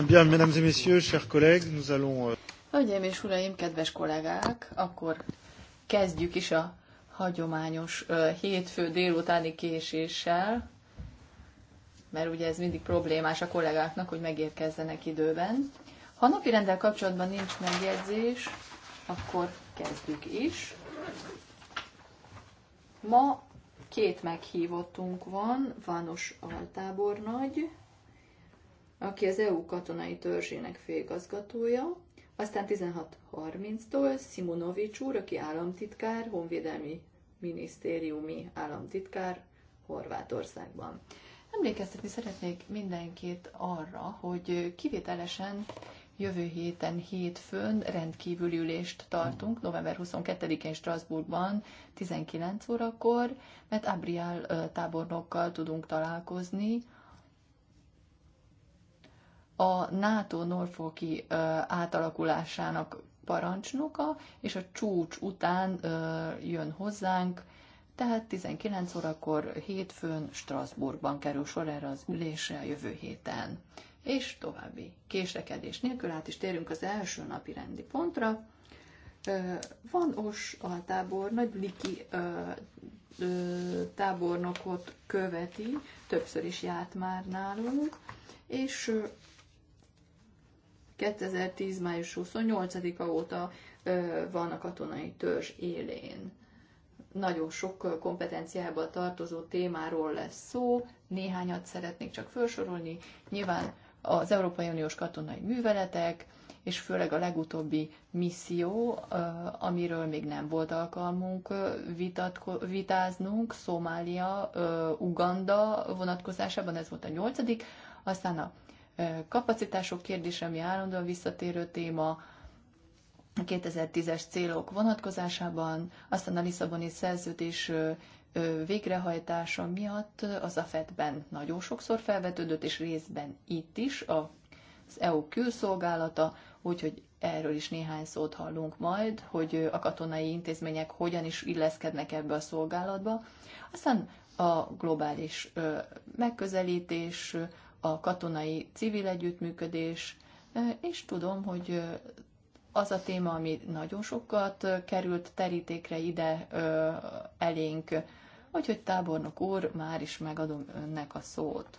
Bien, mesdames et messieurs, chers collègues, nous allons... Euh, Hölgyeim és uraim, kedves kollégák, akkor kezdjük is a hagyományos hétfő délutáni késéssel, mert ugye ez mindig problémás a kollégáknak, hogy megérkezzenek időben. Ha napi rendel kapcsolatban nincs megjegyzés, akkor kezdjük is. Ma két meghívottunk van, Vános Altábornagy, aki az EU katonai törzsének főigazgatója, aztán 16.30-tól Simonovics úr, aki államtitkár, honvédelmi minisztériumi államtitkár Horvátországban. Emlékeztetni szeretnék mindenkit arra, hogy kivételesen jövő héten hétfőn rendkívüli ülést tartunk, november 22-én Strasbourgban 19 órakor, mert Abrial tábornokkal tudunk találkozni, a NATO Norfolki átalakulásának parancsnoka, és a csúcs után jön hozzánk, tehát 19 órakor hétfőn Strasbourgban kerül sor erre az ülésre a jövő héten. És további késlekedés nélkül át is térünk az első napi rendi pontra. Van Os tábor, Nagy Liki tábornokot követi, többször is járt már nálunk, és 2010. május 28-a óta van a katonai törzs élén. Nagyon sok kompetenciába tartozó témáról lesz szó, néhányat szeretnék csak felsorolni. Nyilván az Európai Uniós katonai műveletek, és főleg a legutóbbi misszió, amiről még nem volt alkalmunk vitatko- vitáznunk, Szomália, Uganda vonatkozásában, ez volt a nyolcadik, aztán a kapacitások kérdése, ami állandóan visszatérő téma, a 2010-es célok vonatkozásában, aztán a Lisszaboni szerződés végrehajtása miatt az fed ben nagyon sokszor felvetődött, és részben itt is az EU külszolgálata, úgyhogy erről is néhány szót hallunk majd, hogy a katonai intézmények hogyan is illeszkednek ebbe a szolgálatba. Aztán a globális megközelítés, a katonai civil együttműködés, e, és tudom, hogy e, az a téma, ami nagyon sokat e, került terítékre ide elénk, úgyhogy tábornok úr, már is megadom önnek a szót.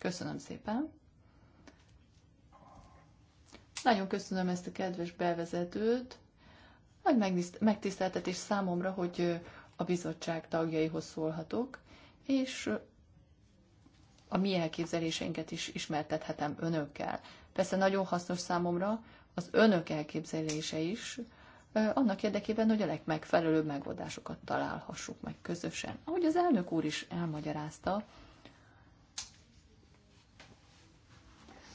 Köszönöm szépen. Nagyon köszönöm ezt a kedves bevezetőt. Nagy megtiszteltetés számomra, hogy a bizottság tagjaihoz szólhatok, és a mi elképzeléseinket is ismertethetem önökkel. Persze nagyon hasznos számomra az önök elképzelése is, annak érdekében, hogy a legmegfelelőbb megoldásokat találhassuk meg közösen. Ahogy az elnök úr is elmagyarázta,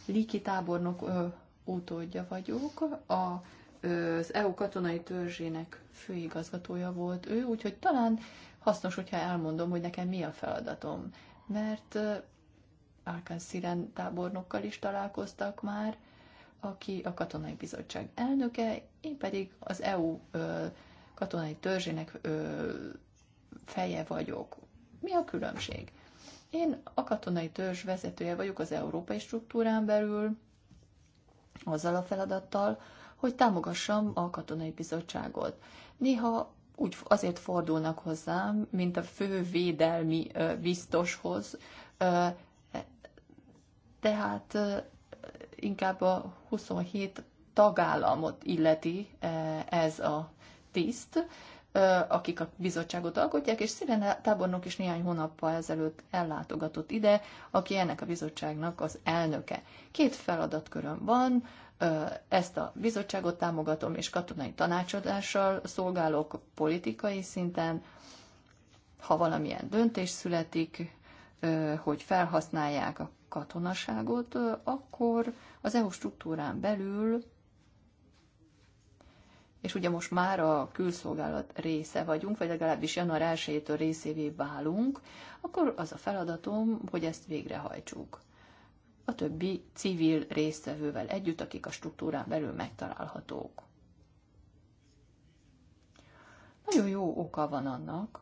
Liki tábornok ö, utódja vagyok, a az EU katonai törzsének főigazgatója volt ő, úgyhogy talán hasznos, hogyha elmondom, hogy nekem mi a feladatom. Mert Arkán Sziren tábornokkal is találkoztak már, aki a katonai bizottság elnöke, én pedig az EU katonai törzsének feje vagyok. Mi a különbség? Én a katonai törzs vezetője vagyok az európai struktúrán belül, azzal a feladattal, hogy támogassam a katonai bizottságot. Néha úgy azért fordulnak hozzám, mint a fő védelmi biztoshoz, tehát inkább a 27 tagállamot illeti ez a tiszt, akik a bizottságot alkotják, és Sziren tábornok is néhány hónappal ezelőtt ellátogatott ide, aki ennek a bizottságnak az elnöke. Két feladatköröm van, ezt a bizottságot támogatom, és katonai tanácsadással szolgálok politikai szinten, ha valamilyen döntés születik, hogy felhasználják a katonaságot, akkor az EU struktúrán belül és ugye most már a külszolgálat része vagyunk, vagy legalábbis január 1-től részévé válunk, akkor az a feladatom, hogy ezt végrehajtsuk. A többi civil résztvevővel együtt, akik a struktúrán belül megtalálhatók. Nagyon jó oka van annak,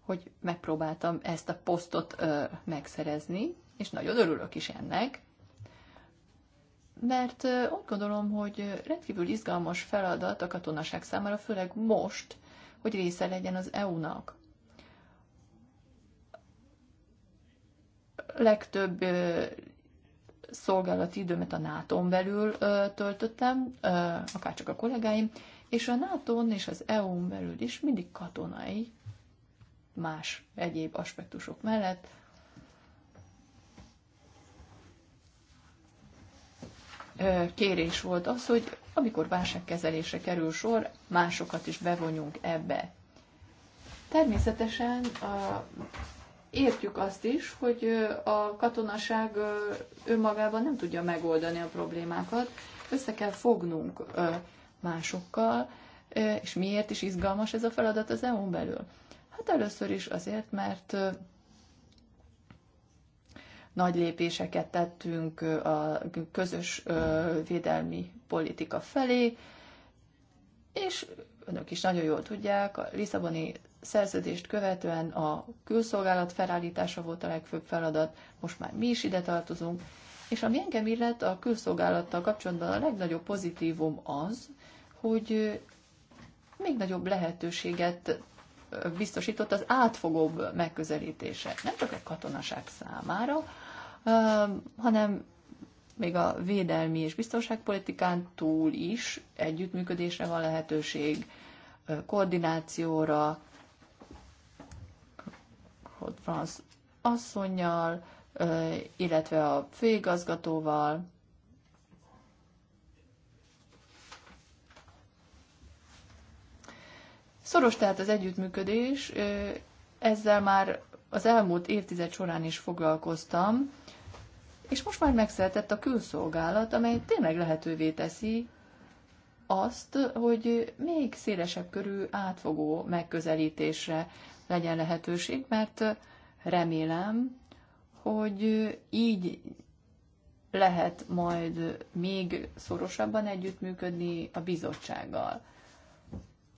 hogy megpróbáltam ezt a posztot ö, megszerezni, és nagyon örülök is ennek, mert úgy gondolom, hogy rendkívül izgalmas feladat a katonaság számára, főleg most, hogy része legyen az EU-nak. Legtöbb szolgálati időmet a NATO-n belül töltöttem, akárcsak a kollégáim, és a NATO-n és az EU-n belül is mindig katonai, más egyéb aspektusok mellett kérés volt az, hogy amikor válságkezelésre kerül sor, másokat is bevonjunk ebbe. Természetesen a, értjük azt is, hogy a katonaság önmagában nem tudja megoldani a problémákat, össze kell fognunk másokkal, és miért is izgalmas ez a feladat az EU-n belül? Hát először is azért, mert nagy lépéseket tettünk a közös védelmi politika felé, és önök is nagyon jól tudják, a Lisszaboni szerződést követően a külszolgálat felállítása volt a legfőbb feladat, most már mi is ide tartozunk, és ami engem illet, a külszolgálattal kapcsolatban a legnagyobb pozitívum az, hogy még nagyobb lehetőséget biztosított az átfogóbb megközelítése, nem csak a katonaság számára, hanem még a védelmi és biztonságpolitikán túl is együttműködésre van lehetőség, koordinációra, hogy France asszonynal, illetve a főigazgatóval. Szoros tehát az együttműködés, ezzel már az elmúlt évtized során is foglalkoztam, és most már megszeretett a külszolgálat, amely tényleg lehetővé teszi azt, hogy még szélesebb körű átfogó megközelítésre legyen lehetőség, mert remélem, hogy így lehet majd még szorosabban együttműködni a bizottsággal.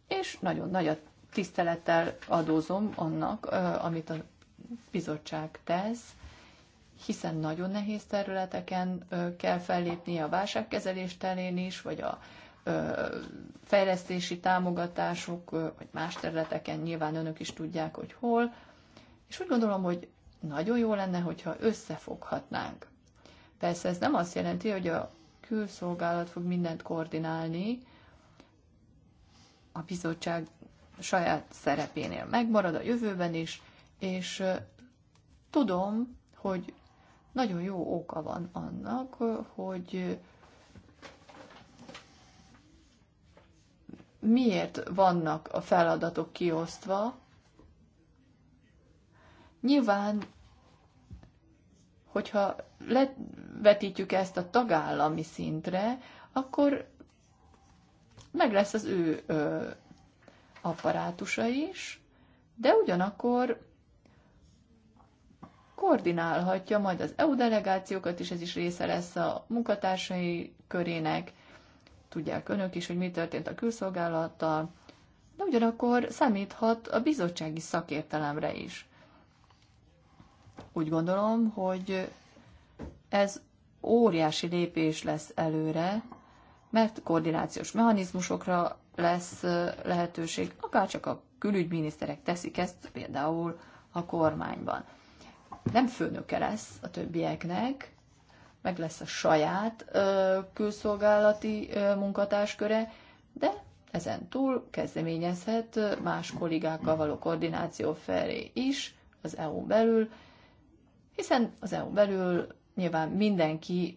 És nagyon nagy a tisztelettel adózom annak, amit a bizottság tesz, hiszen nagyon nehéz területeken kell fellépni a válságkezelés terén is, vagy a fejlesztési támogatások, vagy más területeken nyilván önök is tudják, hogy hol. És úgy gondolom, hogy nagyon jó lenne, hogyha összefoghatnánk. Persze ez nem azt jelenti, hogy a külszolgálat fog mindent koordinálni, a bizottság saját szerepénél megmarad a jövőben is, és tudom, hogy nagyon jó oka van annak, hogy miért vannak a feladatok kiosztva. Nyilván, hogyha levetítjük ezt a tagállami szintre, akkor meg lesz az ő ö, apparátusa is, de ugyanakkor koordinálhatja majd az EU delegációkat, és ez is része lesz a munkatársai körének. Tudják önök is, hogy mi történt a külszolgálattal, de ugyanakkor számíthat a bizottsági szakértelemre is. Úgy gondolom, hogy ez óriási lépés lesz előre, mert koordinációs mechanizmusokra lesz lehetőség, akárcsak a külügyminiszterek teszik ezt például a kormányban nem főnöke lesz a többieknek, meg lesz a saját ö, külszolgálati ö, munkatársköre, de ezen túl kezdeményezhet más kollégákkal való koordináció felé is az eu belül, hiszen az eu belül nyilván mindenki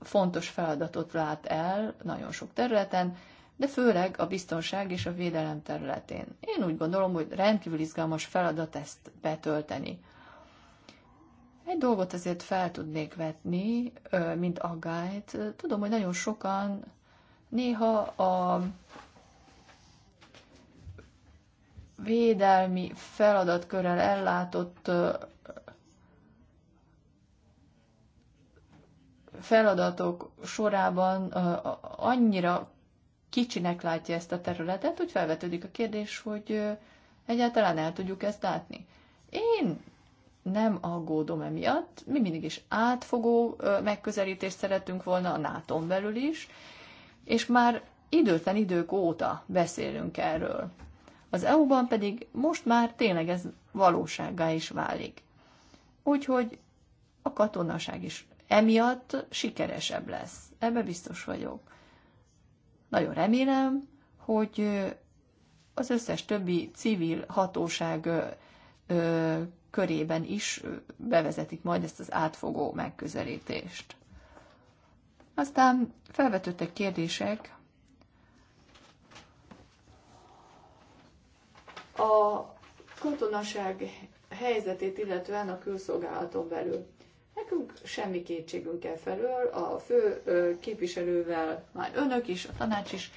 fontos feladatot lát el nagyon sok területen, de főleg a biztonság és a védelem területén. Én úgy gondolom, hogy rendkívül izgalmas feladat ezt betölteni. Egy dolgot azért fel tudnék vetni, mint aggályt. Tudom, hogy nagyon sokan néha a védelmi feladatkörrel ellátott feladatok sorában annyira kicsinek látja ezt a területet, hogy felvetődik a kérdés, hogy egyáltalán el tudjuk ezt látni. Én nem aggódom emiatt. Mi mindig is átfogó megközelítést szeretünk volna a nato belül is, és már időtlen idők óta beszélünk erről. Az EU-ban pedig most már tényleg ez valósággá is válik. Úgyhogy a katonaság is emiatt sikeresebb lesz. Ebbe biztos vagyok. Nagyon remélem, hogy az összes többi civil hatóság körében is bevezetik majd ezt az átfogó megközelítést. Aztán felvetődtek kérdések a katonaság helyzetét illetően a külszolgálaton belül. Nekünk semmi kétségünk el felől, a fő képviselővel már önök is, a tanács is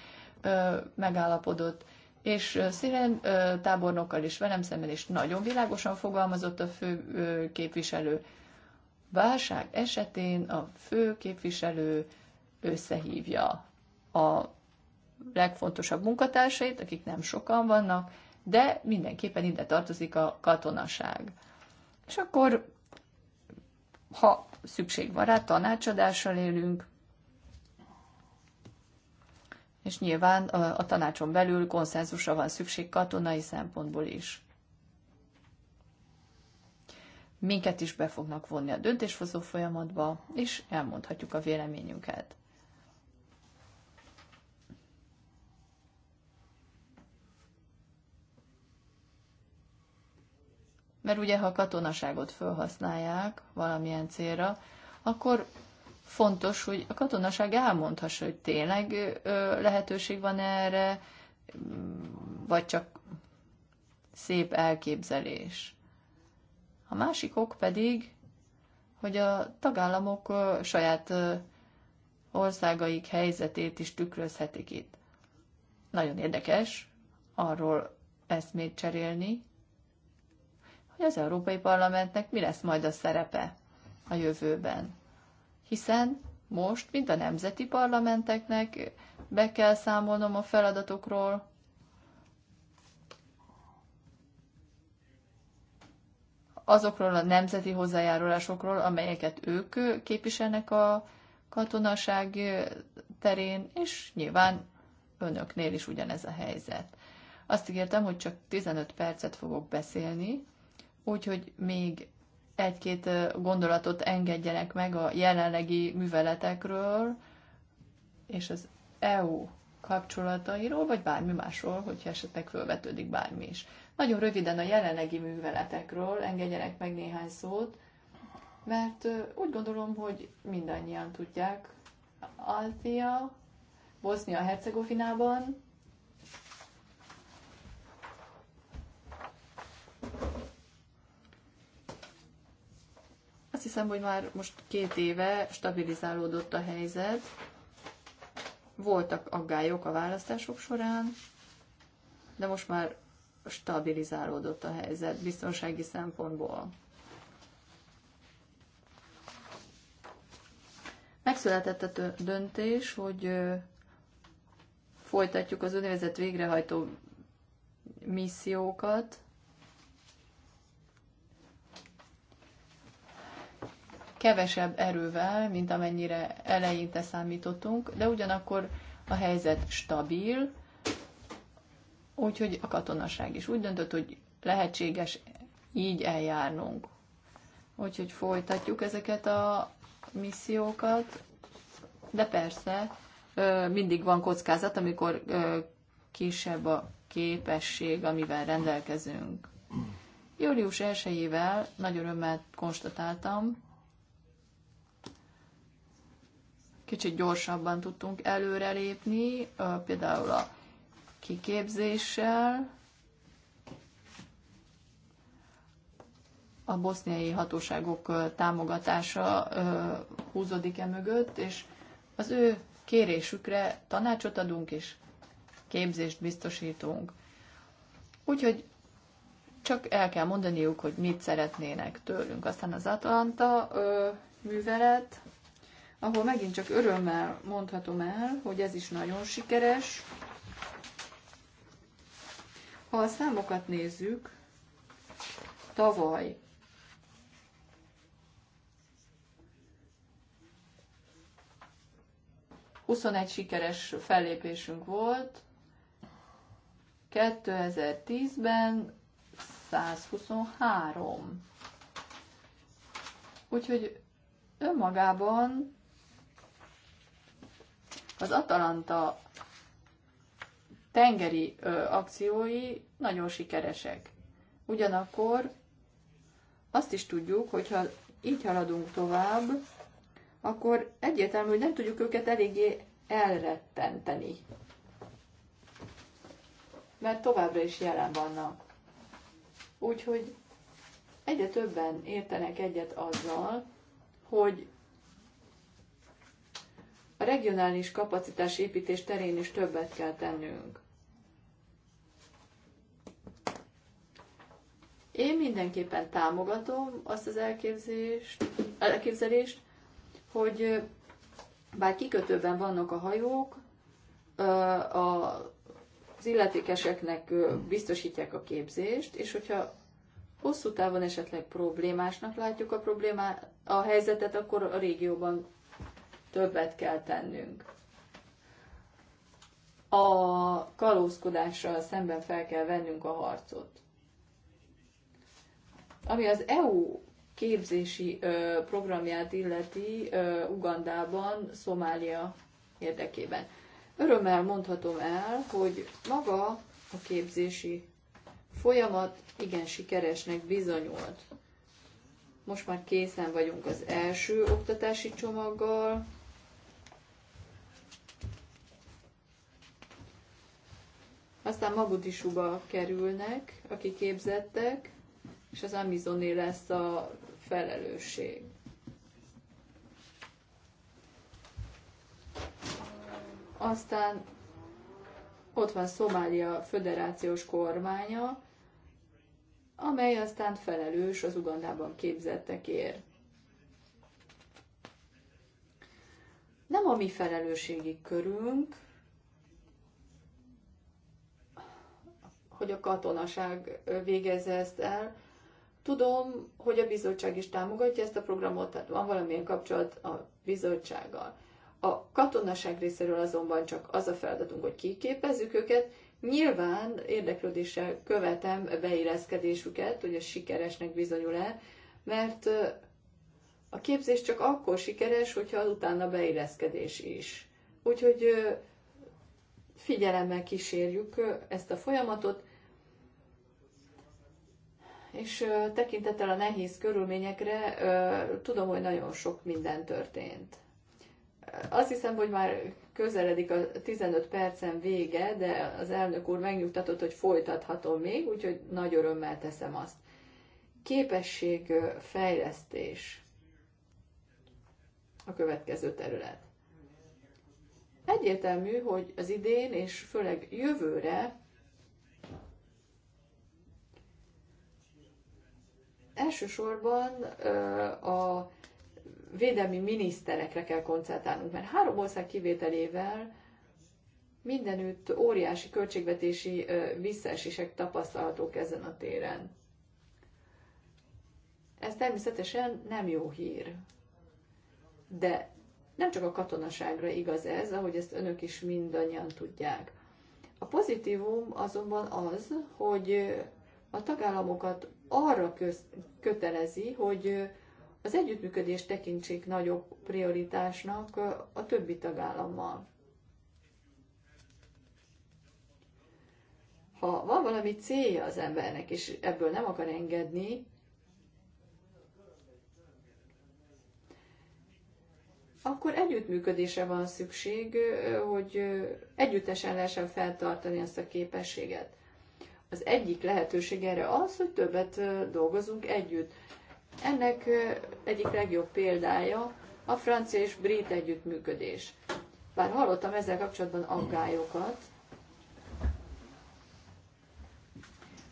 megállapodott, és Sziren tábornokkal is velem szemben is nagyon világosan fogalmazott a fő képviselő. Válság esetén a fő képviselő összehívja a legfontosabb munkatársait, akik nem sokan vannak, de mindenképpen ide tartozik a katonaság. És akkor, ha szükség van rá, tanácsadással élünk, és nyilván a tanácson belül konszenzusra van szükség katonai szempontból is. Minket is be fognak vonni a döntéshozó folyamatba, és elmondhatjuk a véleményünket. Mert ugye, ha a katonaságot felhasználják valamilyen célra, akkor fontos, hogy a katonaság elmondhassa, hogy tényleg lehetőség van erre, vagy csak szép elképzelés. A másik ok pedig, hogy a tagállamok saját országaik helyzetét is tükrözhetik itt. Nagyon érdekes arról eszmét cserélni, hogy az Európai Parlamentnek mi lesz majd a szerepe a jövőben hiszen most, mint a nemzeti parlamenteknek be kell számolnom a feladatokról, azokról a nemzeti hozzájárulásokról, amelyeket ők képviselnek a katonaság terén, és nyilván önöknél is ugyanez a helyzet. Azt ígértem, hogy csak 15 percet fogok beszélni, úgyhogy még egy-két gondolatot engedjenek meg a jelenlegi műveletekről és az EU kapcsolatairól, vagy bármi másról, hogyha esetleg felvetődik bármi is. Nagyon röviden a jelenlegi műveletekről engedjenek meg néhány szót, mert úgy gondolom, hogy mindannyian tudják. Altia, Bosznia-Hercegovinában hiszem, hogy már most két éve stabilizálódott a helyzet. Voltak aggályok a választások során, de most már stabilizálódott a helyzet biztonsági szempontból. Megszületett a döntés, hogy folytatjuk az úgynevezett végrehajtó missziókat, kevesebb erővel, mint amennyire eleinte számítottunk, de ugyanakkor a helyzet stabil, úgyhogy a katonaság is úgy döntött, hogy lehetséges így eljárnunk. Úgyhogy folytatjuk ezeket a missziókat, de persze mindig van kockázat, amikor kisebb a képesség, amivel rendelkezünk. Július 1-ével nagy örömmel konstatáltam, kicsit gyorsabban tudtunk előrelépni, például a kiképzéssel, a boszniai hatóságok támogatása húzódik e mögött, és az ő kérésükre tanácsot adunk és képzést biztosítunk. Úgyhogy csak el kell mondaniuk, hogy mit szeretnének tőlünk. Aztán az Atlanta ö, művelet, ahol megint csak örömmel mondhatom el, hogy ez is nagyon sikeres. Ha a számokat nézzük, tavaly Huszonegy sikeres fellépésünk volt, 2010-ben 123. Úgyhogy önmagában az Atalanta tengeri ö, akciói nagyon sikeresek. Ugyanakkor azt is tudjuk, hogy ha így haladunk tovább, akkor egyértelmű, hogy nem tudjuk őket eléggé elrettenteni. Mert továbbra is jelen vannak. Úgyhogy egyre többen értenek egyet azzal, hogy a regionális kapacitásépítés terén is többet kell tennünk. Én mindenképpen támogatom azt az elképzést, elképzelést, hogy bár kikötőben vannak a hajók, az illetékeseknek biztosítják a képzést, és hogyha hosszú távon esetleg problémásnak látjuk a, problémá, a helyzetet, akkor a régióban többet kell tennünk. A kalózkodással szemben fel kell vennünk a harcot. Ami az EU képzési ö, programját illeti ö, Ugandában, Szomália érdekében. Örömmel mondhatom el, hogy maga a képzési folyamat igen sikeresnek bizonyult. Most már készen vagyunk az első oktatási csomaggal, Aztán Magudisuba kerülnek, akik képzettek, és az Amizoné lesz a felelősség. Aztán ott van Szomália föderációs kormánya, amely aztán felelős az Ugandában képzettekért. Nem a mi felelősségi körünk, hogy a katonaság végezze ezt el. Tudom, hogy a bizottság is támogatja ezt a programot, tehát van valamilyen kapcsolat a bizottsággal. A katonaság részéről azonban csak az a feladatunk, hogy kiképezzük őket. Nyilván érdeklődéssel követem beilleszkedésüket, hogy ez sikeresnek bizonyul-e, mert a képzés csak akkor sikeres, hogyha az utána beilleszkedés is. Úgyhogy figyelemmel kísérjük ezt a folyamatot, és tekintettel a nehéz körülményekre tudom, hogy nagyon sok minden történt. Azt hiszem, hogy már közeledik a 15 percen vége, de az elnök úr megnyugtatott, hogy folytathatom még, úgyhogy nagy örömmel teszem azt. Képességfejlesztés a következő terület. Egyértelmű, hogy az idén és főleg jövőre elsősorban a védelmi miniszterekre kell koncentrálnunk, mert három ország kivételével mindenütt óriási költségvetési visszaesések tapasztalhatók ezen a téren. Ez természetesen nem jó hír. De nem csak a katonaságra igaz ez, ahogy ezt önök is mindannyian tudják. A pozitívum azonban az, hogy a tagállamokat arra köz, kötelezi, hogy az együttműködést tekintsék nagyobb prioritásnak a többi tagállammal. Ha van valami célja az embernek, és ebből nem akar engedni, akkor együttműködésre van szükség, hogy együttesen lehessen feltartani ezt a képességet. Az egyik lehetőség erre az, hogy többet dolgozunk együtt. Ennek egyik legjobb példája a francia és brit együttműködés. Bár hallottam ezzel kapcsolatban aggályokat,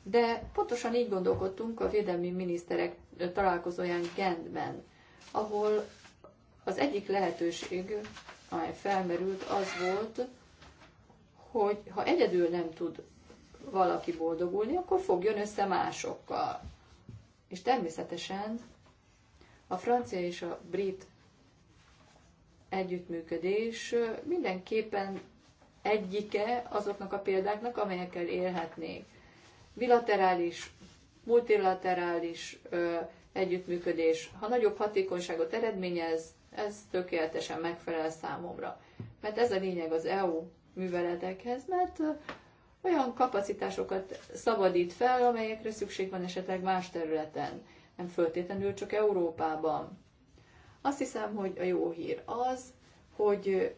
de pontosan így gondolkodtunk a védelmi miniszterek találkozóján Gentben, ahol az egyik lehetőség, amely felmerült, az volt, hogy ha egyedül nem tud valaki boldogulni, akkor fogjon össze másokkal. És természetesen a francia és a brit együttműködés mindenképpen egyike azoknak a példáknak, amelyekkel élhetnék. Bilaterális, multilaterális ö, együttműködés, ha nagyobb hatékonyságot eredményez, ez tökéletesen megfelel számomra. Mert ez a lényeg az EU műveletekhez, mert olyan kapacitásokat szabadít fel, amelyekre szükség van esetleg más területen, nem föltétlenül csak Európában. Azt hiszem, hogy a jó hír az, hogy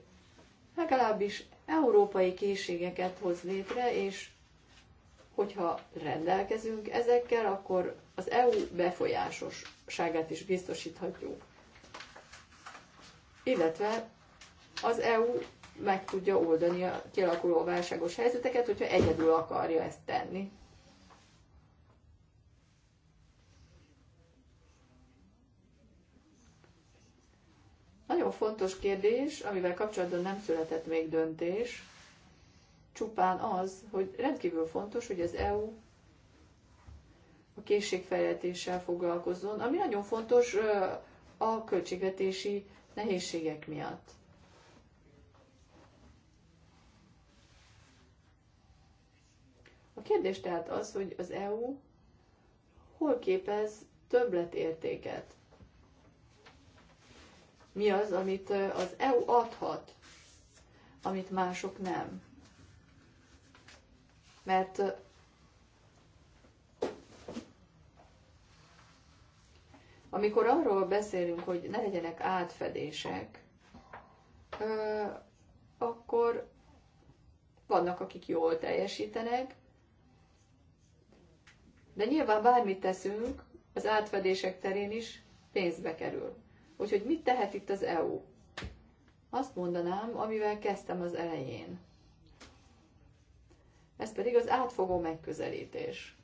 legalábbis európai készségeket hoz létre, és hogyha rendelkezünk ezekkel, akkor az EU befolyásosságát is biztosíthatjuk illetve az EU meg tudja oldani a kialakuló válságos helyzeteket, hogyha egyedül akarja ezt tenni. Nagyon fontos kérdés, amivel kapcsolatban nem született még döntés, csupán az, hogy rendkívül fontos, hogy az EU a készségfejletéssel foglalkozzon, ami nagyon fontos a költségvetési nehézségek miatt. A kérdés tehát az, hogy az EU hol képez többletértéket? Mi az, amit az EU adhat, amit mások nem? Mert Amikor arról beszélünk, hogy ne legyenek átfedések, akkor vannak, akik jól teljesítenek, de nyilván bármit teszünk, az átfedések terén is pénzbe kerül. Úgyhogy mit tehet itt az EU? Azt mondanám, amivel kezdtem az elején. Ez pedig az átfogó megközelítés.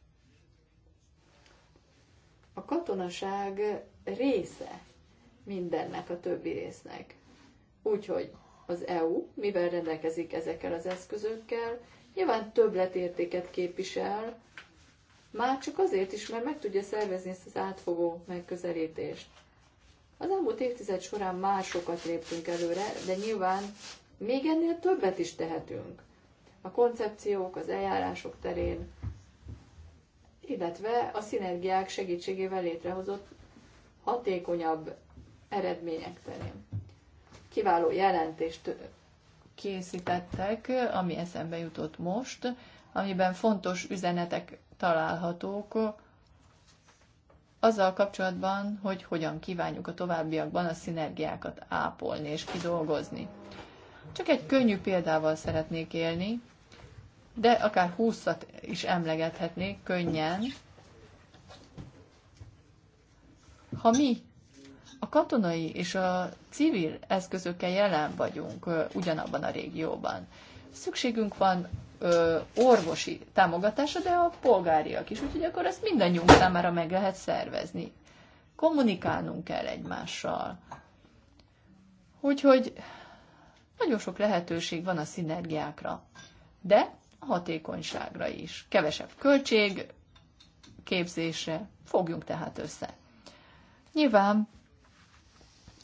A katonaság része mindennek, a többi résznek. Úgyhogy az EU, mivel rendelkezik ezekkel az eszközökkel, nyilván többletértéket képvisel, már csak azért is, mert meg tudja szervezni ezt az átfogó megközelítést. Az elmúlt évtized során már sokat léptünk előre, de nyilván még ennél többet is tehetünk. A koncepciók, az eljárások terén, illetve a szinergiák segítségével létrehozott hatékonyabb eredmények terén. Kiváló jelentést készítettek, ami eszembe jutott most, amiben fontos üzenetek találhatók azzal kapcsolatban, hogy hogyan kívánjuk a továbbiakban a szinergiákat ápolni és kidolgozni. Csak egy könnyű példával szeretnék élni, de akár 20 is emlegethetnék könnyen. Ha mi a katonai és a civil eszközökkel jelen vagyunk ugyanabban a régióban, szükségünk van ö, orvosi támogatásra, de a polgáriak is, úgyhogy akkor ezt mindannyiunk számára meg lehet szervezni. Kommunikálnunk kell egymással. Úgyhogy nagyon sok lehetőség van a szinergiákra. De a hatékonyságra is. Kevesebb költség, képzésre, fogjunk tehát össze. Nyilván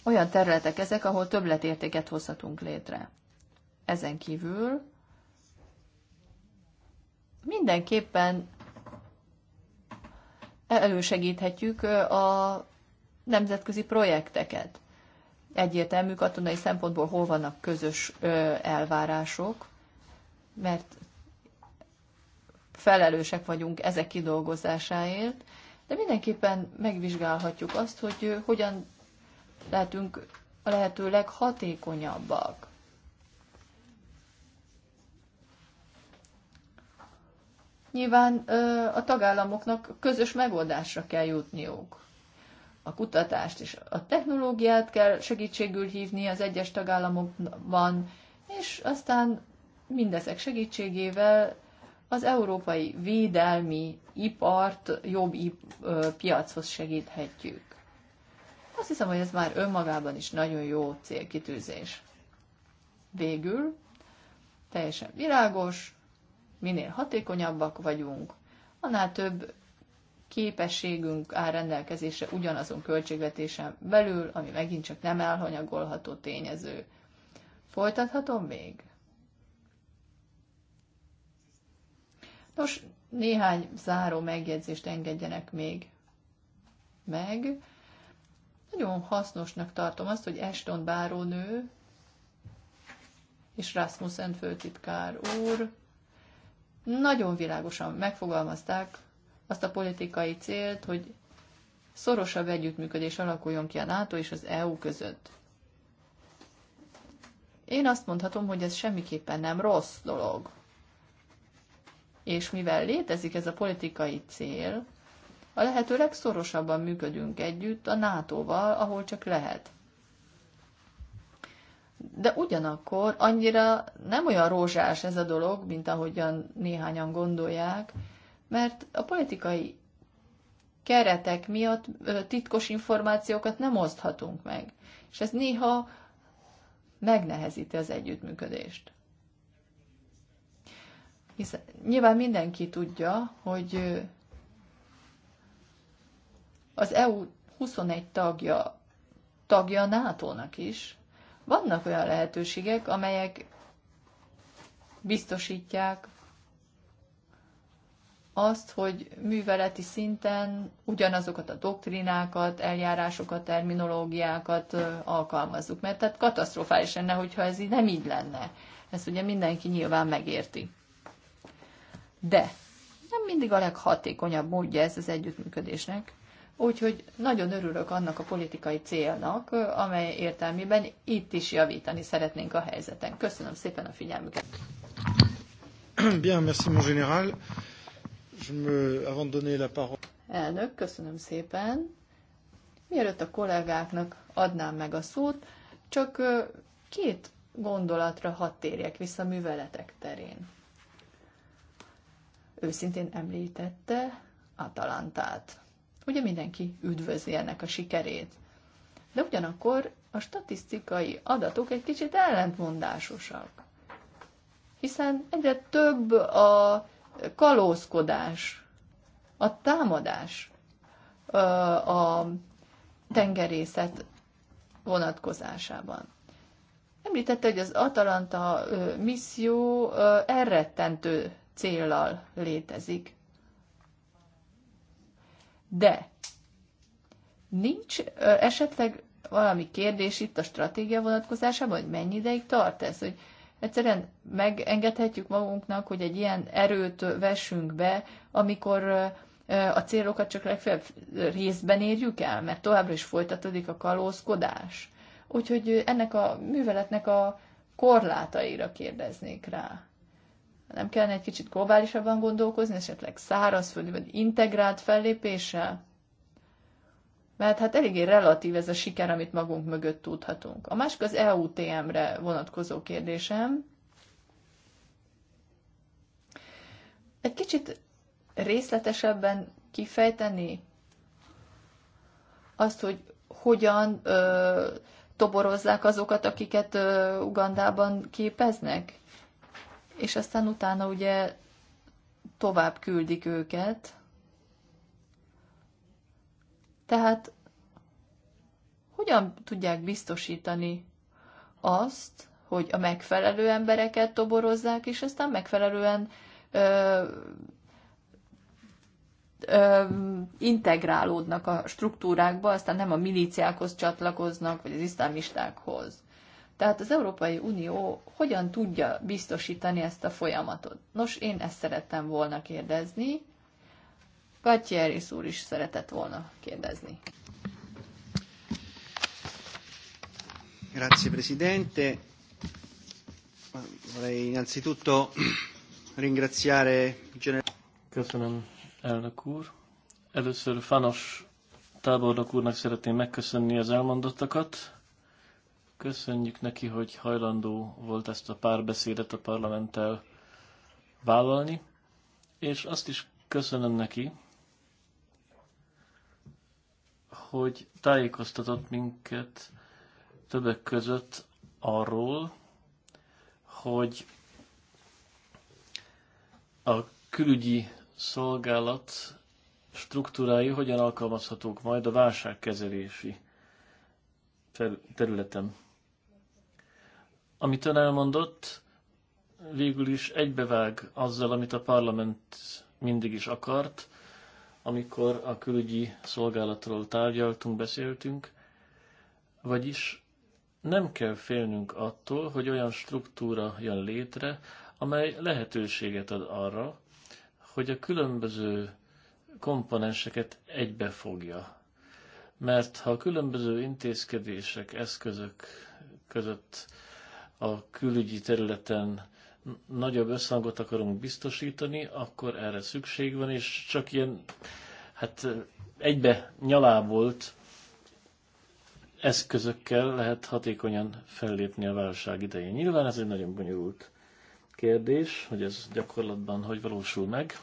olyan területek ezek, ahol többletértéket hozhatunk létre. Ezen kívül mindenképpen elősegíthetjük a nemzetközi projekteket. Egyértelmű katonai szempontból hol vannak közös elvárások, mert felelősek vagyunk ezek kidolgozásáért, de mindenképpen megvizsgálhatjuk azt, hogy hogyan lehetünk a lehető leghatékonyabbak. Nyilván a tagállamoknak közös megoldásra kell jutniuk. A kutatást és a technológiát kell segítségül hívni az egyes tagállamokban, és aztán mindezek segítségével az európai védelmi ipart jobb piachoz segíthetjük. Azt hiszem, hogy ez már önmagában is nagyon jó célkitűzés. Végül teljesen világos, minél hatékonyabbak vagyunk, annál több képességünk áll rendelkezésre ugyanazon költségvetésen belül, ami megint csak nem elhanyagolható tényező. Folytathatom még? Nos, néhány záró megjegyzést engedjenek még meg. Nagyon hasznosnak tartom azt, hogy Eston bárónő és Rasmussen főtitkár úr nagyon világosan megfogalmazták azt a politikai célt, hogy szorosabb együttműködés alakuljon ki a NATO és az EU között. Én azt mondhatom, hogy ez semmiképpen nem rossz dolog és mivel létezik ez a politikai cél, a lehető legszorosabban működünk együtt a NATO-val, ahol csak lehet. De ugyanakkor annyira nem olyan rózsás ez a dolog, mint ahogyan néhányan gondolják, mert a politikai keretek miatt titkos információkat nem oszthatunk meg. És ez néha megnehezíti az együttműködést. Hiszen nyilván mindenki tudja, hogy az EU 21 tagja, tagja a NATO-nak is. Vannak olyan lehetőségek, amelyek biztosítják azt, hogy műveleti szinten ugyanazokat a doktrinákat, eljárásokat, terminológiákat alkalmazzuk. Mert tehát katasztrofális lenne, hogyha ez így nem így lenne. Ezt ugye mindenki nyilván megérti de nem mindig a leghatékonyabb módja ez az együttműködésnek. Úgyhogy nagyon örülök annak a politikai célnak, amely értelmében itt is javítani szeretnénk a helyzeten. Köszönöm szépen a figyelmüket. Bien, merci mon général. Je me, avant de donner la parole... Elnök, köszönöm szépen. Mielőtt a kollégáknak adnám meg a szót, csak két gondolatra hadd térjek vissza műveletek terén őszintén említette Atalantát. Ugye mindenki üdvözli ennek a sikerét. De ugyanakkor a statisztikai adatok egy kicsit ellentmondásosak. Hiszen egyre több a kalózkodás, a támadás a tengerészet vonatkozásában. Említette, hogy az Atalanta misszió elrettentő céllal létezik. De nincs esetleg valami kérdés itt a stratégia vonatkozásában, hogy mennyi ideig tart ez, hogy egyszerűen megengedhetjük magunknak, hogy egy ilyen erőt vessünk be, amikor a célokat csak legfeljebb részben érjük el, mert továbbra is folytatódik a kalózkodás. Úgyhogy ennek a műveletnek a korlátaira kérdeznék rá. Nem kellene egy kicsit globálisabban gondolkozni, esetleg szárazföldi vagy integrált fellépéssel? Mert hát eléggé relatív ez a siker, amit magunk mögött tudhatunk. A másik az EUTM-re vonatkozó kérdésem. Egy kicsit részletesebben kifejteni azt, hogy hogyan ö, toborozzák azokat, akiket ö, Ugandában képeznek? és aztán utána ugye tovább küldik őket. Tehát hogyan tudják biztosítani azt, hogy a megfelelő embereket toborozzák, és aztán megfelelően ö, ö, integrálódnak a struktúrákba, aztán nem a milíciákhoz csatlakoznak, vagy az iszlámistákhoz. Tehát az Európai Unió hogyan tudja biztosítani ezt a folyamatot? Nos, én ezt szerettem volna kérdezni. Patyeris úr is szeretett volna kérdezni. Grazie Presidente. Vorrei innanzitutto ringraziare Köszönöm, elnök úr. Először Fanos tábornok úrnak szeretném megköszönni az elmondottakat Köszönjük neki, hogy hajlandó volt ezt a párbeszédet a parlamenttel vállalni, és azt is köszönöm neki, hogy tájékoztatott minket többek között arról, hogy a külügyi szolgálat struktúrái hogyan alkalmazhatók majd a válságkezelési területen. Amit ön elmondott, végül is egybevág azzal, amit a parlament mindig is akart, amikor a külügyi szolgálatról tárgyaltunk, beszéltünk, vagyis nem kell félnünk attól, hogy olyan struktúra jön létre, amely lehetőséget ad arra, hogy a különböző komponenseket egybefogja. Mert ha a különböző intézkedések, eszközök között a külügyi területen nagyobb összhangot akarunk biztosítani, akkor erre szükség van, és csak ilyen, hát egybe nyalábolt eszközökkel lehet hatékonyan fellépni a válság idején. Nyilván ez egy nagyon bonyolult kérdés, hogy ez gyakorlatban hogy valósul meg.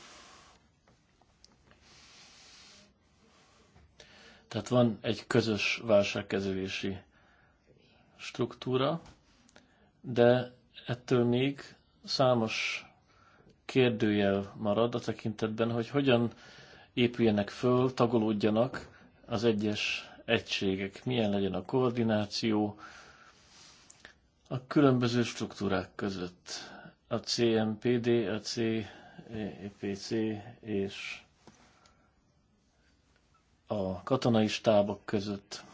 Tehát van egy közös válságkezelési struktúra, de ettől még számos kérdőjel marad a tekintetben, hogy hogyan épüljenek föl, tagolódjanak az egyes egységek, milyen legyen a koordináció a különböző struktúrák között. A CMPD, a CPC e és a katonai stábok között.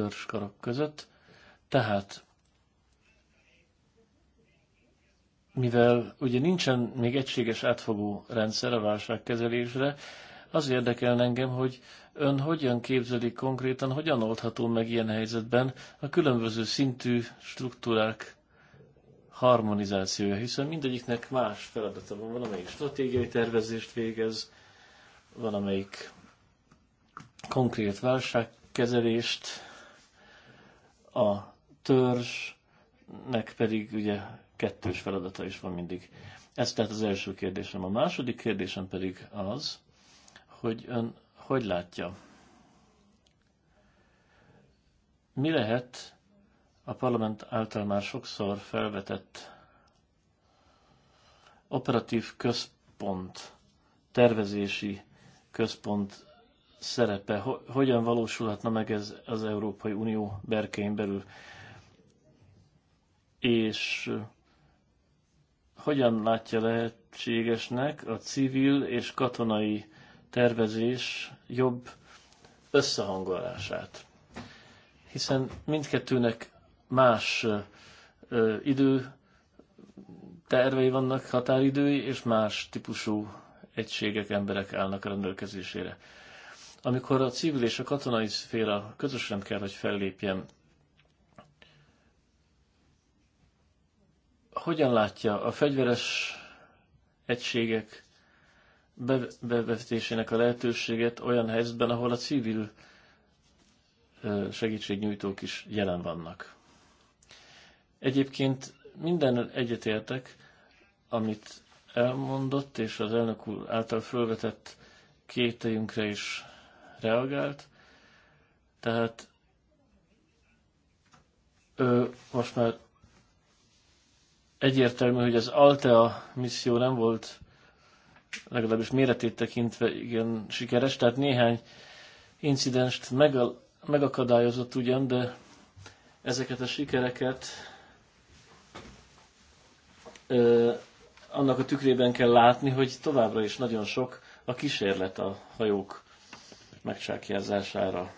törzskarok között. Tehát, mivel ugye nincsen még egységes átfogó rendszer a válságkezelésre, az érdekel engem, hogy ön hogyan képzeli konkrétan, hogyan oldható meg ilyen helyzetben a különböző szintű struktúrák harmonizációja, hiszen mindegyiknek más feladata van, valamelyik stratégiai tervezést végez, valamelyik konkrét válságkezelést a törzsnek pedig ugye kettős feladata is van mindig. Ez tehát az első kérdésem. A második kérdésem pedig az, hogy ön hogy látja? Mi lehet a parlament által már sokszor felvetett operatív központ, tervezési központ szerepe? Hogyan valósulhatna meg ez az Európai Unió berkein belül? És hogyan látja lehetségesnek a civil és katonai tervezés jobb összehangolását? Hiszen mindkettőnek más idő tervei vannak, határidői, és más típusú egységek, emberek állnak a rendelkezésére. Amikor a civil és a katonai szféra közösen kell, hogy fellépjen, hogyan látja a fegyveres egységek bevetésének a lehetőséget olyan helyzetben, ahol a civil segítségnyújtók is jelen vannak. Egyébként minden egyetértek, amit elmondott, és az elnök úr által fölvetett kételjünkre is reagált, tehát ő most már egyértelmű, hogy az Altea misszió nem volt legalábbis méretét tekintve igen sikeres, tehát néhány incidenst meg, megakadályozott ugyan, de ezeket a sikereket ö, annak a tükrében kell látni, hogy továbbra is nagyon sok a kísérlet a hajók megsákjázására.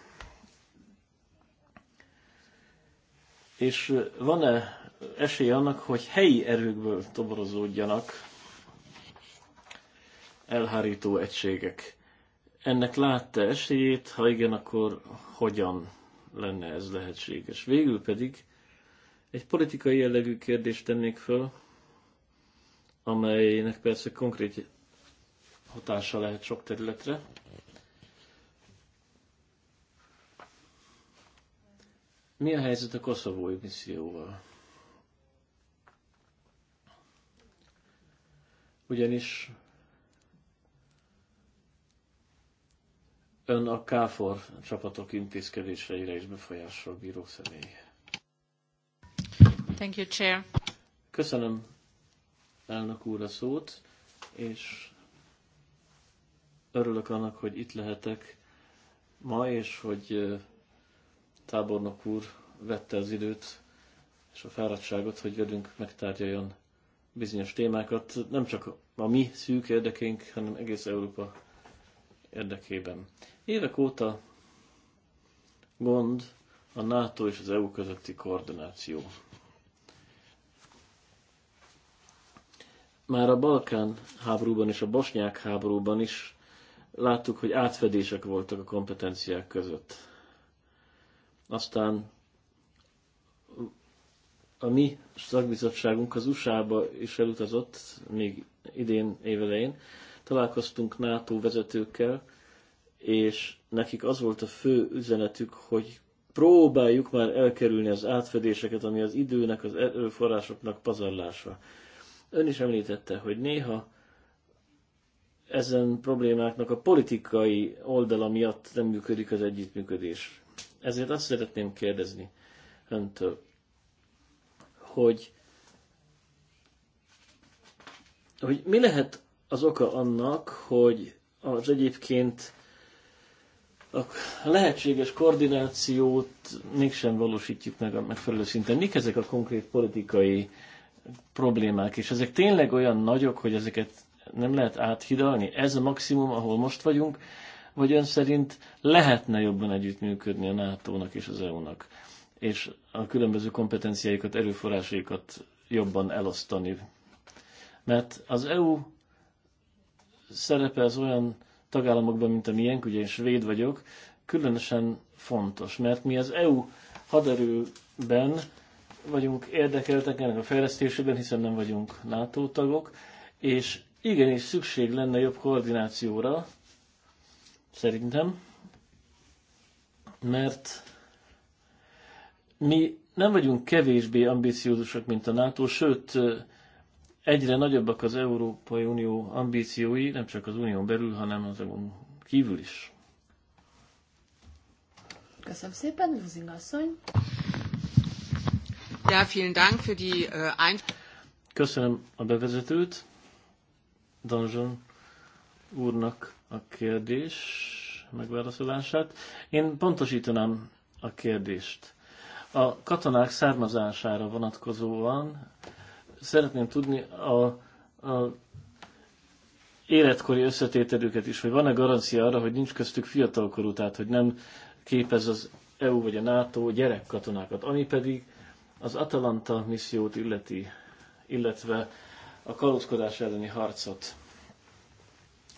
És van-e esély annak, hogy helyi erőkből toborozódjanak elhárító egységek? Ennek látta esélyét, ha igen, akkor hogyan lenne ez lehetséges? Végül pedig egy politikai jellegű kérdést tennék föl, amelynek persze konkrét hatása lehet sok területre. Mi a helyzet a koszovói misszióval? Ugyanis ön a KFOR csapatok intézkedéseire is befolyásol bíró személy. Thank you, Chair. Köszönöm elnök úr a szót, és örülök annak, hogy itt lehetek ma, és hogy tábornok úr vette az időt és a fáradtságot, hogy velünk megtárgyaljon bizonyos témákat, nem csak a mi szűk érdekeink, hanem egész Európa érdekében. Évek óta gond a NATO és az EU közötti koordináció. Már a Balkán háborúban és a bosnyák háborúban is láttuk, hogy átfedések voltak a kompetenciák között. Aztán a mi szakbizottságunk az USA-ba is elutazott, még idén évelején. Találkoztunk NATO vezetőkkel, és nekik az volt a fő üzenetük, hogy próbáljuk már elkerülni az átfedéseket, ami az időnek, az erőforrásoknak pazarlása. Ön is említette, hogy néha ezen problémáknak a politikai oldala miatt nem működik az együttműködés. Ezért azt szeretném kérdezni öntől, hogy, hogy mi lehet az oka annak, hogy az egyébként a lehetséges koordinációt mégsem valósítjuk meg a megfelelő szinten. Mik ezek a konkrét politikai problémák, és ezek tényleg olyan nagyok, hogy ezeket nem lehet áthidalni? Ez a maximum, ahol most vagyunk, vagy ön szerint lehetne jobban együttműködni a NATO-nak és az EU-nak, és a különböző kompetenciáikat, erőforrásaikat jobban elosztani? Mert az EU szerepe az olyan tagállamokban, mint a miénk, ugye én svéd vagyok, különösen fontos, mert mi az EU haderőben vagyunk érdekeltek ennek a fejlesztésében, hiszen nem vagyunk NATO tagok, és igenis szükség lenne jobb koordinációra, Szerintem. Mert mi nem vagyunk kevésbé ambiciózusak, mint a NATO, sőt, egyre nagyobbak az Európai Unió ambíciói, nem csak az Unión belül, hanem az EU kívül is. Köszönöm szépen, Luzing asszony. Ja, vielen Dank für die uh, ein... Köszönöm a bevezetőt Danzson úrnak a kérdés megválaszolását. Én pontosítanám a kérdést. A katonák származására vonatkozóan szeretném tudni a, a életkori összetételüket is, hogy van-e garancia arra, hogy nincs köztük fiatalkorú, tehát hogy nem képez az EU vagy a NATO gyerekkatonákat, ami pedig az Atalanta missziót illeti, illetve a kalózkodás elleni harcot.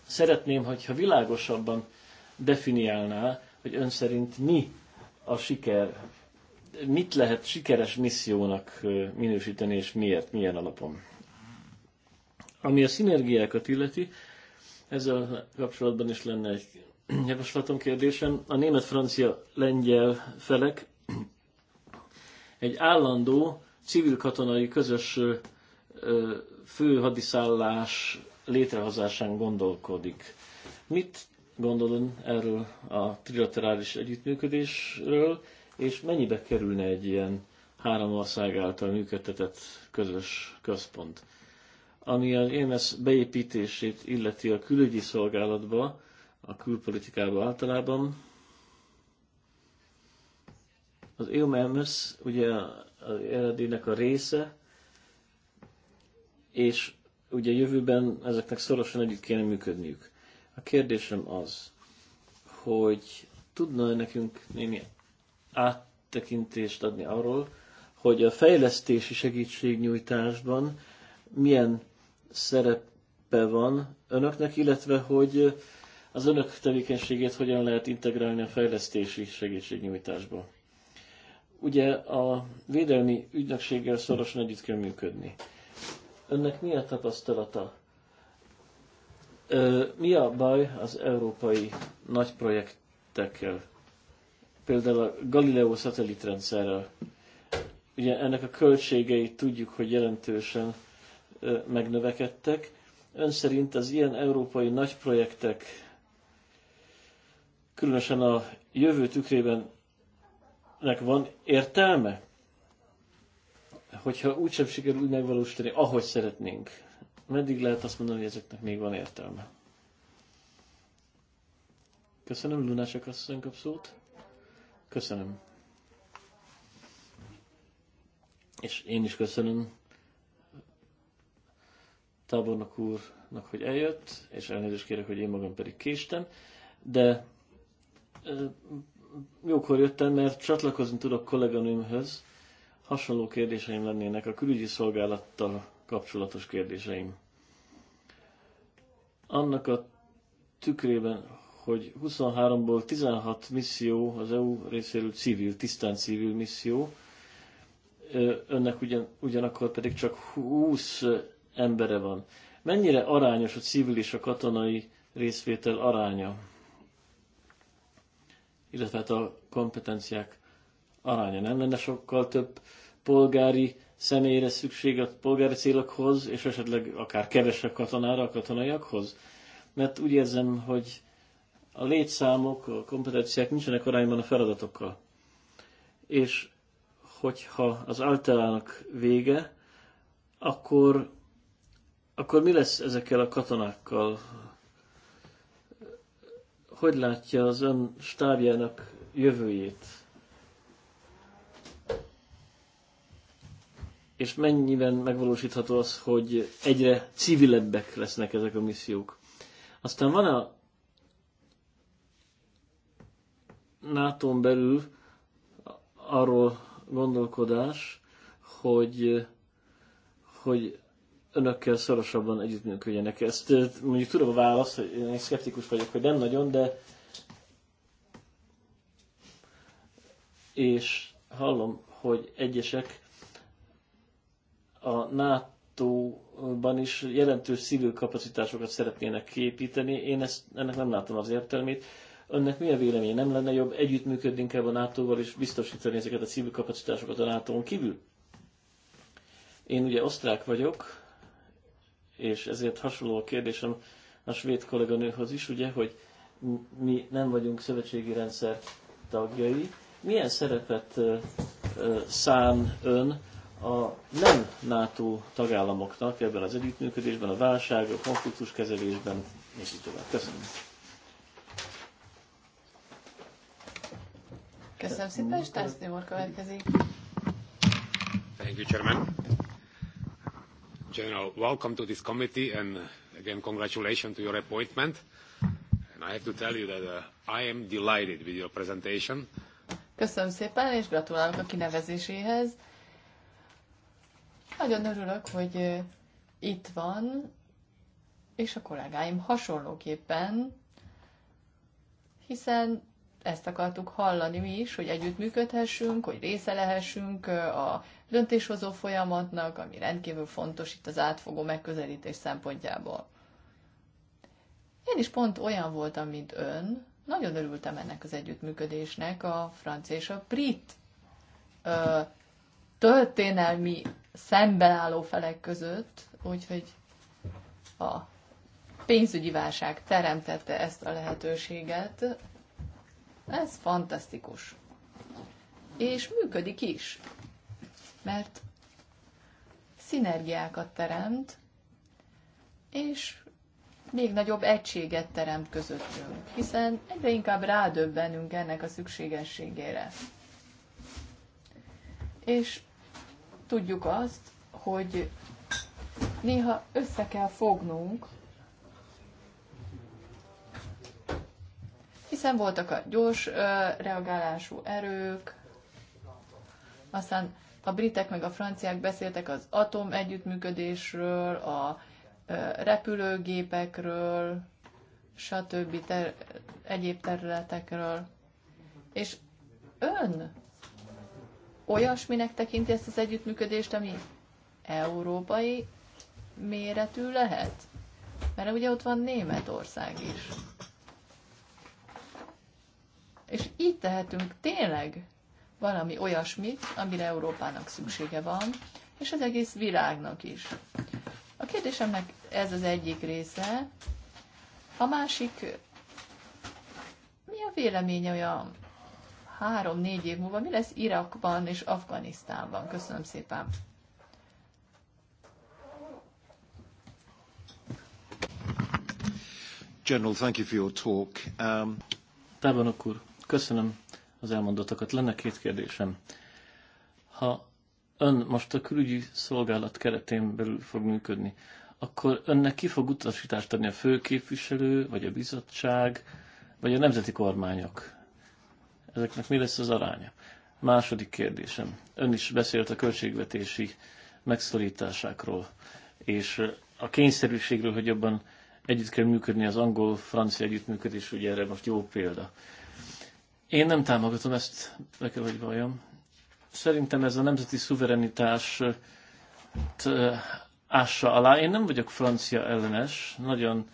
Szeretném, hogyha világosabban definiálná, hogy ön szerint mi a siker, mit lehet sikeres missziónak minősíteni, és miért, milyen alapon. Ami a szinergiákat illeti, ezzel kapcsolatban is lenne egy javaslatom kérdésem. A német, francia, lengyel felek egy állandó civil-katonai közös főhadiszállás létrehozásán gondolkodik. Mit gondolom erről a trilaterális együttműködésről, és mennyibe kerülne egy ilyen három ország által működtetett közös központ? Ami az EMS beépítését illeti a külügyi szolgálatba, a külpolitikába általában, az EMS ugye az eredének a része, és ugye jövőben ezeknek szorosan együtt kéne működniük. A kérdésem az, hogy tudna -e nekünk némi áttekintést adni arról, hogy a fejlesztési segítségnyújtásban milyen szerepe van önöknek, illetve hogy az önök tevékenységét hogyan lehet integrálni a fejlesztési segítségnyújtásba. Ugye a védelmi ügynökséggel szorosan együtt kell működni. Önnek mi a tapasztalata? Mi a baj az európai nagy projektekkel? Például a Galileo szatellitrendszerrel. Ugye ennek a költségeit tudjuk, hogy jelentősen megnövekedtek. Ön szerint az ilyen európai nagy projektek, különösen a jövő tükrében, van értelme? hogyha úgysem sikerül úgy megvalósítani, ahogy szeretnénk, meddig lehet azt mondani, hogy ezeknek még van értelme? Köszönöm, Lunásek asszony kap szót. Köszönöm. És én is köszönöm tábornok úrnak, hogy eljött, és elnézést kérek, hogy én magam pedig késtem, de jókor jöttem, mert csatlakozni tudok kolléganőmhöz, hasonló kérdéseim lennének a külügyi szolgálattal kapcsolatos kérdéseim. Annak a tükrében, hogy 23-ból 16 misszió az EU részéről civil, tisztán civil misszió, önnek ugyan, ugyanakkor pedig csak 20 embere van. Mennyire arányos a civil és a katonai részvétel aránya, illetve hát a kompetenciák aránya nem lenne sokkal több polgári személyre szükség a polgári célokhoz, és esetleg akár kevesebb katonára a katonaiakhoz? Mert úgy érzem, hogy a létszámok, a kompetenciák nincsenek arányban a feladatokkal. És hogyha az általának vége, akkor, akkor mi lesz ezekkel a katonákkal? Hogy látja az ön stábjának jövőjét? és mennyiben megvalósítható az, hogy egyre civilebbek lesznek ezek a missziók. Aztán van a nato belül arról gondolkodás, hogy, hogy önökkel szorosabban együttműködjenek. Ezt mondjuk tudom a választ, hogy én szkeptikus vagyok, hogy nem nagyon, de és hallom, hogy egyesek a NATO-ban is jelentős kapacitásokat szeretnének képíteni. Én ezt, ennek nem látom az értelmét. Önnek mi a véleménye? Nem lenne jobb együttműködni inkább a NATO-val és biztosítani ezeket a kapacitásokat a nato kívül? Én ugye osztrák vagyok, és ezért hasonló a kérdésem a svéd kolléganőhöz is, ugye, hogy mi nem vagyunk szövetségi rendszer tagjai. Milyen szerepet szán ön a nem NATO tagállamoknak ebben az együttműködésben, a válság, a konfliktus kezelésben, és így tovább. Köszönöm. Köszönöm szépen, Stászlé úr következik. Thank you, Chairman. General, welcome to this committee and again congratulations to your appointment. And I have to tell you that uh, I am delighted with your presentation. Köszönöm szépen, és gratulálok a kinevezéséhez nagyon örülök, hogy itt van, és a kollégáim hasonlóképpen, hiszen ezt akartuk hallani mi is, hogy együttműködhessünk, hogy része lehessünk a döntéshozó folyamatnak, ami rendkívül fontos itt az átfogó megközelítés szempontjából. Én is pont olyan voltam, mint ön, nagyon örültem ennek az együttműködésnek a francia és a brit ö, történelmi álló felek között, úgyhogy a pénzügyi válság teremtette ezt a lehetőséget. Ez fantasztikus. És működik is, mert szinergiákat teremt, és még nagyobb egységet teremt közöttünk, hiszen egyre inkább rádöbbenünk ennek a szükségességére. És tudjuk azt, hogy néha össze kell fognunk, hiszen voltak a gyors reagálású erők, aztán a britek meg a franciák beszéltek az atom együttműködésről, a repülőgépekről, stb. Ter- egyéb területekről. És ön olyasminek tekinti ezt az együttműködést, ami európai méretű lehet? Mert ugye ott van Németország is. És így tehetünk tényleg valami olyasmit, amire Európának szüksége van, és az egész világnak is. A kérdésemnek ez az egyik része. A másik, mi a véleménye olyan három-négy év múlva mi lesz Irakban és Afganisztánban? Köszönöm szépen. General, thank you for your talk. Um... Tábornok úr, köszönöm az elmondottakat. Lenne két kérdésem. Ha ön most a külügyi szolgálat keretén belül fog működni, akkor önnek ki fog utasítást adni a főképviselő, vagy a bizottság, vagy a nemzeti kormányok? ezeknek mi lesz az aránya? Második kérdésem. Ön is beszélt a költségvetési megszorításákról, és a kényszerűségről, hogy jobban együtt kell működni, az angol-francia együttműködés ugye erre most jó példa. Én nem támogatom ezt, be kell, hogy valljam. Szerintem ez a nemzeti szuverenitás ássa alá. Én nem vagyok francia ellenes, nagyon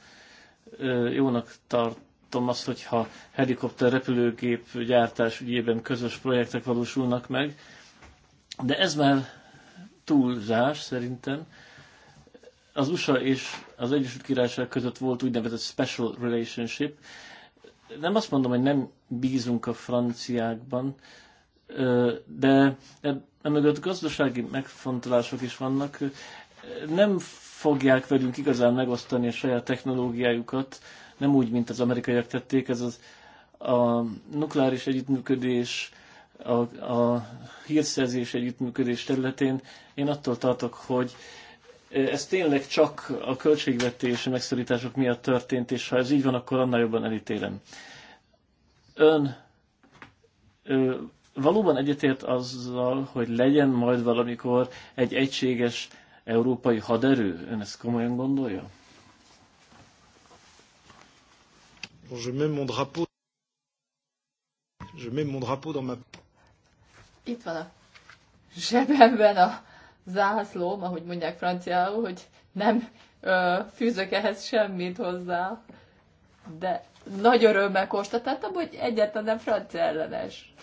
jónak tart látom azt, hogyha helikopter repülőgép gyártás ügyében közös projektek valósulnak meg, de ez már túlzás szerintem. Az USA és az Egyesült Királyság között volt úgynevezett special relationship. Nem azt mondom, hogy nem bízunk a franciákban, de e, emögött gazdasági megfontolások is vannak. Nem fogják velünk igazán megosztani a saját technológiájukat, nem úgy, mint az amerikaiak tették, ez az a nukleáris együttműködés, a, a hírszerzés együttműködés területén. Én attól tartok, hogy e, ez tényleg csak a költségvetés megszorítások miatt történt, és ha ez így van, akkor annál jobban elítélem. Ön ö, valóban egyetért azzal, hogy legyen majd valamikor egy egységes európai haderő? Ön ezt komolyan gondolja? Bon, je mets mon drapeau. Je mets mon drapeau dans ma... Itt van a zsebemben a zászlóm, ahogy mondják franciául, hogy nem ö, fűzök ehhez semmit hozzá, de nagy örömmel konstatáltam, hogy egyáltalán nem francia ellenes.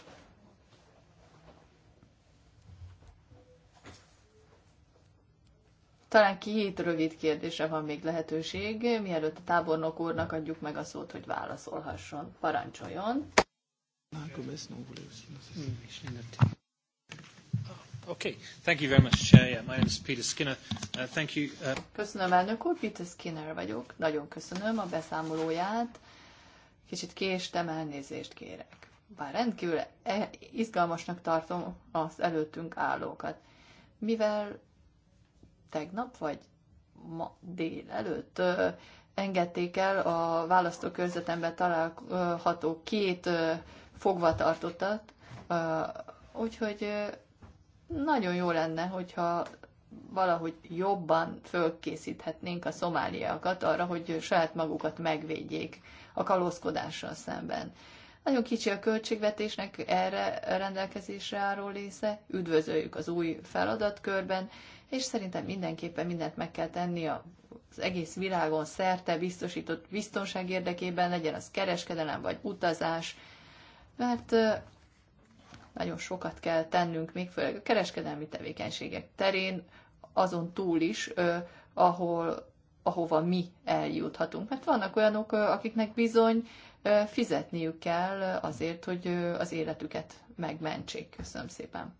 Talán két rövid kérdése van még lehetőség, mielőtt a tábornok úrnak adjuk meg a szót, hogy válaszolhasson. Parancsoljon! Hmm. Okay, thank you very much, uh, Yeah, my name is Peter Skinner. Uh, thank you. Uh... Köszönöm, elnök úr, Peter Skinner vagyok. Nagyon köszönöm a beszámolóját. Kicsit késtem, elnézést kérek. Bár rendkívül eh, izgalmasnak tartom az előttünk állókat. Mivel tegnap vagy ma délelőtt engedték el a választókörzetemben található két fogvatartottat, úgyhogy nagyon jó lenne, hogyha valahogy jobban fölkészíthetnénk a szomáliakat arra, hogy saját magukat megvédjék a kalózkodással szemben. Nagyon kicsi a költségvetésnek erre rendelkezésre álló része, üdvözöljük az új feladatkörben, és szerintem mindenképpen mindent meg kell tenni az egész világon szerte biztosított biztonság érdekében, legyen az kereskedelem vagy utazás, mert nagyon sokat kell tennünk, még főleg a kereskedelmi tevékenységek terén, azon túl is, ahol, ahova mi eljuthatunk. Mert vannak olyanok, akiknek bizony fizetniük kell azért, hogy az életüket megmentsék. Köszönöm szépen.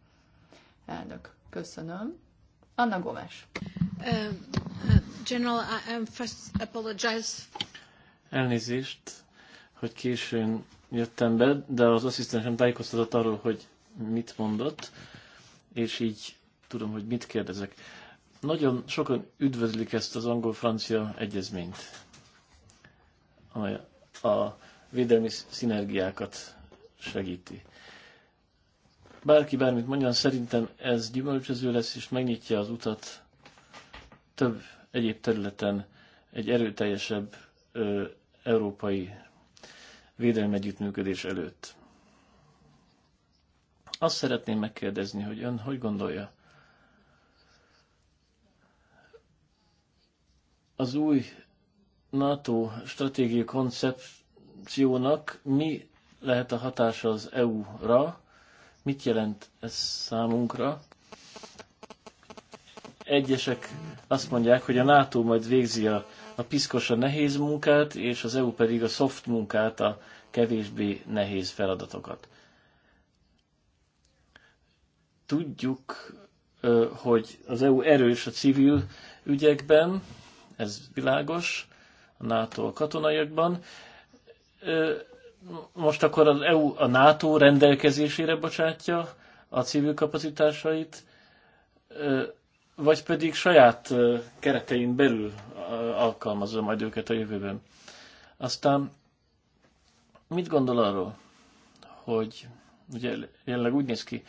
Elnök, köszönöm. Anna Gomes. Uh, General, I am first apologize. Elnézést, hogy későn jöttem be, de az asszisztensem tájékoztatott arról, hogy mit mondott, és így tudom, hogy mit kérdezek. Nagyon sokan üdvözlik ezt az angol-francia egyezményt, amely a védelmi szinergiákat segíti. Bárki bármit mondjon, szerintem ez gyümölcsöző lesz, és megnyitja az utat több egyéb területen egy erőteljesebb ö, európai védelmi együttműködés előtt. Azt szeretném megkérdezni, hogy ön hogy gondolja? Az új NATO stratégiai koncept szankciónak mi lehet a hatása az EU-ra, mit jelent ez számunkra. Egyesek azt mondják, hogy a NATO majd végzi a, a piszkos a nehéz munkát, és az EU pedig a soft munkát, a kevésbé nehéz feladatokat. Tudjuk, hogy az EU erős a civil ügyekben, ez világos, a NATO a katonaiakban, most akkor az EU a NATO rendelkezésére bocsátja a civil kapacitásait, vagy pedig saját keretein belül alkalmazza majd őket a jövőben. Aztán mit gondol arról, hogy ugye jelenleg úgy néz ki,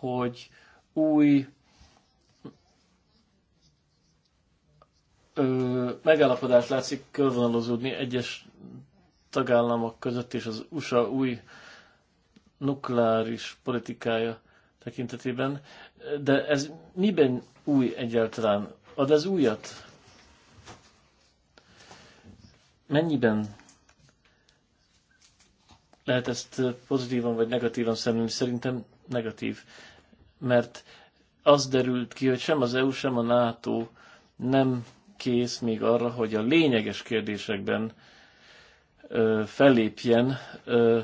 hogy új ö, megállapodás látszik körvonalozódni egyes tagállamok között és az USA új nukleáris politikája tekintetében, de ez miben új egyáltalán? Ad ez újat? Mennyiben lehet ezt pozitívan vagy negatívan szemlélni? Szerintem negatív, mert az derült ki, hogy sem az EU, sem a NATO nem kész még arra, hogy a lényeges kérdésekben ö, fellépjen ö,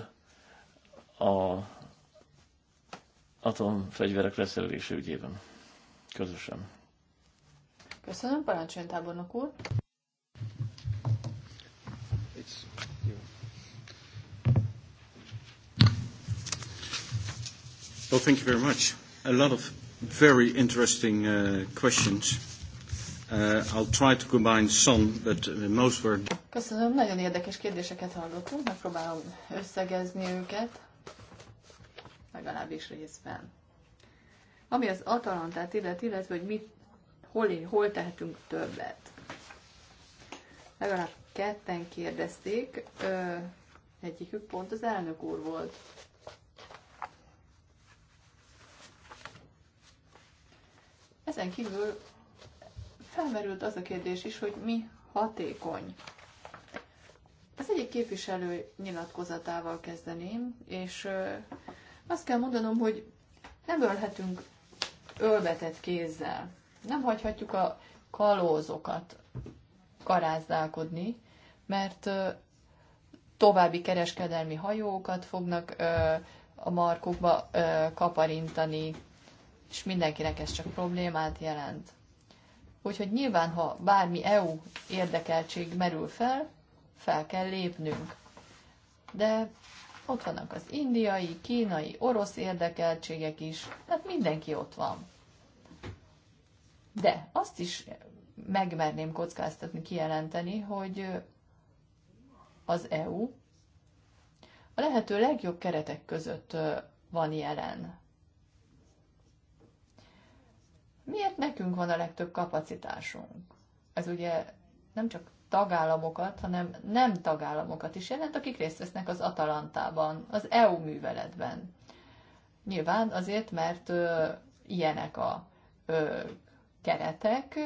a atomfegyverek leszerelése ügyében. Közösen. Köszönöm, parancsoljon tábornok úr. Well, thank you very much. A lot of very interesting uh, questions. Uh, I'll try to combine some, but uh, most were... Köszönöm, nagyon érdekes kérdéseket hallottunk, megpróbálom összegezni őket, legalábbis részben. Ami az Atalantát illet, illetve hogy mit, hol, hol tehetünk többet. Legalább ketten kérdezték, ö, egyikük pont az elnök úr volt. Ezen kívül felmerült az a kérdés is, hogy mi hatékony. Az egyik képviselő nyilatkozatával kezdeném, és azt kell mondanom, hogy nem ölhetünk ölbetett kézzel. Nem hagyhatjuk a kalózokat karázdálkodni, mert további kereskedelmi hajókat fognak a markokba kaparintani, és mindenkinek ez csak problémát jelent. Úgyhogy nyilván, ha bármi EU érdekeltség merül fel, fel kell lépnünk. De ott vannak az indiai, kínai, orosz érdekeltségek is, tehát mindenki ott van. De azt is megmerném kockáztatni, kijelenteni, hogy az EU a lehető legjobb keretek között van jelen. Miért nekünk van a legtöbb kapacitásunk? Ez ugye nem csak tagállamokat, hanem nem tagállamokat is jelent, akik részt vesznek az Atalantában, az EU műveletben. Nyilván azért, mert ö, ilyenek a ö, keretek,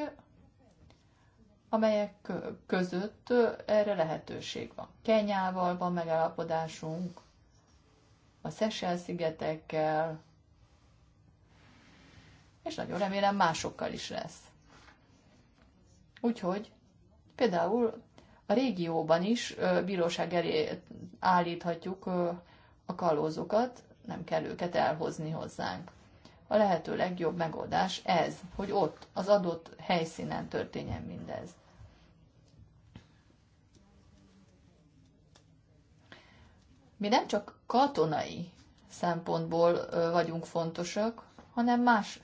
amelyek között erre lehetőség van. Kenyával van megállapodásunk, a Szesel szigetekkel, és nagyon remélem másokkal is lesz. Úgyhogy például a régióban is bíróság elé állíthatjuk a kalózokat, nem kell őket elhozni hozzánk. A lehető legjobb megoldás ez, hogy ott, az adott helyszínen történjen mindez. Mi nem csak katonai szempontból vagyunk fontosak, hanem más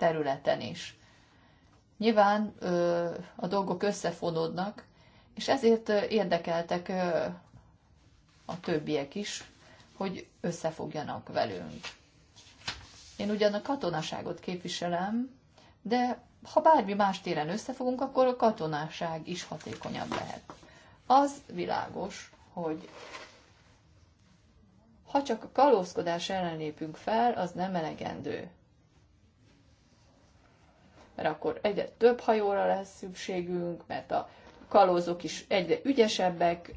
területen is. Nyilván a dolgok összefonódnak, és ezért érdekeltek a többiek is, hogy összefogjanak velünk. Én ugyan a katonaságot képviselem, de ha bármi más téren összefogunk, akkor a katonáság is hatékonyabb lehet. Az világos, hogy ha csak a kalózkodás ellen lépünk fel, az nem elegendő mert akkor egyre több hajóra lesz szükségünk, mert a kalózok is egyre ügyesebbek,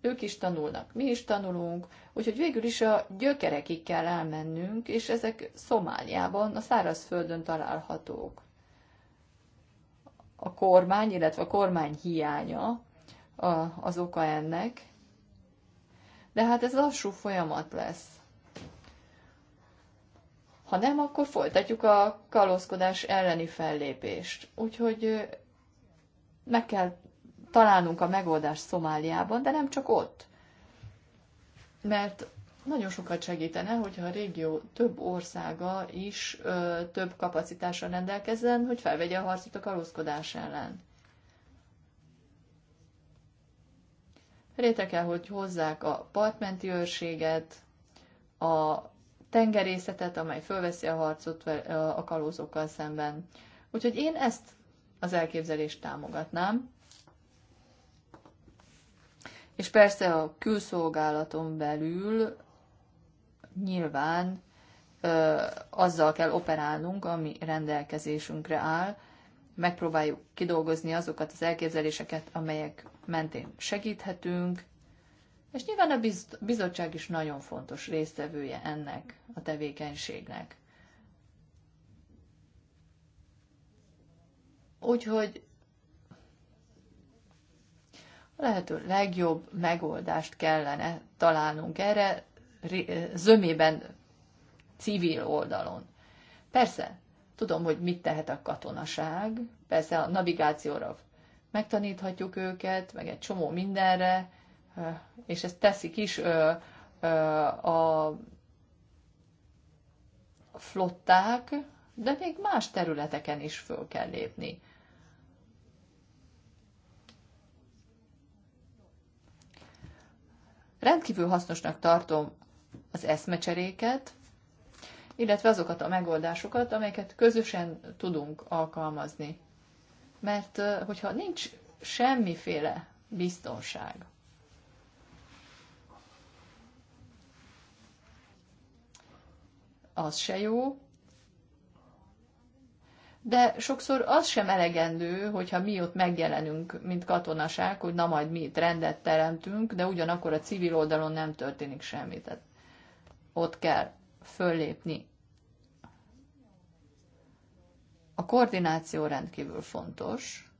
ők is tanulnak, mi is tanulunk, úgyhogy végül is a gyökerekig kell elmennünk, és ezek Szomáliában, a szárazföldön találhatók. A kormány, illetve a kormány hiánya az oka ennek, de hát ez lassú folyamat lesz. Ha nem, akkor folytatjuk a kalózkodás elleni fellépést. Úgyhogy meg kell találnunk a megoldást Szomáliában, de nem csak ott. Mert nagyon sokat segítene, hogyha a régió több országa is ö, több kapacitással rendelkezzen, hogy felvegye a harcot a kalózkodás ellen. Réte kell, hogy hozzák a partmenti őrséget, a tengerészetet, amely fölveszi a harcot a kalózokkal szemben. Úgyhogy én ezt az elképzelést támogatnám. És persze a külszolgálaton belül nyilván ö, azzal kell operálnunk, ami rendelkezésünkre áll. Megpróbáljuk kidolgozni azokat az elképzeléseket, amelyek mentén segíthetünk, és nyilván a bizottság is nagyon fontos résztvevője ennek a tevékenységnek. Úgyhogy a lehető legjobb megoldást kellene találnunk erre, zömében civil oldalon. Persze, tudom, hogy mit tehet a katonaság, persze a navigációra megtaníthatjuk őket, meg egy csomó mindenre, és ezt teszik is a flották, de még más területeken is föl kell lépni. Rendkívül hasznosnak tartom az eszmecseréket, illetve azokat a megoldásokat, amelyeket közösen tudunk alkalmazni. Mert hogyha nincs semmiféle biztonság, az se jó, de sokszor az sem elegendő, hogyha mi ott megjelenünk, mint katonaság, hogy na majd mi itt rendet teremtünk, de ugyanakkor a civil oldalon nem történik semmi. Tehát ott kell föllépni. A koordináció rendkívül fontos.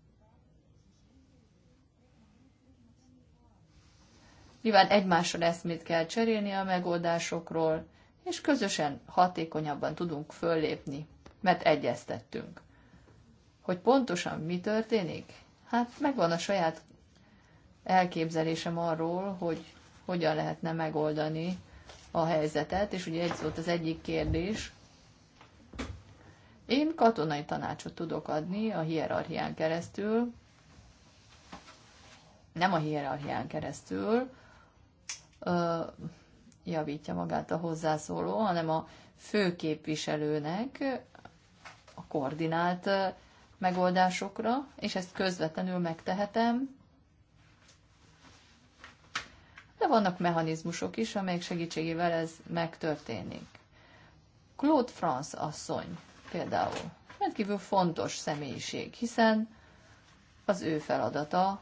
Nyilván egymással eszmét kell cserélni a megoldásokról, és közösen hatékonyabban tudunk föllépni, mert egyeztettünk. Hogy pontosan mi történik? Hát megvan a saját elképzelésem arról, hogy hogyan lehetne megoldani a helyzetet, és ugye egy volt az egyik kérdés. Én katonai tanácsot tudok adni a hierarchián keresztül, nem a hierarchián keresztül, javítja magát a hozzászóló, hanem a főképviselőnek a koordinált megoldásokra, és ezt közvetlenül megtehetem. De vannak mechanizmusok is, amelyek segítségével ez megtörténik. Claude France asszony például rendkívül fontos személyiség, hiszen az ő feladata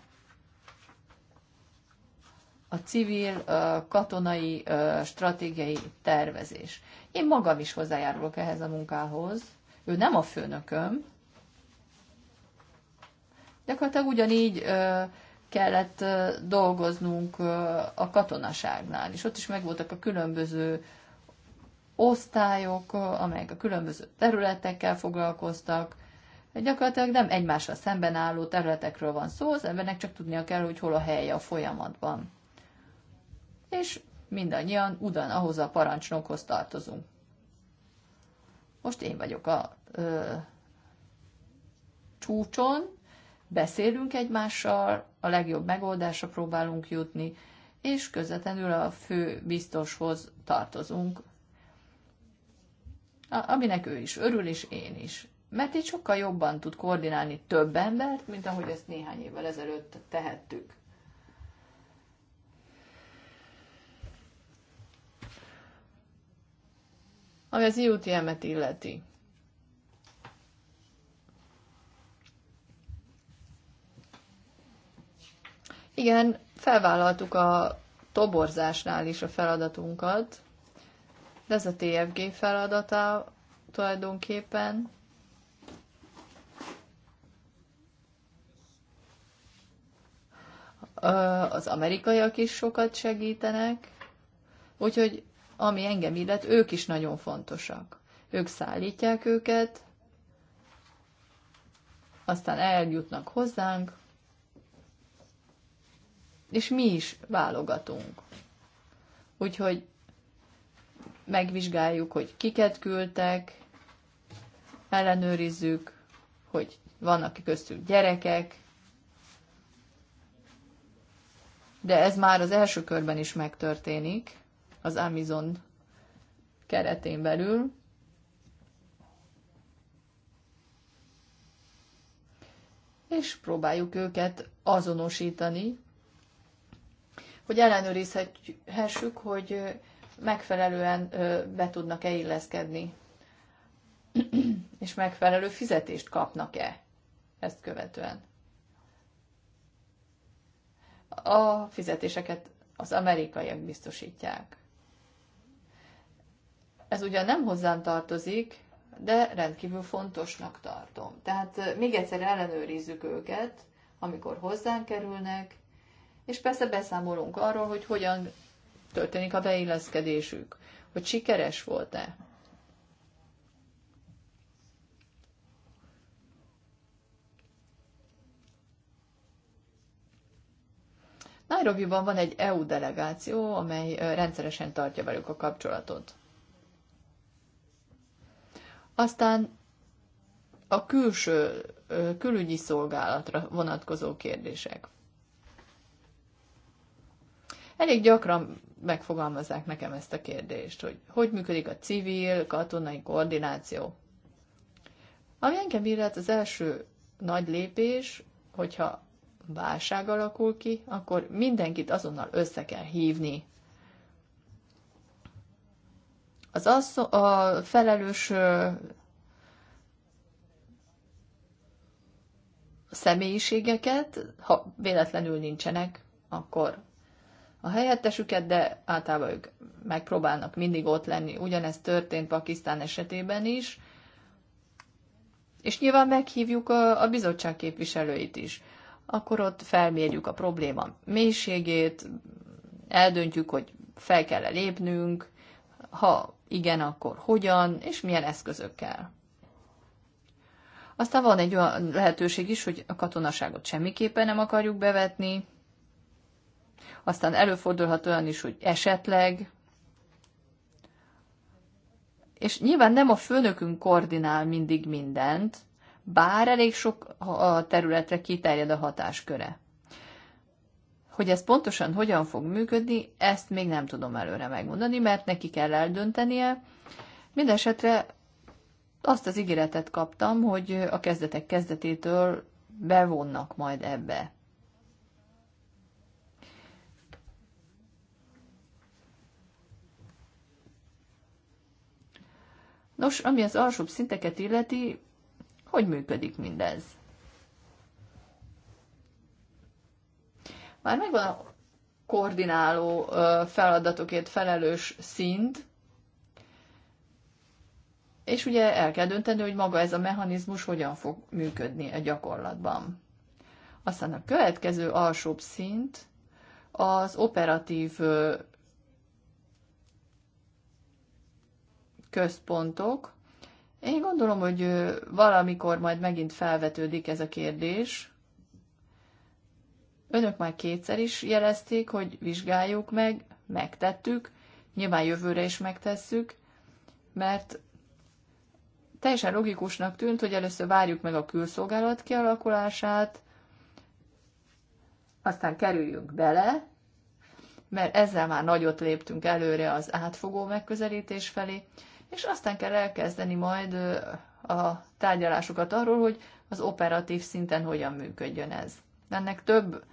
a civil, katonai, stratégiai tervezés. Én magam is hozzájárulok ehhez a munkához. Ő nem a főnököm. Gyakorlatilag ugyanígy kellett dolgoznunk a katonaságnál, és ott is megvoltak a különböző osztályok, amelyek a különböző területekkel foglalkoztak. Gyakorlatilag nem egymással szemben álló területekről van szó, az embernek csak tudnia kell, hogy hol a helye a folyamatban és mindannyian ahhoz a parancsnokhoz tartozunk. Most én vagyok a ö, csúcson, beszélünk egymással, a legjobb megoldásra próbálunk jutni, és közvetlenül a fő biztoshoz tartozunk, aminek ő is örül, és én is. Mert így sokkal jobban tud koordinálni több embert, mint ahogy ezt néhány évvel ezelőtt tehettük. ami az IUTM-et illeti. Igen, felvállaltuk a toborzásnál is a feladatunkat, de ez a TFG feladata tulajdonképpen. Az amerikaiak is sokat segítenek, úgyhogy ami engem illet, ők is nagyon fontosak. Ők szállítják őket, aztán eljutnak hozzánk, és mi is válogatunk. Úgyhogy megvizsgáljuk, hogy kiket küldtek, ellenőrizzük, hogy vannak köztük gyerekek, de ez már az első körben is megtörténik az Amazon keretén belül. És próbáljuk őket azonosítani, hogy ellenőrizhessük, hogy megfelelően be tudnak-e illeszkedni, és megfelelő fizetést kapnak-e ezt követően. A fizetéseket az amerikaiak biztosítják. Ez ugyan nem hozzám tartozik, de rendkívül fontosnak tartom. Tehát még egyszer ellenőrizzük őket, amikor hozzánk kerülnek, és persze beszámolunk arról, hogy hogyan történik a beilleszkedésük, hogy sikeres volt-e. Nairobiban van egy EU delegáció, amely rendszeresen tartja velük a kapcsolatot. Aztán a külső külügyi szolgálatra vonatkozó kérdések. Elég gyakran megfogalmazzák nekem ezt a kérdést, hogy hogy működik a civil, katonai koordináció. Ami engem illet, az első nagy lépés, hogyha válság alakul ki, akkor mindenkit azonnal össze kell hívni az asszo- a felelős személyiségeket, ha véletlenül nincsenek, akkor a helyettesüket, de általában ők megpróbálnak mindig ott lenni. Ugyanezt történt Pakisztán esetében is, és nyilván meghívjuk a, a bizottság képviselőit is. Akkor ott felmérjük a probléma mélységét, eldöntjük, hogy fel kell -e lépnünk, ha igen, akkor hogyan és milyen eszközökkel. Aztán van egy olyan lehetőség is, hogy a katonaságot semmiképpen nem akarjuk bevetni. Aztán előfordulhat olyan is, hogy esetleg. És nyilván nem a főnökünk koordinál mindig mindent, bár elég sok területre kiterjed a hatásköre. Hogy ez pontosan hogyan fog működni, ezt még nem tudom előre megmondani, mert neki kell eldöntenie. Mindenesetre azt az ígéretet kaptam, hogy a kezdetek kezdetétől bevonnak majd ebbe. Nos, ami az alsóbb szinteket illeti, hogy működik mindez? már megvan a koordináló feladatokért felelős szint, és ugye el kell dönteni, hogy maga ez a mechanizmus hogyan fog működni a gyakorlatban. Aztán a következő alsóbb szint az operatív központok. Én gondolom, hogy valamikor majd megint felvetődik ez a kérdés, Önök már kétszer is jelezték, hogy vizsgáljuk meg, megtettük, nyilván jövőre is megtesszük, mert teljesen logikusnak tűnt, hogy először várjuk meg a külszolgálat kialakulását, aztán kerüljünk bele, mert ezzel már nagyot léptünk előre az átfogó megközelítés felé, és aztán kell elkezdeni majd a tárgyalásokat arról, hogy az operatív szinten hogyan működjön ez. Ennek több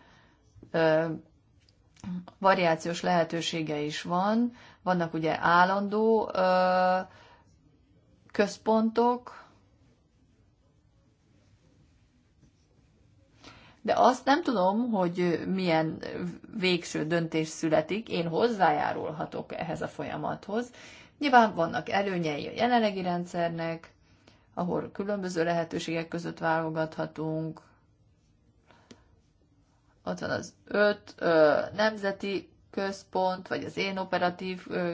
variációs lehetősége is van. Vannak ugye állandó központok, de azt nem tudom, hogy milyen végső döntés születik, én hozzájárulhatok ehhez a folyamathoz. Nyilván vannak előnyei a jelenlegi rendszernek, ahol különböző lehetőségek között válogathatunk, ott van az öt ö, nemzeti központ, vagy az én operatív ö,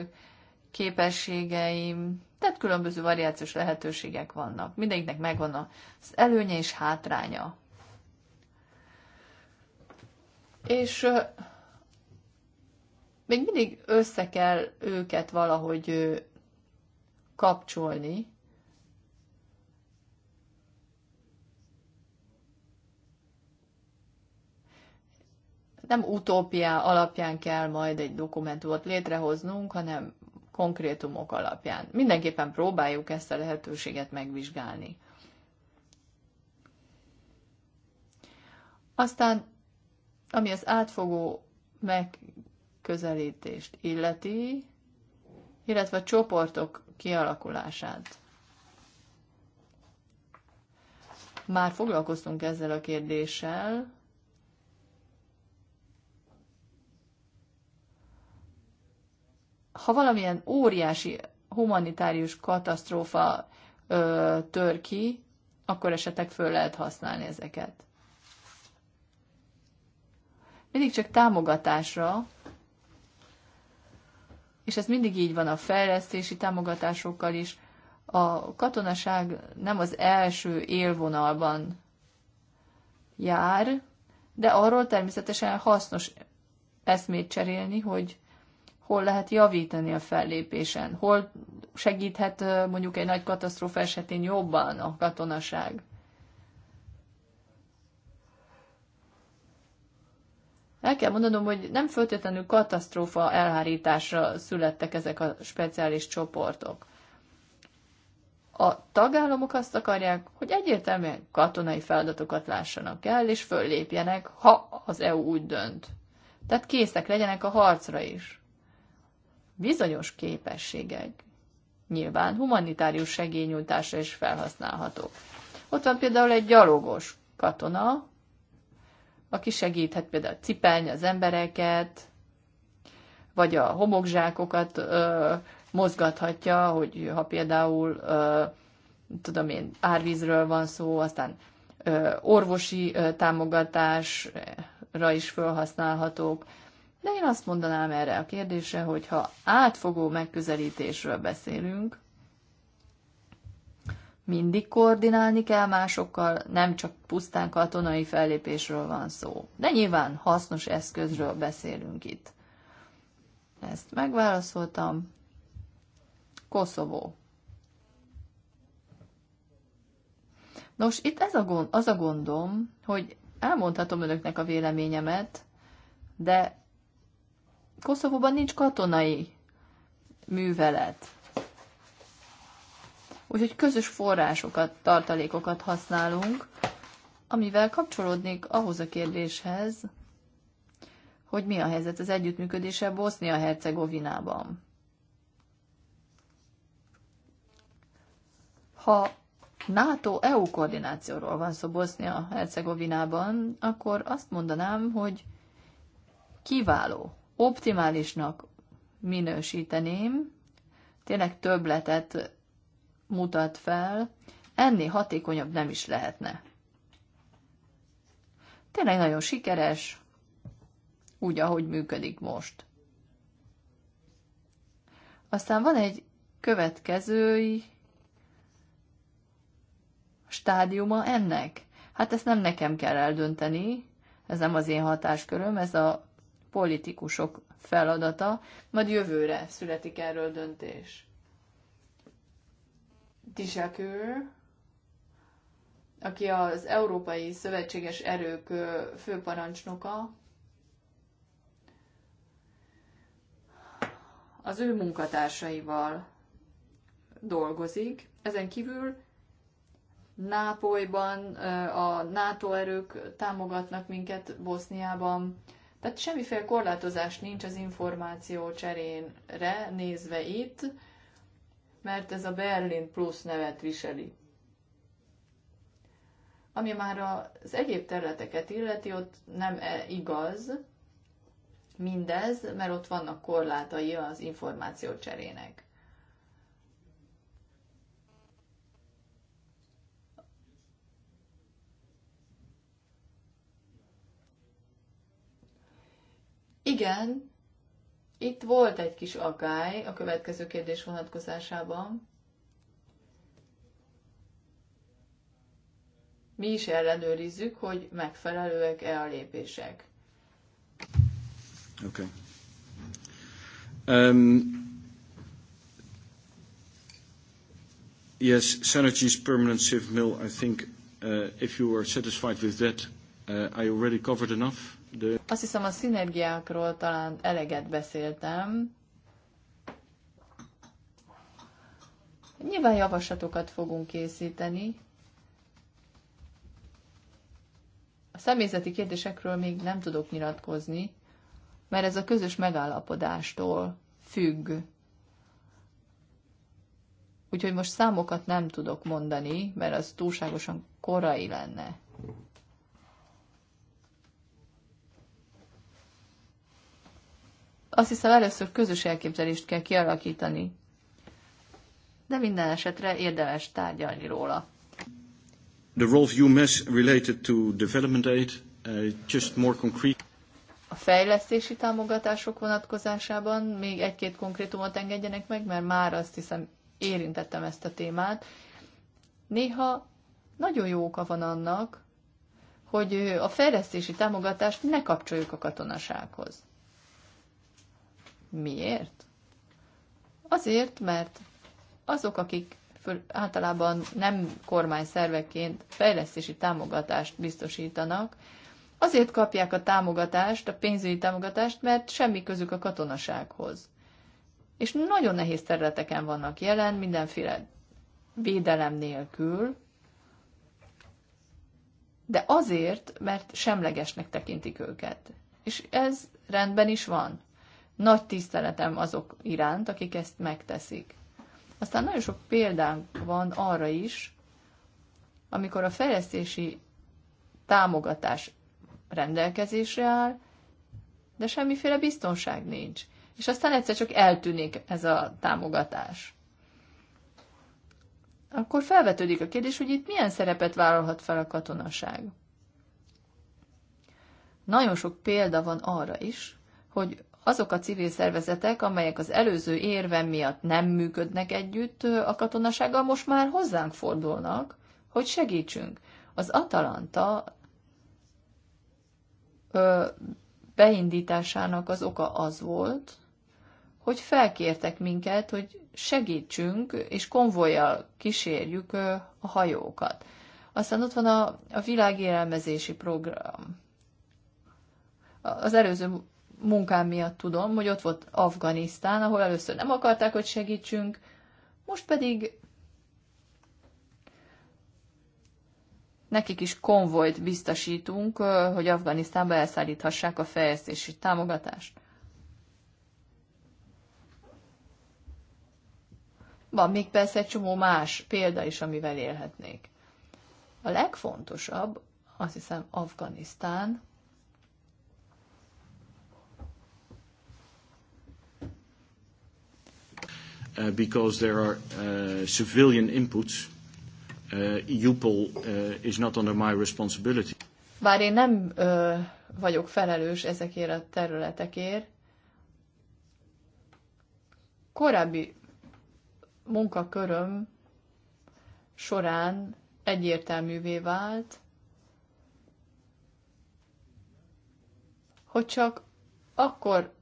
képességeim, tehát különböző variációs lehetőségek vannak. Mindegyiknek megvan az előnye és hátránya. És ö, még mindig össze kell őket valahogy ö, kapcsolni, nem utópia alapján kell majd egy dokumentumot létrehoznunk, hanem konkrétumok alapján. Mindenképpen próbáljuk ezt a lehetőséget megvizsgálni. Aztán, ami az átfogó megközelítést illeti, illetve a csoportok kialakulását. Már foglalkoztunk ezzel a kérdéssel, ha valamilyen óriási humanitárius katasztrófa ö, tör ki, akkor esetleg föl lehet használni ezeket. Mindig csak támogatásra, és ez mindig így van a fejlesztési támogatásokkal is, a katonaság nem az első élvonalban jár, de arról természetesen hasznos eszmét cserélni, hogy hol lehet javítani a fellépésen, hol segíthet mondjuk egy nagy katasztrófa esetén jobban a katonaság. El kell mondanom, hogy nem föltétlenül katasztrófa elhárításra születtek ezek a speciális csoportok. A tagállamok azt akarják, hogy egyértelműen katonai feladatokat lássanak el, és föllépjenek, ha az EU úgy dönt. Tehát készek legyenek a harcra is bizonyos képességek nyilván humanitárius segényújtásra is felhasználhatók. Ott van például egy gyalogos katona, aki segíthet például cipelni az embereket, vagy a homokzsákokat ö, mozgathatja, hogy ha például, ö, tudom én, árvízről van szó, aztán ö, orvosi ö, támogatásra is felhasználhatók. De én azt mondanám erre a kérdésre, hogy ha átfogó megközelítésről beszélünk, mindig koordinálni kell másokkal, nem csak pusztán katonai fellépésről van szó. De nyilván hasznos eszközről beszélünk itt. Ezt megválaszoltam. Koszovó. Nos, itt ez a gond, az a gondom, hogy elmondhatom önöknek a véleményemet, de Koszovóban nincs katonai művelet. Úgyhogy közös forrásokat, tartalékokat használunk, amivel kapcsolódnék ahhoz a kérdéshez, hogy mi a helyzet az együttműködése Bosznia-Hercegovinában. Ha NATO-EU koordinációról van szó Bosznia-Hercegovinában, akkor azt mondanám, hogy kiváló optimálisnak minősíteném, tényleg többletet mutat fel, ennél hatékonyabb nem is lehetne. Tényleg nagyon sikeres, úgy, ahogy működik most. Aztán van egy következői stádiuma ennek. Hát ezt nem nekem kell eldönteni, ez nem az én hatásköröm, ez a politikusok feladata, majd jövőre születik erről döntés. Tisakő, aki az Európai Szövetséges Erők főparancsnoka, az ő munkatársaival dolgozik. Ezen kívül Nápolyban a NATO erők támogatnak minket, Boszniában, tehát semmiféle korlátozás nincs az információ cserénre nézve itt, mert ez a Berlin Plus nevet viseli. Ami már az egyéb területeket illeti, ott nem e igaz mindez, mert ott vannak korlátai az információ cserének. Igen, itt volt egy kis agály a következő kérdés vonatkozásában. Mi is ellenőrizzük, hogy megfelelőek-e a lépések. Oké. Okay. Um, yes, Synergy's permanent shift. mill, I think uh, if you are satisfied with that, uh, I already covered enough de... Azt hiszem a szinergiákról talán eleget beszéltem. Nyilván javaslatokat fogunk készíteni. A személyzeti kérdésekről még nem tudok nyilatkozni, mert ez a közös megállapodástól függ. Úgyhogy most számokat nem tudok mondani, mert az túlságosan korai lenne. Azt hiszem, először közös elképzelést kell kialakítani. De minden esetre érdemes tárgyalni róla. The role you miss related to development aid, uh, just more concrete. A fejlesztési támogatások vonatkozásában még egy-két konkrétumot engedjenek meg, mert már azt hiszem érintettem ezt a témát. Néha nagyon jó oka van annak, hogy a fejlesztési támogatást ne kapcsoljuk a katonasághoz. Miért? Azért, mert azok, akik általában nem kormányszerveként fejlesztési támogatást biztosítanak, azért kapják a támogatást, a pénzügyi támogatást, mert semmi közük a katonasághoz. És nagyon nehéz területeken vannak jelen, mindenféle védelem nélkül, de azért, mert semlegesnek tekintik őket. És ez rendben is van. Nagy tiszteletem azok iránt, akik ezt megteszik. Aztán nagyon sok példánk van arra is, amikor a fejlesztési támogatás rendelkezésre áll, de semmiféle biztonság nincs. És aztán egyszer csak eltűnik ez a támogatás. Akkor felvetődik a kérdés, hogy itt milyen szerepet vállalhat fel a katonaság. Nagyon sok példa van arra is, hogy azok a civil szervezetek, amelyek az előző érvem miatt nem működnek együtt a katonasággal, most már hozzánk fordulnak, hogy segítsünk. Az Atalanta ö, beindításának az oka az volt, hogy felkértek minket, hogy segítsünk, és konvojjal kísérjük a hajókat. Aztán ott van a, a világélelmezési program. Az előző munkám miatt tudom, hogy ott volt Afganisztán, ahol először nem akarták, hogy segítsünk, most pedig nekik is konvojt biztosítunk, hogy Afganisztánba elszállíthassák a fejlesztési támogatást. Van még persze egy csomó más példa is, amivel élhetnék. A legfontosabb, azt hiszem, Afganisztán, Uh, because there are uh, civilian inputs. EUPOL uh, is not under my responsibility. Bár én nem ö, vagyok felelős ezekért a területekért, korábbi munkaköröm során egyértelművé vált, hogy csak akkor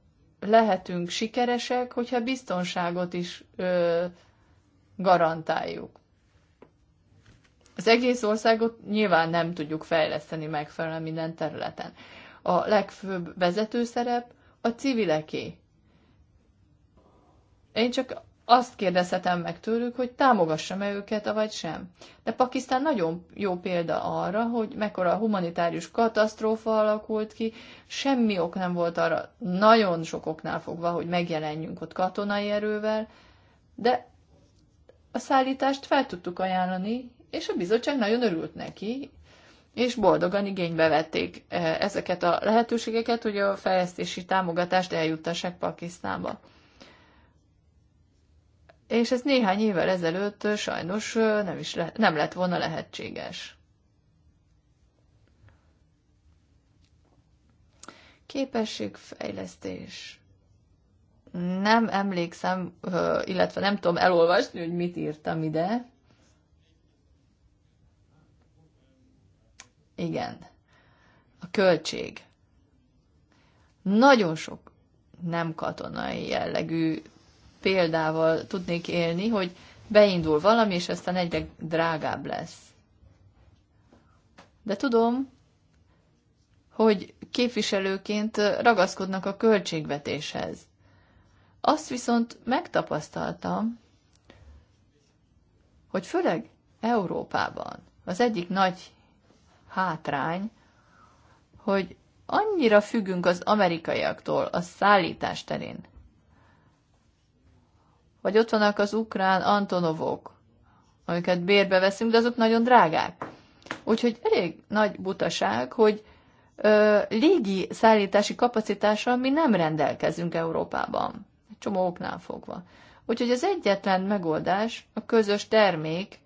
lehetünk sikeresek, hogyha biztonságot is ö, garantáljuk. Az egész országot nyilván nem tudjuk fejleszteni megfelelően minden területen. A legfőbb vezetőszerep a civileké. Én csak azt kérdezhetem meg tőlük, hogy támogassam-e őket, vagy sem. De Pakisztán nagyon jó példa arra, hogy mekkora humanitárius katasztrófa alakult ki, semmi ok nem volt arra, nagyon sok oknál fogva, hogy megjelenjünk ott katonai erővel, de a szállítást fel tudtuk ajánlani, és a bizottság nagyon örült neki, és boldogan igénybe vették eh, ezeket a lehetőségeket, hogy a fejlesztési támogatást eljuttassák Pakisztánba és ez néhány évvel ezelőtt sajnos nem, is le, nem lett volna lehetséges. Képességfejlesztés. Nem emlékszem, illetve nem tudom elolvasni, hogy mit írtam ide. Igen. A költség. Nagyon sok nem katonai jellegű példával tudnék élni, hogy beindul valami, és aztán egyre drágább lesz. De tudom, hogy képviselőként ragaszkodnak a költségvetéshez. Azt viszont megtapasztaltam, hogy főleg Európában az egyik nagy hátrány, hogy annyira függünk az amerikaiaktól a szállítás terén, vagy ott vannak az ukrán antonovok, amiket bérbe veszünk, de azok nagyon drágák. Úgyhogy elég nagy butaság, hogy ö, légi szállítási kapacitással mi nem rendelkezünk Európában. Egy csomó oknál fogva. Úgyhogy az egyetlen megoldás a közös termék,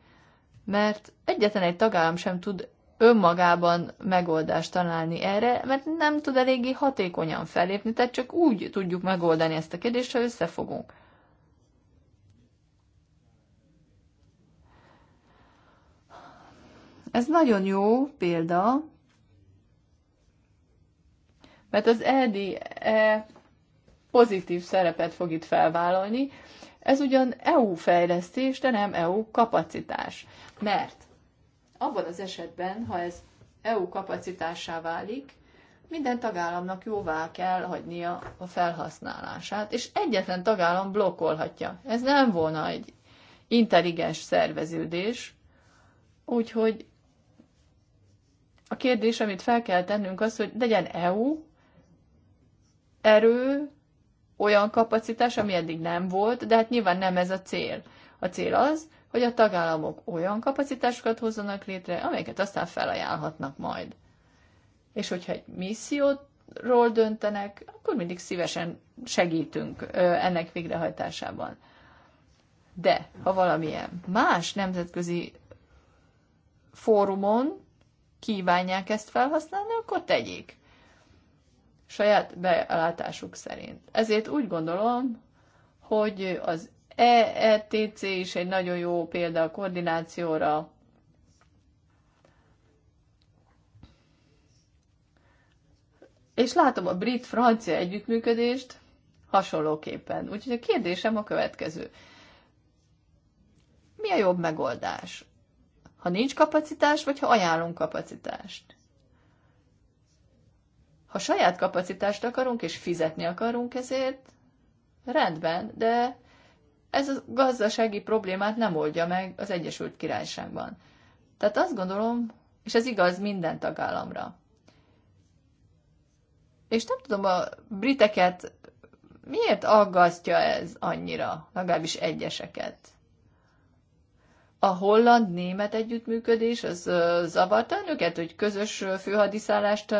mert egyetlen egy tagállam sem tud önmagában megoldást találni erre, mert nem tud eléggé hatékonyan felépni, tehát csak úgy tudjuk megoldani ezt a kérdést, ha összefogunk. Ez nagyon jó példa, mert az e, e pozitív szerepet fog itt felvállalni. Ez ugyan EU fejlesztés, de nem EU kapacitás. Mert abban az esetben, ha ez EU kapacitássá válik, minden tagállamnak jóvá kell hagynia a felhasználását, és egyetlen tagállam blokkolhatja. Ez nem volna egy intelligens szerveződés, úgyhogy a kérdés, amit fel kell tennünk, az, hogy legyen EU erő, olyan kapacitás, ami eddig nem volt, de hát nyilván nem ez a cél. A cél az, hogy a tagállamok olyan kapacitásokat hozzanak létre, amelyeket aztán felajánlhatnak majd. És hogyha egy misszióról döntenek, akkor mindig szívesen segítünk ennek végrehajtásában. De ha valamilyen más nemzetközi fórumon kívánják ezt felhasználni, akkor tegyék. Saját belátásuk szerint. Ezért úgy gondolom, hogy az EETC is egy nagyon jó példa a koordinációra. És látom a brit-francia együttműködést hasonlóképpen. Úgyhogy a kérdésem a következő. Mi a jobb megoldás? ha nincs kapacitás, vagy ha ajánlunk kapacitást. Ha saját kapacitást akarunk, és fizetni akarunk ezért, rendben, de ez a gazdasági problémát nem oldja meg az Egyesült Királyságban. Tehát azt gondolom, és ez igaz minden tagállamra. És nem tudom, a briteket miért aggasztja ez annyira, legalábbis egyeseket a holland-német együttműködés az zavarta önöket, hogy közös főhadiszállást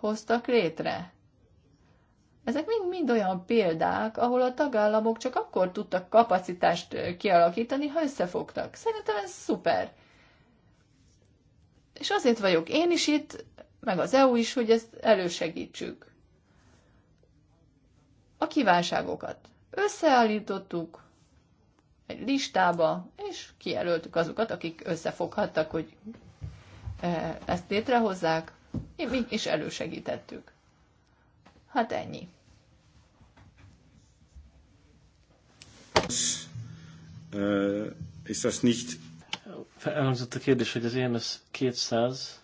hoztak létre? Ezek mind, mind olyan példák, ahol a tagállamok csak akkor tudtak kapacitást kialakítani, ha összefogtak. Szerintem ez szuper. És azért vagyok én is itt, meg az EU is, hogy ezt elősegítsük. A kívánságokat összeállítottuk, egy listába, és kijelöltük azokat, akik összefoghattak, hogy e, ezt létrehozzák, mi is elősegítettük. Hát ennyi. És ez nicht... Elhangzott a kérdés, hogy az EMS 200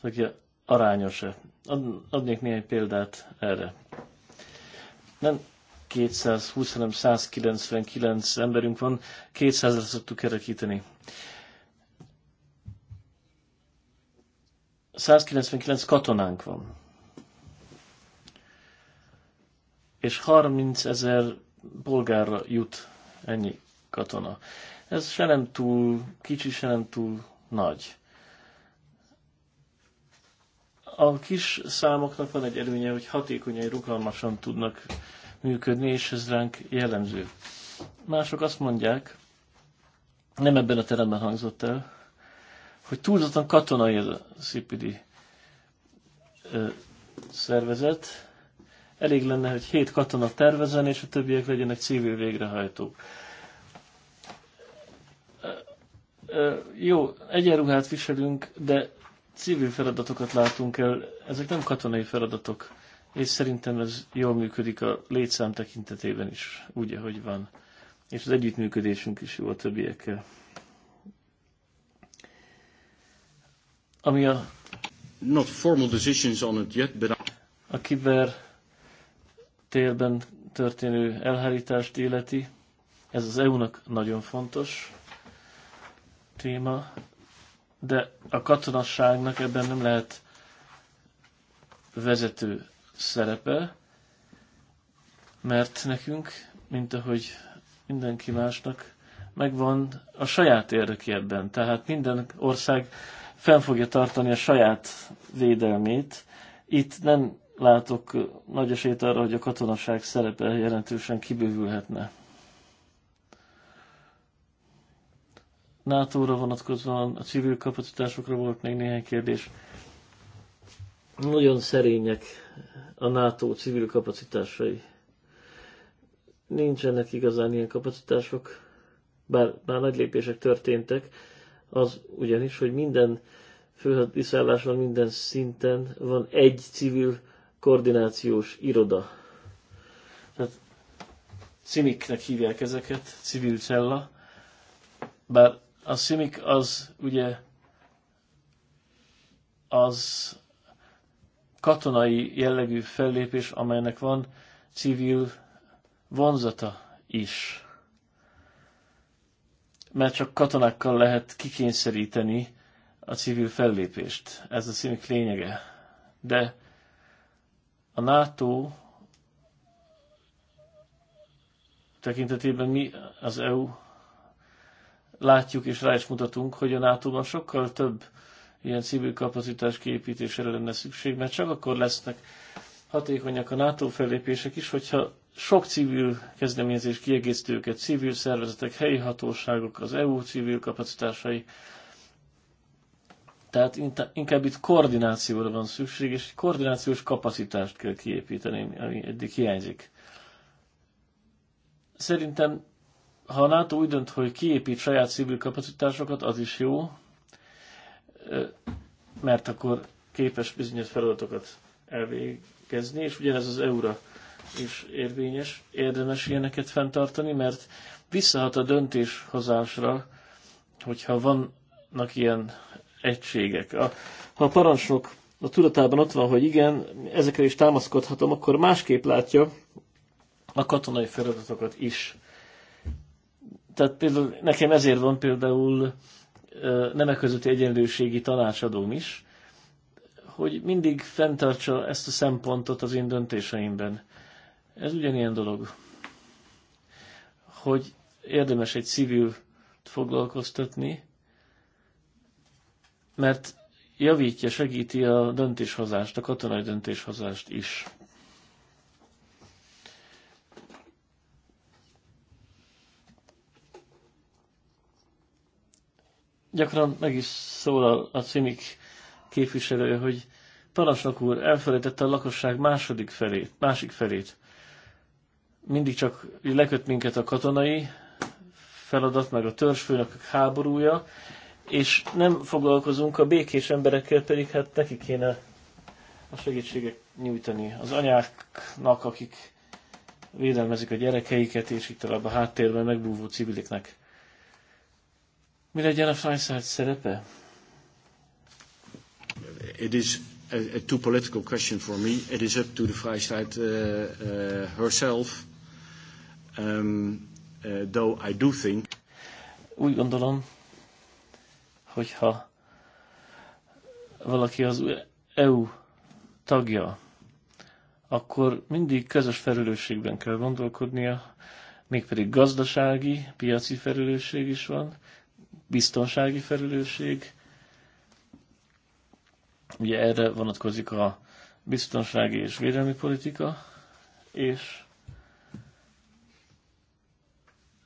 tagja arányos-e? Ad, adnék néhány példát erre nem 220, hanem 199 emberünk van, 200-ra szoktuk kerekíteni. 199 katonánk van. És 30 ezer polgárra jut ennyi katona. Ez se nem túl kicsi, se nem túl nagy. A kis számoknak van egy előnye, hogy hatékonyan, rugalmasan tudnak működni, és ez ránk jellemző. Mások azt mondják, nem ebben a teremben hangzott el, hogy túlzottan katonai ez a CPD szervezet. Elég lenne, hogy hét katona tervezen, és a többiek legyenek civil végrehajtók. Jó, egyenruhát viselünk, de civil feladatokat látunk el, ezek nem katonai feladatok, és szerintem ez jól működik a létszám tekintetében is, úgy, ahogy van. És az együttműködésünk is jó a többiekkel. Ami a... Not formal decisions on it yet, but... A kiber térben történő elhárítást életi. Ez az EU-nak nagyon fontos téma, de a katonasságnak ebben nem lehet vezető szerepe, mert nekünk, mint ahogy mindenki másnak, megvan a saját érdeki ebben. Tehát minden ország fenn fogja tartani a saját védelmét. Itt nem látok nagy esélyt arra, hogy a katonaság szerepe jelentősen kibővülhetne. NATO-ra vonatkozóan, a civil kapacitásokra volt még néhány kérdés. Nagyon szerények a NATO civil kapacitásai. Nincsenek igazán ilyen kapacitások, bár, bár nagy lépések történtek, az ugyanis, hogy minden főhadiszálláson, minden szinten van egy civil koordinációs iroda. Tehát cimiknek hívják ezeket, civil cella, bár a szimik az ugye az katonai jellegű fellépés, amelynek van civil vonzata is. Mert csak katonákkal lehet kikényszeríteni a civil fellépést. Ez a szimik lényege. De a NATO tekintetében mi az EU látjuk és rá is mutatunk, hogy a nato sokkal több ilyen civil kapacitás kiépítésére lenne szükség, mert csak akkor lesznek hatékonyak a NATO fellépések is, hogyha sok civil kezdeményezés kiegészítő őket, civil szervezetek, helyi hatóságok, az EU civil kapacitásai. Tehát inkább itt koordinációra van szükség, és koordinációs kapacitást kell kiépíteni, ami eddig hiányzik. Szerintem ha a NATO úgy dönt, hogy kiépít saját civil kapacitásokat, az is jó, mert akkor képes bizonyos feladatokat elvégezni, és ugyanez az EU-ra is érvényes, érdemes ilyeneket fenntartani, mert visszahat a döntéshozásra, hogyha vannak ilyen egységek. A, ha a parancsnok a tudatában ott van, hogy igen, ezekre is támaszkodhatom, akkor másképp látja a katonai feladatokat is. Tehát például nekem ezért van például nemek közötti egyenlőségi tanácsadóm is, hogy mindig fenntartsa ezt a szempontot az én döntéseimben. Ez ugyanilyen dolog, hogy érdemes egy civil foglalkoztatni, mert javítja, segíti a döntéshozást, a katonai döntéshozást is. Gyakran meg is szólal a CIMIK képviselő, hogy parancsnok úr elfelejtette a lakosság második felét, másik felét. Mindig csak leköt minket a katonai feladat, meg a törzsfőnök háborúja, és nem foglalkozunk a békés emberekkel, pedig hát neki kéne a segítséget nyújtani. Az anyáknak, akik védelmezik a gyerekeiket, és itt a háttérben megbúvó civiliknek. Mi legyen a Fajszárt szerepe? It is a, a too political question for me. It is up to the Freistaat uh, uh, herself, um, uh, though I do think. Úgy gondolom, hogyha valaki az EU tagja, akkor mindig közös felelősségben kell gondolkodnia, mégpedig gazdasági, piaci felelősség is van, biztonsági felelősség. Ugye erre vonatkozik a biztonsági és védelmi politika, és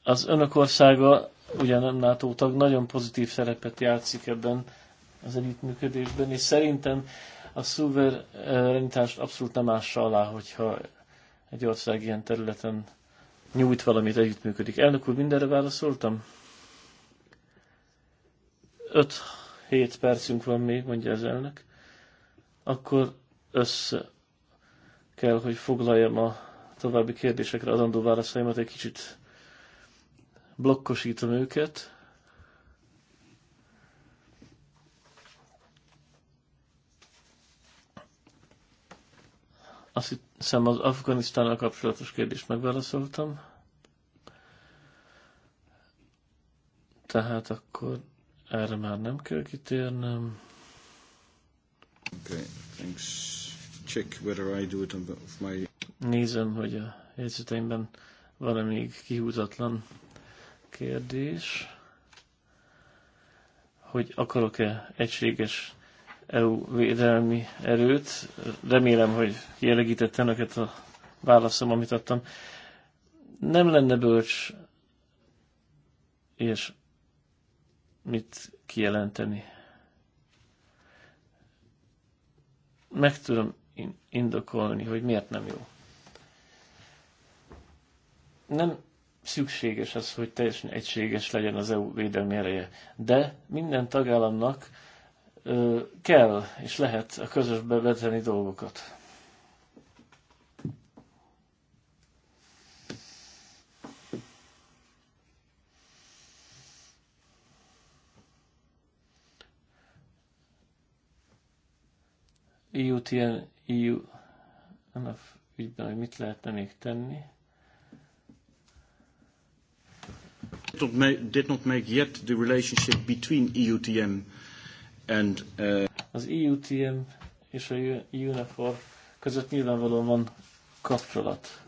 az önök országa, ugye nem NATO tag, nagyon pozitív szerepet játszik ebben az együttműködésben, és szerintem a szuverenitást abszolút nem ássa alá, hogyha egy ország ilyen területen nyújt valamit, együttműködik. Elnök úr, mindenre válaszoltam? 5-7 percünk van még, mondja az elnök, akkor össze kell, hogy foglaljam a további kérdésekre adandó válaszaimat, egy kicsit blokkosítom őket. Azt hiszem az Afganisztánnal kapcsolatos kérdést megválaszoltam. Tehát akkor erre már nem kell kitérnem. Okay, thanks. Check whether I do it on my... Nézem, hogy a jegyzeteimben van még kihúzatlan kérdés, hogy akarok-e egységes EU védelmi erőt. Remélem, hogy kielegített önöket a válaszom, amit adtam. Nem lenne bölcs és mit kijelenteni. Meg tudom indokolni, hogy miért nem jó. Nem szükséges az, hogy teljesen egységes legyen az EU védelmi ereje, de minden tagállamnak ö, kell és lehet a közösbe veteni dolgokat. EUTN, EU annak ügyben, hogy mit lehetne még tenni. Did not make yet the relationship between EUTM and... Uh... Az EUTM és a UNIFOR között nyilvánvalóan van kapcsolat.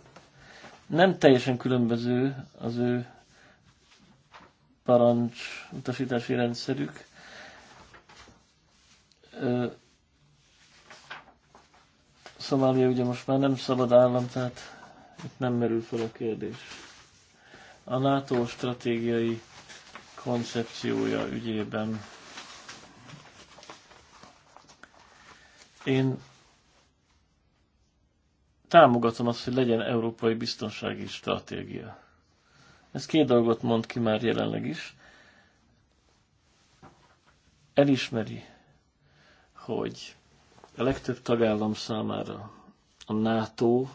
Nem teljesen különböző az ő parancs utasítási rendszerük. Szomália ugye most már nem szabad állam, tehát itt nem merül fel a kérdés. A NATO stratégiai koncepciója ügyében én támogatom azt, hogy legyen európai biztonsági stratégia. Ez két dolgot mond ki már jelenleg is. Elismeri, hogy a legtöbb tagállam számára a NATO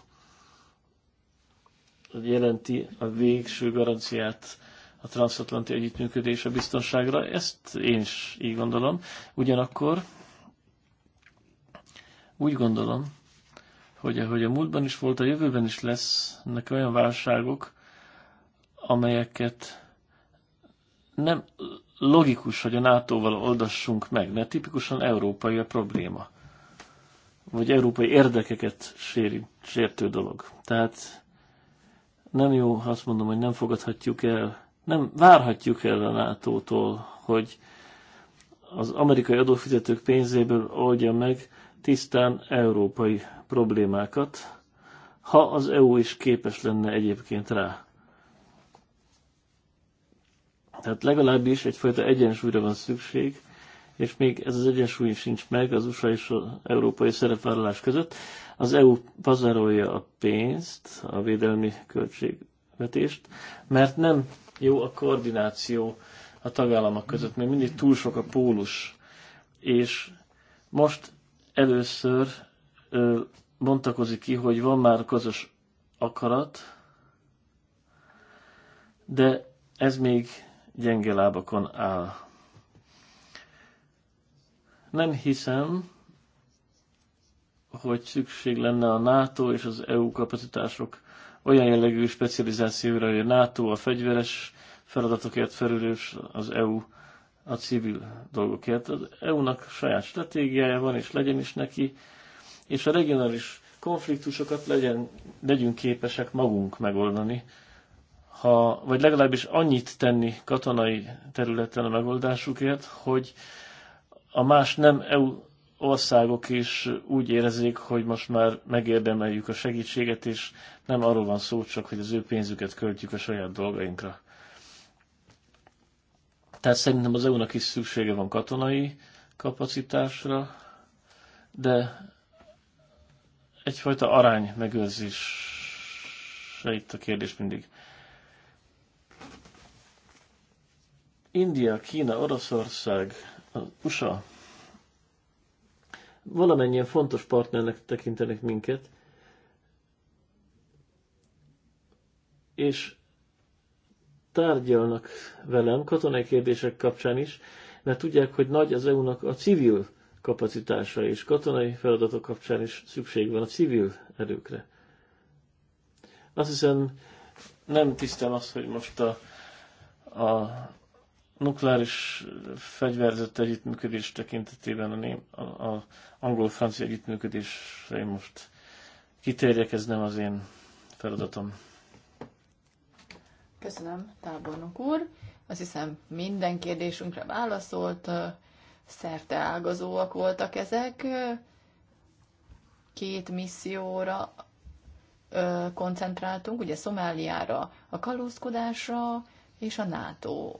jelenti a végső garanciát a transatlanti együttműködés a biztonságra. Ezt én is így gondolom. Ugyanakkor úgy gondolom, hogy ahogy a múltban is volt, a jövőben is lesznek olyan válságok, amelyeket nem logikus, hogy a NATO-val oldassunk meg, mert tipikusan európai a probléma vagy európai érdekeket sérít, sértő dolog. Tehát nem jó, ha azt mondom, hogy nem fogadhatjuk el, nem várhatjuk el a NATO-tól, hogy az amerikai adófizetők pénzéből oldja meg tisztán európai problémákat, ha az EU is képes lenne egyébként rá. Tehát legalábbis egyfajta egyensúlyra van szükség és még ez az egyensúly sincs meg az USA és az európai szerepvállalás között. Az EU pazarolja a pénzt, a védelmi költségvetést, mert nem jó a koordináció a tagállamok között, mert mindig túl sok a pólus. És most először ö, bontakozik ki, hogy van már közös akarat, de ez még gyenge lábakon áll nem hiszem, hogy szükség lenne a NATO és az EU kapacitások olyan jellegű specializációra, hogy a NATO a fegyveres feladatokért felülős, az EU a civil dolgokért. Az EU-nak saját stratégiája van, és legyen is neki, és a regionális konfliktusokat legyen, legyünk képesek magunk megoldani, ha, vagy legalábbis annyit tenni katonai területen a megoldásukért, hogy a más nem EU országok is úgy érezzék, hogy most már megérdemeljük a segítséget, és nem arról van szó csak, hogy az ő pénzüket költjük a saját dolgainkra. Tehát szerintem az EU-nak is szüksége van katonai kapacitásra, de egyfajta arány se itt a kérdés mindig. India, Kína, Oroszország, az USA valamennyien fontos partnernek tekintenek minket, és tárgyalnak velem katonai kérdések kapcsán is, mert tudják, hogy nagy az EU-nak a civil kapacitása, és katonai feladatok kapcsán is szükség van a civil erőkre. Azt hiszem, nem tisztem azt, hogy most a, a nukleáris fegyverzett együttműködés tekintetében a, ném, a, a angol-francia együttműködésre én most kitérjek, ez nem az én feladatom. Köszönöm, tábornok úr. Azt hiszem minden kérdésünkre válaszolt, szerte ágazóak voltak ezek. Két misszióra koncentráltunk, ugye Szomáliára, a kalózkodásra, és a NATO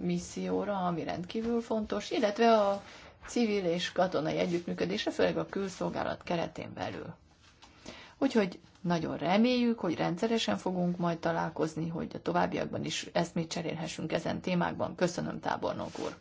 misszióra, ami rendkívül fontos, illetve a civil és katonai együttműködésre, főleg a külszolgálat keretén belül. Úgyhogy nagyon reméljük, hogy rendszeresen fogunk majd találkozni, hogy a továbbiakban is eszmét cserélhessünk ezen témákban. Köszönöm, tábornok úr!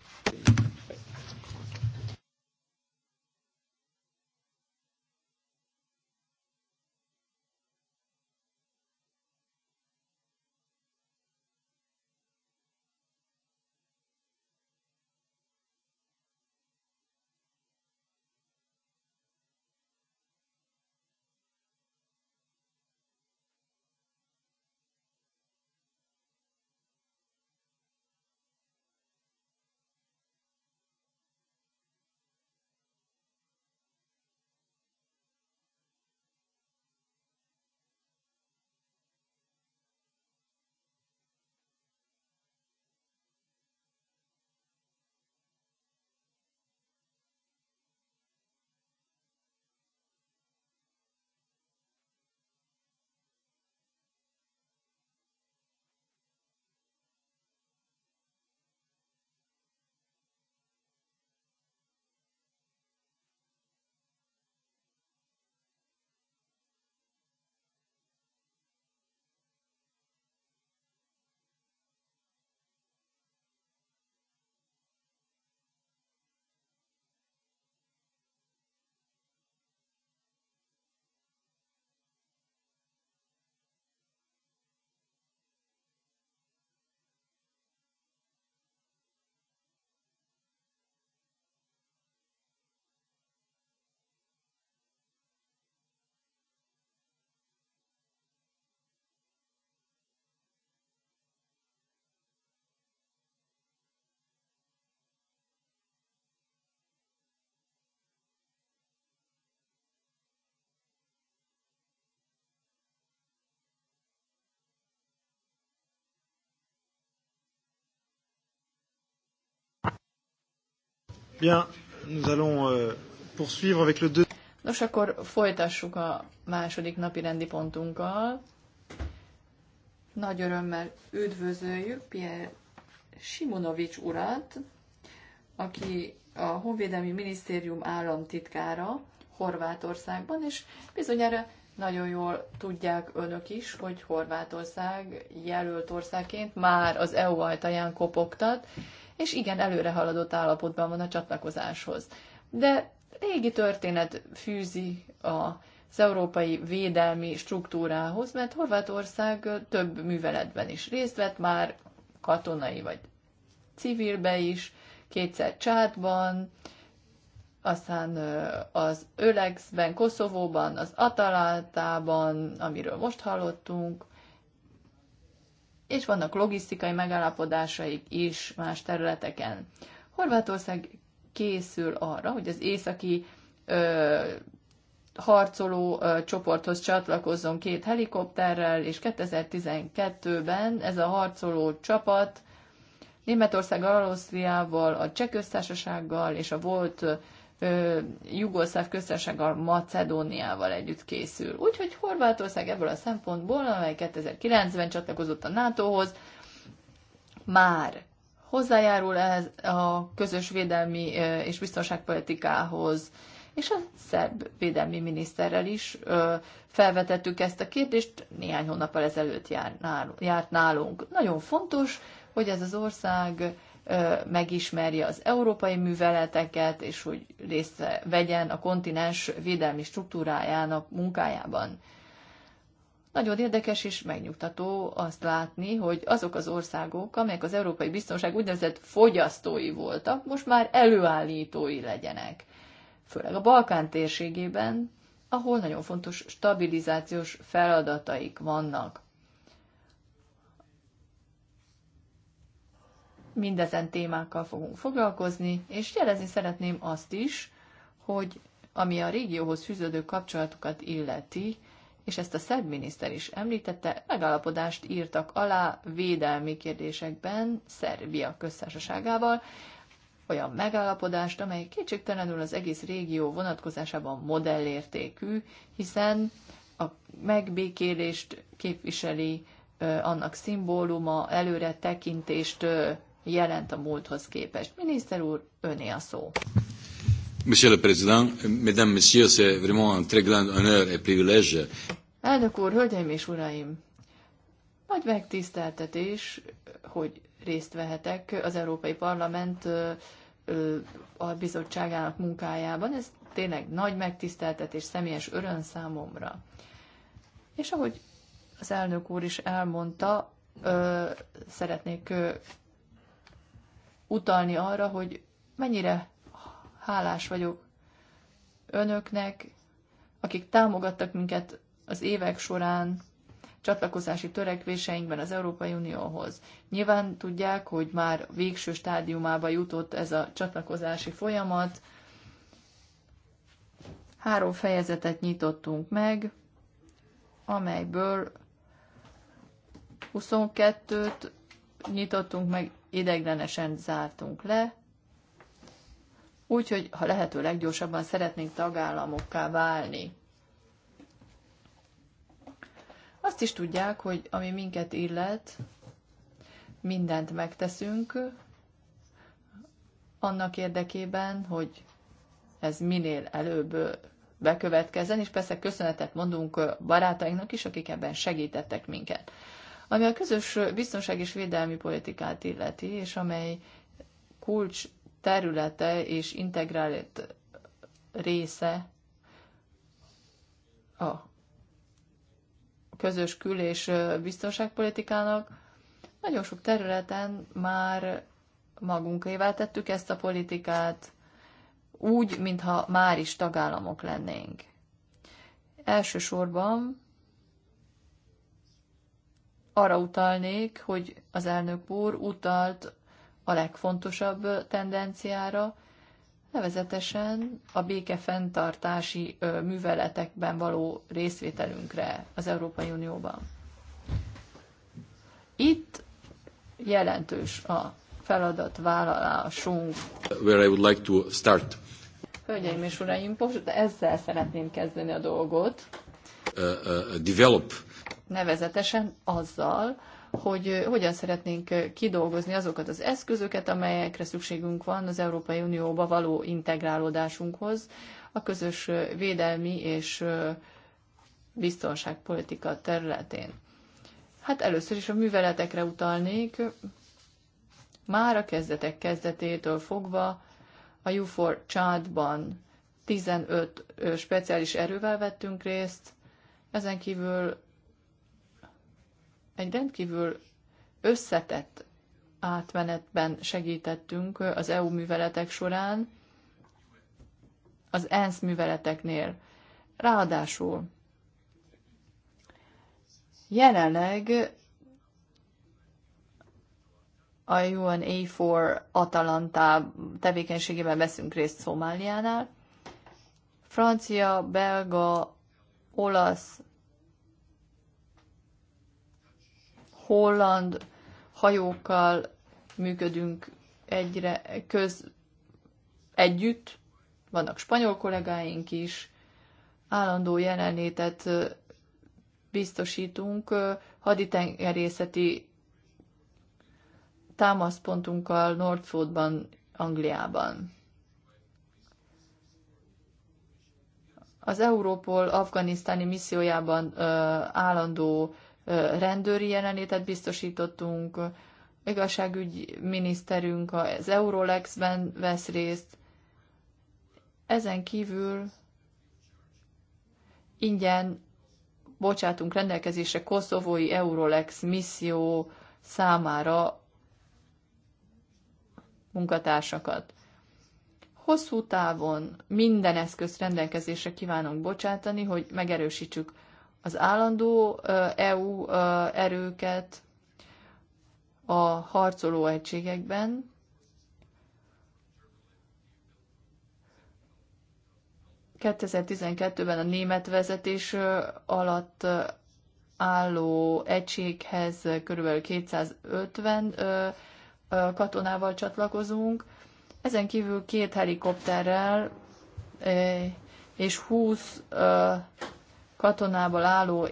Bien, nous allons euh, poursuivre avec le deux... Nos, akkor folytassuk a második napi rendi pontunkkal. Nagy örömmel üdvözöljük Pierre Simonovics urat, aki a Honvédelmi Minisztérium államtitkára Horvátországban, és bizonyára nagyon jól tudják önök is, hogy Horvátország jelölt országként már az EU ajtaján kopogtat, és igen, előre haladott állapotban van a csatlakozáshoz. De régi történet fűzi a az európai védelmi struktúrához, mert Horvátország több műveletben is részt vett már, katonai vagy civilbe is, kétszer Csátban, aztán az Ölexben, Koszovóban, az Atalátában, amiről most hallottunk, és vannak logisztikai megállapodásaik is más területeken. Horvátország készül arra, hogy az északi ö, harcoló ö, csoporthoz csatlakozzon két helikopterrel, és 2012-ben ez a harcoló csapat Németország, Ausztriával, a Cseh és a volt Jugoszláv köztársaság a Macedóniával együtt készül. Úgyhogy Horvátország ebből a szempontból, amely 2009-ben csatlakozott a NATO-hoz, már hozzájárul ehhez a közös védelmi és biztonságpolitikához, és a szerb védelmi miniszterrel is felvetettük ezt a kérdést, néhány hónap ezelőtt járt nálunk. Nagyon fontos, hogy ez az ország megismerje az európai műveleteket, és hogy részt vegyen a kontinens védelmi struktúrájának munkájában. Nagyon érdekes és megnyugtató azt látni, hogy azok az országok, amelyek az európai biztonság úgynevezett fogyasztói voltak, most már előállítói legyenek. Főleg a Balkán térségében, ahol nagyon fontos stabilizációs feladataik vannak. mindezen témákkal fogunk foglalkozni, és jelezni szeretném azt is, hogy ami a régióhoz fűződő kapcsolatokat illeti, és ezt a szerb miniszter is említette, megállapodást írtak alá védelmi kérdésekben Szerbia köztársaságával, olyan megállapodást, amely kétségtelenül az egész régió vonatkozásában modellértékű, hiszen a megbékélést képviseli annak szimbóluma, előre tekintést jelent a múlthoz képest. Miniszter úr, öné a szó. Monsieur le Président, Mesdames, Messieurs, c'est vraiment un très grand honneur et privilège. Elnök úr, hölgyeim és uraim! Nagy megtiszteltetés, hogy részt vehetek az Európai Parlament a bizottságának munkájában. Ez tényleg nagy megtiszteltetés, személyes öröm számomra. És ahogy az elnök úr is elmondta, szeretnék utalni arra, hogy mennyire hálás vagyok önöknek, akik támogattak minket az évek során csatlakozási törekvéseinkben az Európai Unióhoz. Nyilván tudják, hogy már végső stádiumába jutott ez a csatlakozási folyamat. Három fejezetet nyitottunk meg, amelyből 22-t nyitottunk meg ideiglenesen zártunk le, úgyhogy ha lehető leggyorsabban szeretnénk tagállamokká válni. Azt is tudják, hogy ami minket illet, mindent megteszünk annak érdekében, hogy ez minél előbb bekövetkezzen, és persze köszönetet mondunk barátainknak is, akik ebben segítettek minket. Ami a közös biztonság és védelmi politikát illeti, és amely kulcs területe és integrált része a közös kül- és biztonságpolitikának, nagyon sok területen már magunkévá tettük ezt a politikát, úgy, mintha már is tagállamok lennénk. Elsősorban arra utalnék, hogy az elnök úr utalt a legfontosabb tendenciára, nevezetesen a béke fenntartási műveletekben való részvételünkre az Európai Unióban. Itt jelentős a feladatvállalásunk. Where I would like to start. Hölgyeim és uraim, ezzel szeretném kezdeni a dolgot. Uh, uh, develop nevezetesen azzal, hogy hogyan szeretnénk kidolgozni azokat az eszközöket, amelyekre szükségünk van az Európai Unióba való integrálódásunkhoz, a közös védelmi és biztonságpolitika területén. Hát először is a műveletekre utalnék. Már a kezdetek kezdetétől fogva a U4 Csádban 15 speciális erővel vettünk részt, ezen kívül egy rendkívül összetett átmenetben segítettünk az EU műveletek során, az ENSZ műveleteknél. Ráadásul jelenleg a UNA4 Atalanta tevékenységében veszünk részt Szomáliánál. Francia, belga, olasz, holland hajókkal működünk egyre köz együtt, vannak spanyol kollégáink is, állandó jelenlétet biztosítunk haditengerészeti támaszpontunkkal Northwoodban, Angliában. Az Európol afganisztáni missziójában ö, állandó rendőri jelenlétet biztosítottunk, igazságügyi miniszterünk az Eurolexben vesz részt. Ezen kívül ingyen bocsátunk rendelkezésre koszovói Eurolex misszió számára munkatársakat. Hosszú távon minden eszközt rendelkezésre kívánunk bocsátani, hogy megerősítsük az állandó EU erőket a harcoló egységekben, ...2012-ben a német vezetés alatt álló egységhez kb. 250 katonával csatlakozunk. Ezen kívül két helikopterrel és 20 katonából álló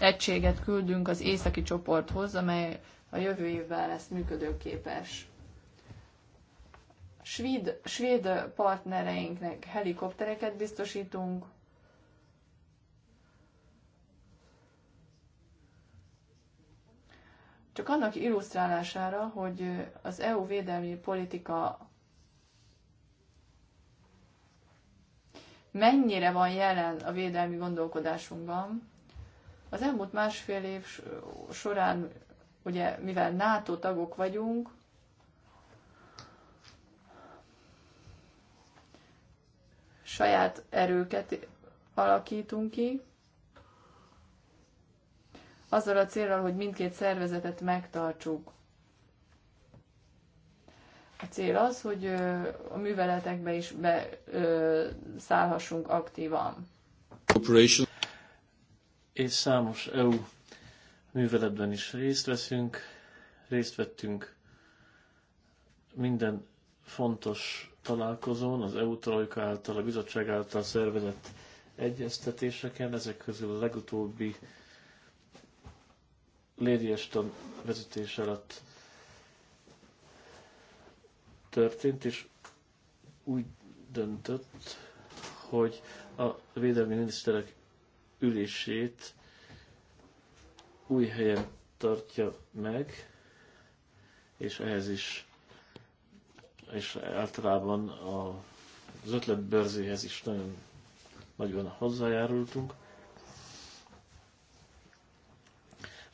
egységet küldünk az északi csoporthoz, amely a jövő évben lesz működőképes. Svéd, svéd partnereinknek helikoptereket biztosítunk, Csak annak illusztrálására, hogy az EU védelmi politika mennyire van jelen a védelmi gondolkodásunkban. Az elmúlt másfél év során, ugye mivel NATO tagok vagyunk, saját erőket alakítunk ki, azzal a célral, hogy mindkét szervezetet megtartsuk a cél az, hogy a műveletekbe is beszállhassunk aktívan. Operation. És számos EU műveletben is részt veszünk, részt vettünk minden fontos találkozón, az EU trojka által, a bizottság által szervezett egyeztetéseken, ezek közül a legutóbbi Lady Eston vezetés alatt történt, és úgy döntött, hogy a védelmi miniszterek ülését új helyen tartja meg, és ehhez is, és általában a, az ötletbörzéhez is nagyon nagyban hozzájárultunk.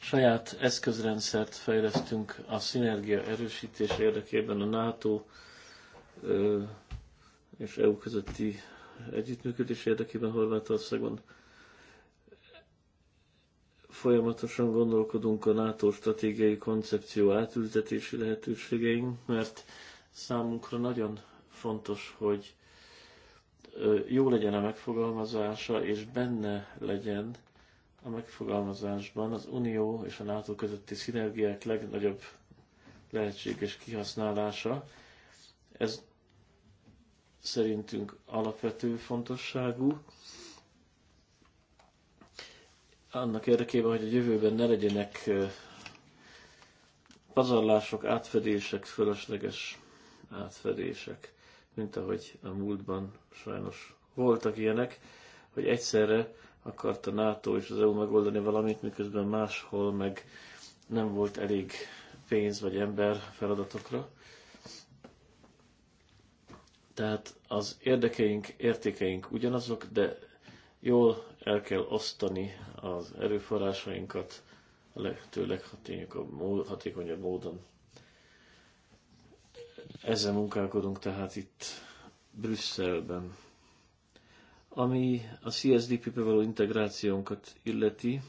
Saját eszközrendszert fejlesztünk a szinergia erősítés érdekében a NATO és EU közötti együttműködés érdekében Horvátországon. Folyamatosan gondolkodunk a NATO stratégiai koncepció átültetési lehetőségein, mert számunkra nagyon fontos, hogy jó legyen a megfogalmazása, és benne legyen a megfogalmazásban az Unió és a NATO közötti szinergiák legnagyobb lehetséges kihasználása. Ez szerintünk alapvető fontosságú. Annak érdekében, hogy a jövőben ne legyenek pazarlások, átfedések, fölösleges átfedések, mint ahogy a múltban sajnos voltak ilyenek, hogy egyszerre akarta NATO és az EU megoldani valamit, miközben máshol meg nem volt elég pénz vagy ember feladatokra. Tehát az érdekeink, értékeink ugyanazok, de jól el kell osztani az erőforrásainkat a lehető leghatékonyabb, módon. Ezzel munkálkodunk tehát itt Brüsszelben. Ami a CSDP-be való integrációnkat illeti,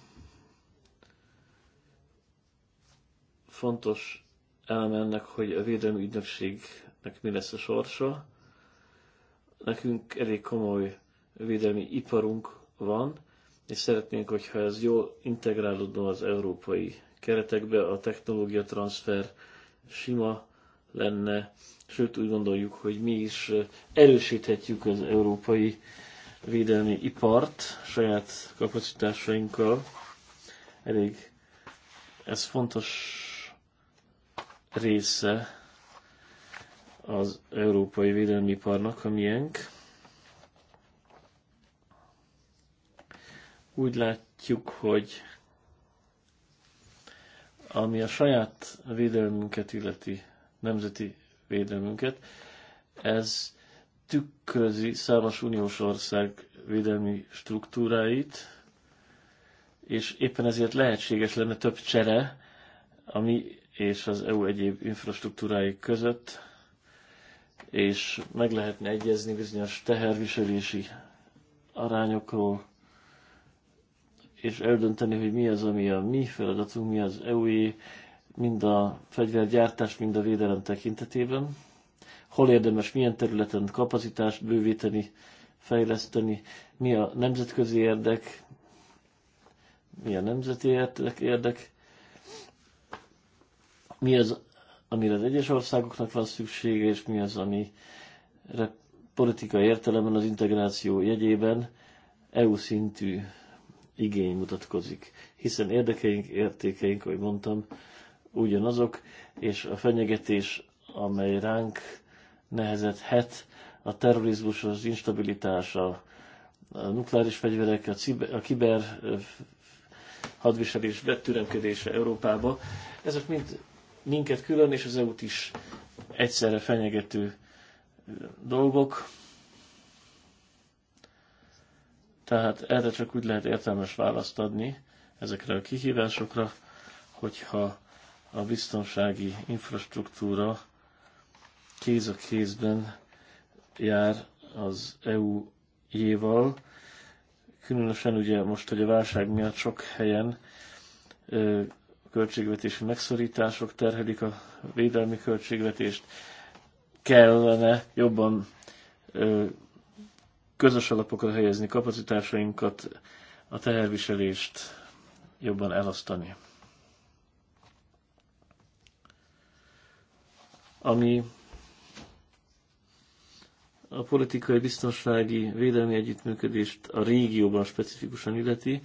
fontos eleme ennek, hogy a védelmi ügynökségnek mi lesz a sorsa. Nekünk elég komoly védelmi iparunk van, és szeretnénk, hogyha ez jól integrálódna az európai keretekbe, a technológia transfer sima lenne, sőt úgy gondoljuk, hogy mi is erősíthetjük az európai védelmi ipart saját kapacitásainkkal. Elég ez fontos része az európai védelmi iparnak, a miénk. Úgy látjuk, hogy ami a saját védelmünket illeti, nemzeti védelmünket, ez tükrözi számos uniós ország védelmi struktúráit, és éppen ezért lehetséges lenne több csere ami és az EU egyéb infrastruktúrái között, és meg lehetne egyezni bizonyos teherviselési arányokról, és eldönteni, hogy mi az, ami a mi feladatunk, mi az EU-é, mind a fegyvergyártás, mind a védelem tekintetében hol érdemes milyen területen kapacitást bővíteni, fejleszteni, mi a nemzetközi érdek, mi a nemzeti érdek, érdek mi az, amire az egyes országoknak van szüksége, és mi az, ami politikai értelemben az integráció jegyében EU szintű igény mutatkozik. Hiszen érdekeink, értékeink, ahogy mondtam, ugyanazok, és a fenyegetés, amely ránk nehezedhet a terrorizmus, az instabilitás, a, a nukleáris fegyverek, a, ciber, a kiber hadviselés betüremkedése Európába. Ezek mind minket külön és az EU-t is egyszerre fenyegető dolgok. Tehát erre csak úgy lehet értelmes választ adni ezekre a kihívásokra, hogyha a biztonsági infrastruktúra kéz a kézben jár az EU-jéval, különösen ugye most, hogy a válság miatt sok helyen költségvetési megszorítások terhelik a védelmi költségvetést, kellene jobban közös alapokra helyezni kapacitásainkat, a teherviselést jobban elasztani. Ami a politikai biztonsági védelmi együttműködést a régióban specifikusan illeti,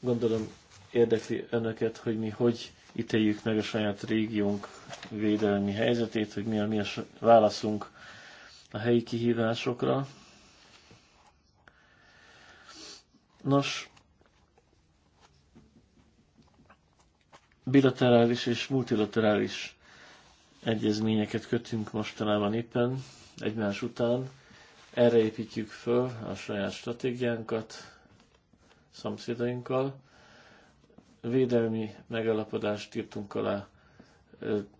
gondolom érdekli önöket, hogy mi hogy ítéljük meg a saját régiónk védelmi helyzetét, hogy mi a mi a válaszunk a helyi kihívásokra. Nos, bilaterális és multilaterális egyezményeket kötünk mostanában éppen egymás után. Erre építjük föl a saját stratégiánkat szomszédainkkal. Védelmi megalapodást írtunk alá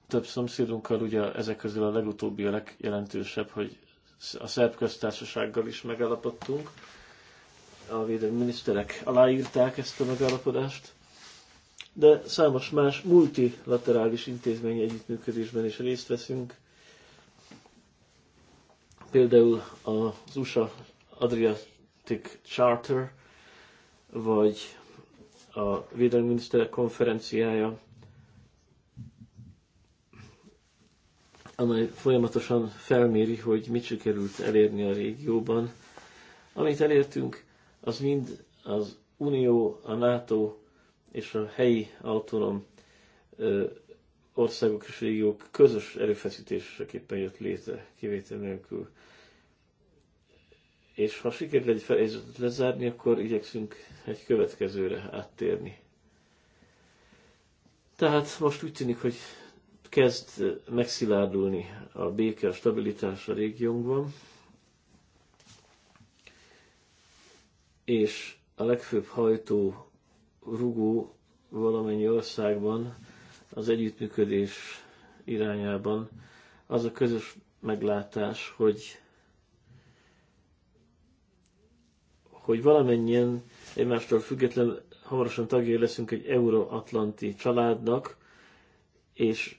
több szomszédunkkal, ugye ezek közül a legutóbbi a legjelentősebb, hogy a szerb köztársasággal is megalapodtunk. A védelmi miniszterek aláírták ezt a megalapodást, de számos más multilaterális intézmény együttműködésben is részt veszünk, például az USA Adriatic Charter, vagy a Védelmi Miniszterek konferenciája, amely folyamatosan felméri, hogy mit sikerült elérni a régióban. Amit elértünk, az mind az Unió, a NATO és a helyi autonóm országok és régiók közös erőfeszítéseképpen jött létre, kivétel nélkül és ha sikerül egy fejezetet lezárni, akkor igyekszünk egy következőre áttérni. Tehát most úgy tűnik, hogy kezd megszilárdulni a béke, a stabilitás a régiónkban, és a legfőbb hajtó rugó valamennyi országban az együttműködés irányában az a közös meglátás, hogy hogy valamennyien egymástól független hamarosan tagjai leszünk egy euróatlanti családnak, és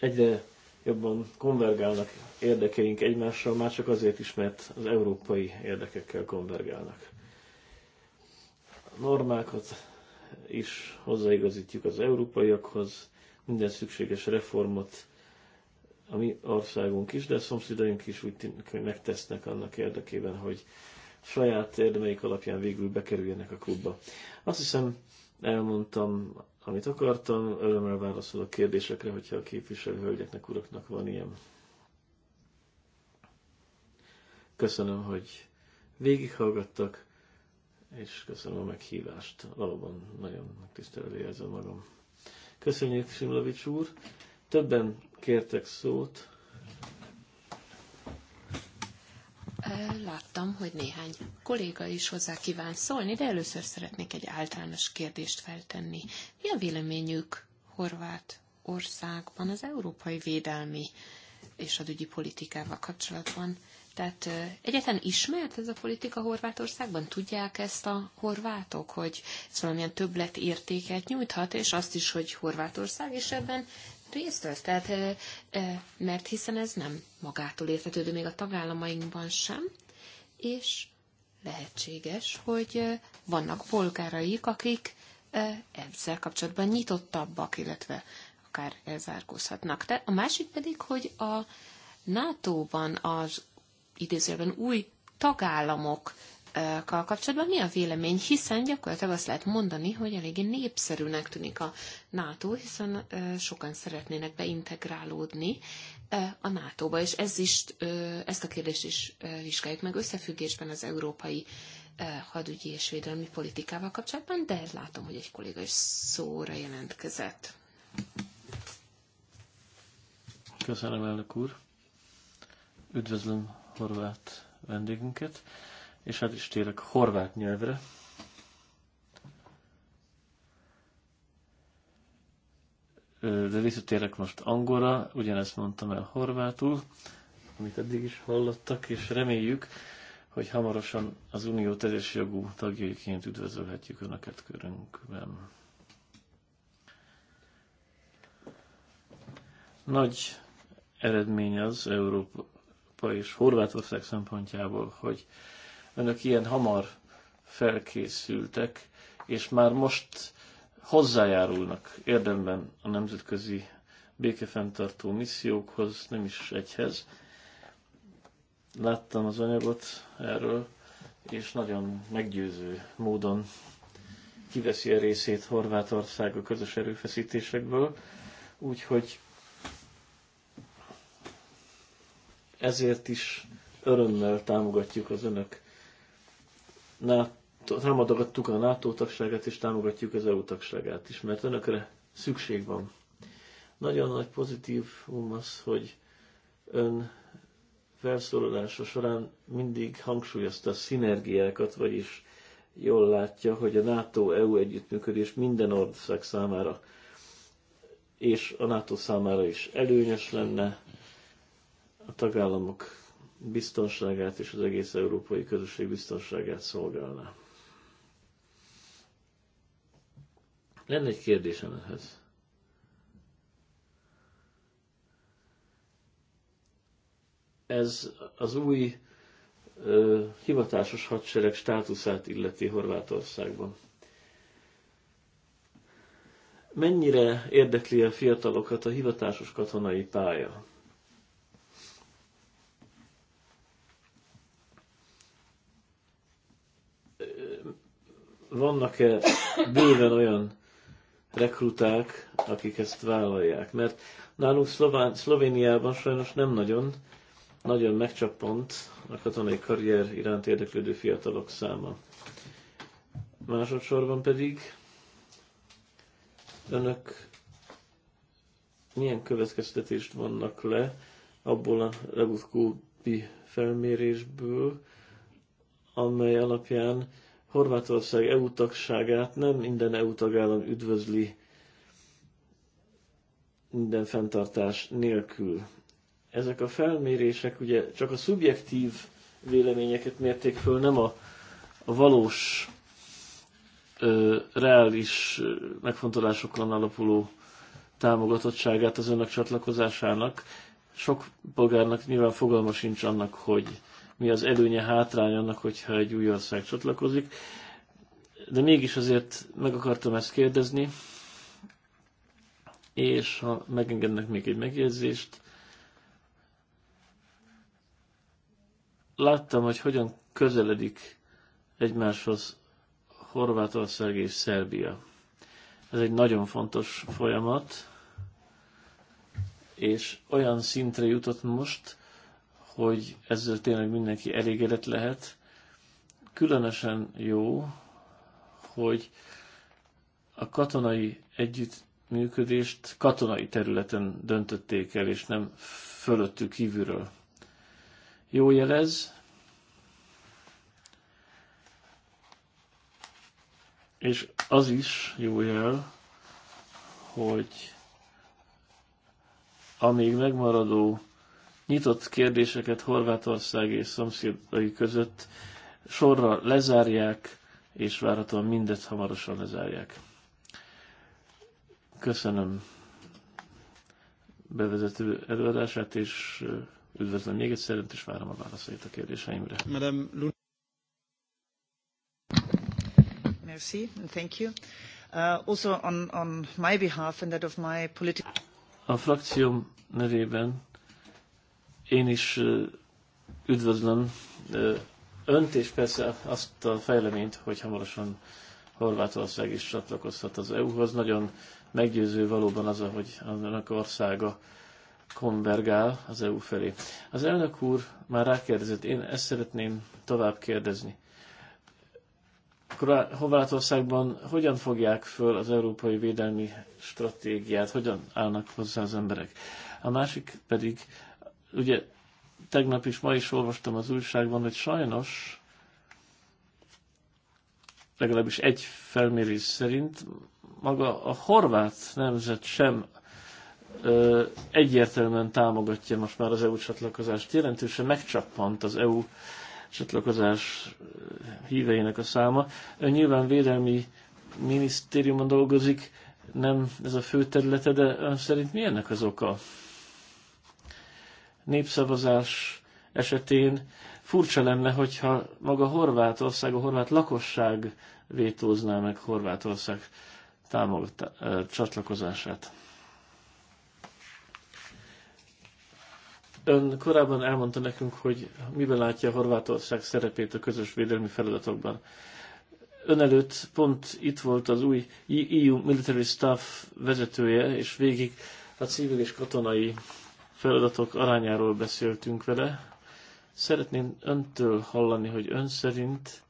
egyre jobban konvergálnak érdekeink egymással, már csak azért is, mert az európai érdekekkel konvergálnak. A normákat is hozzáigazítjuk az európaiakhoz, minden szükséges reformot a mi országunk is, de a szomszédaink is úgy tűnik, hogy megtesznek annak érdekében, hogy saját érdemeik alapján végül bekerüljenek a klubba. Azt hiszem, elmondtam, amit akartam, örömmel válaszolok kérdésekre, hogyha a képviselő hölgyeknek, uraknak van ilyen. Köszönöm, hogy végighallgattak, és köszönöm a meghívást. Valóban nagyon megtisztelő érzem magam. Köszönjük, Simlovics úr! Többen kértek szót. Láttam, hogy néhány kolléga is hozzá kíván szólni, de először szeretnék egy általános kérdést feltenni. Mi a véleményük Horvát országban az európai védelmi és adügyi politikával kapcsolatban? Tehát egyetlen ismert ez a politika Horvátországban? Tudják ezt a horvátok, hogy ez valamilyen többlet nyújthat, és azt is, hogy Horvátország is ebben részt vesz. Tehát, mert hiszen ez nem magától értetődő még a tagállamainkban sem, és lehetséges, hogy vannak polgáraik, akik ezzel kapcsolatban nyitottabbak, illetve akár elzárkózhatnak. De a másik pedig, hogy a NATO-ban az idézőben új tagállamok kal kapcsolatban mi a vélemény, hiszen gyakorlatilag azt lehet mondani, hogy eléggé népszerűnek tűnik a NATO, hiszen sokan szeretnének beintegrálódni a NATO-ba, és ez is, ezt a kérdést is vizsgáljuk meg összefüggésben az európai hadügyi és védelmi politikával kapcsolatban, de látom, hogy egy kolléga is szóra jelentkezett. Köszönöm, elnök úr. Üdvözlöm horvát vendégünket és hát is térek a horvát nyelvre. De visszatérek most angolra, ugyanezt mondtam el horvátul, amit eddig is hallottak, és reméljük, hogy hamarosan az Unió teljes jogú tagjaiként üdvözölhetjük Önöket körünkben. Nagy eredmény az Európa és Horvátország szempontjából, hogy önök ilyen hamar felkészültek, és már most hozzájárulnak érdemben a nemzetközi békefenntartó missziókhoz, nem is egyhez. Láttam az anyagot erről, és nagyon meggyőző módon kiveszi a részét Horvátország a közös erőfeszítésekből, úgyhogy ezért is örömmel támogatjuk az önök NATO, támogattuk a NATO tagságát, és támogatjuk az EU tagságát is, mert önökre szükség van. Nagyon nagy pozitív az, hogy ön felszólalása során mindig hangsúlyozta a szinergiákat, vagyis jól látja, hogy a NATO-EU együttműködés minden ország számára és a NATO számára is előnyös lenne, a tagállamok biztonságát és az egész európai közösség biztonságát szolgálná. Lenne egy kérdésem ehhez. Ez az új ö, hivatásos hadsereg státuszát illeti Horvátországban. Mennyire érdekli a fiatalokat a hivatásos katonai pálya? vannak-e bőven olyan rekruták, akik ezt vállalják? Mert nálunk Szlován, Szlovéniában sajnos nem nagyon, nagyon megcsappant a katonai karrier iránt érdeklődő fiatalok száma. Másodszorban pedig önök milyen következtetést vannak le abból a legutóbbi felmérésből, amely alapján Horvátország EU tagságát nem minden EU tagállam üdvözli minden fenntartás nélkül. Ezek a felmérések ugye csak a szubjektív véleményeket mérték föl, nem a, a valós, ö, reális megfontolásokon alapuló támogatottságát az önök csatlakozásának. Sok polgárnak nyilván fogalma sincs annak, hogy mi az előnye, hátrány annak, hogyha egy új ország csatlakozik. De mégis azért meg akartam ezt kérdezni, és ha megengednek még egy megjegyzést, láttam, hogy hogyan közeledik egymáshoz Horvátország és Szerbia. Ez egy nagyon fontos folyamat, és olyan szintre jutott most, hogy ezzel tényleg mindenki elégedett lehet. Különösen jó, hogy a katonai együttműködést katonai területen döntötték el, és nem fölöttük kívülről. Jó jelez, és az is jó jel, hogy a még megmaradó nyitott kérdéseket Horvátország és szomszédai között sorra lezárják, és várhatóan mindet hamarosan lezárják. Köszönöm bevezető előadását, és üdvözlöm még egyszer, és várom a válaszait a kérdéseimre. Madame Luna. Merci, and thank you. Uh, also on, on my behalf and that of my political... A frakcióm nevében én is üdvözlöm önt, és persze azt a fejleményt, hogy hamarosan Horvátország is csatlakozhat az EU-hoz. Nagyon meggyőző valóban az, hogy annak országa konvergál az EU felé. Az elnök úr már rákérdezett, én ezt szeretném tovább kérdezni. Horvátországban hogyan fogják föl az európai védelmi stratégiát, hogyan állnak hozzá az emberek? A másik pedig ugye tegnap is, ma is olvastam az újságban, hogy sajnos legalábbis egy felmérés szerint maga a horvát nemzet sem ö, egyértelműen támogatja most már az EU csatlakozást. Jelentősen megcsappant az EU csatlakozás híveinek a száma. Ön nyilván védelmi minisztériumon dolgozik, nem ez a fő területe, de ön szerint mi ennek az oka? népszavazás esetén furcsa lenne, hogyha maga Horvátország, a horvát lakosság vétózná meg Horvátország támogatá- csatlakozását. Ön korábban elmondta nekünk, hogy miben látja Horvátország szerepét a közös védelmi feladatokban. Ön előtt pont itt volt az új EU Military Staff vezetője, és végig a civil és katonai feladatok arányáról beszéltünk vele. Szeretném öntől hallani, hogy ön szerint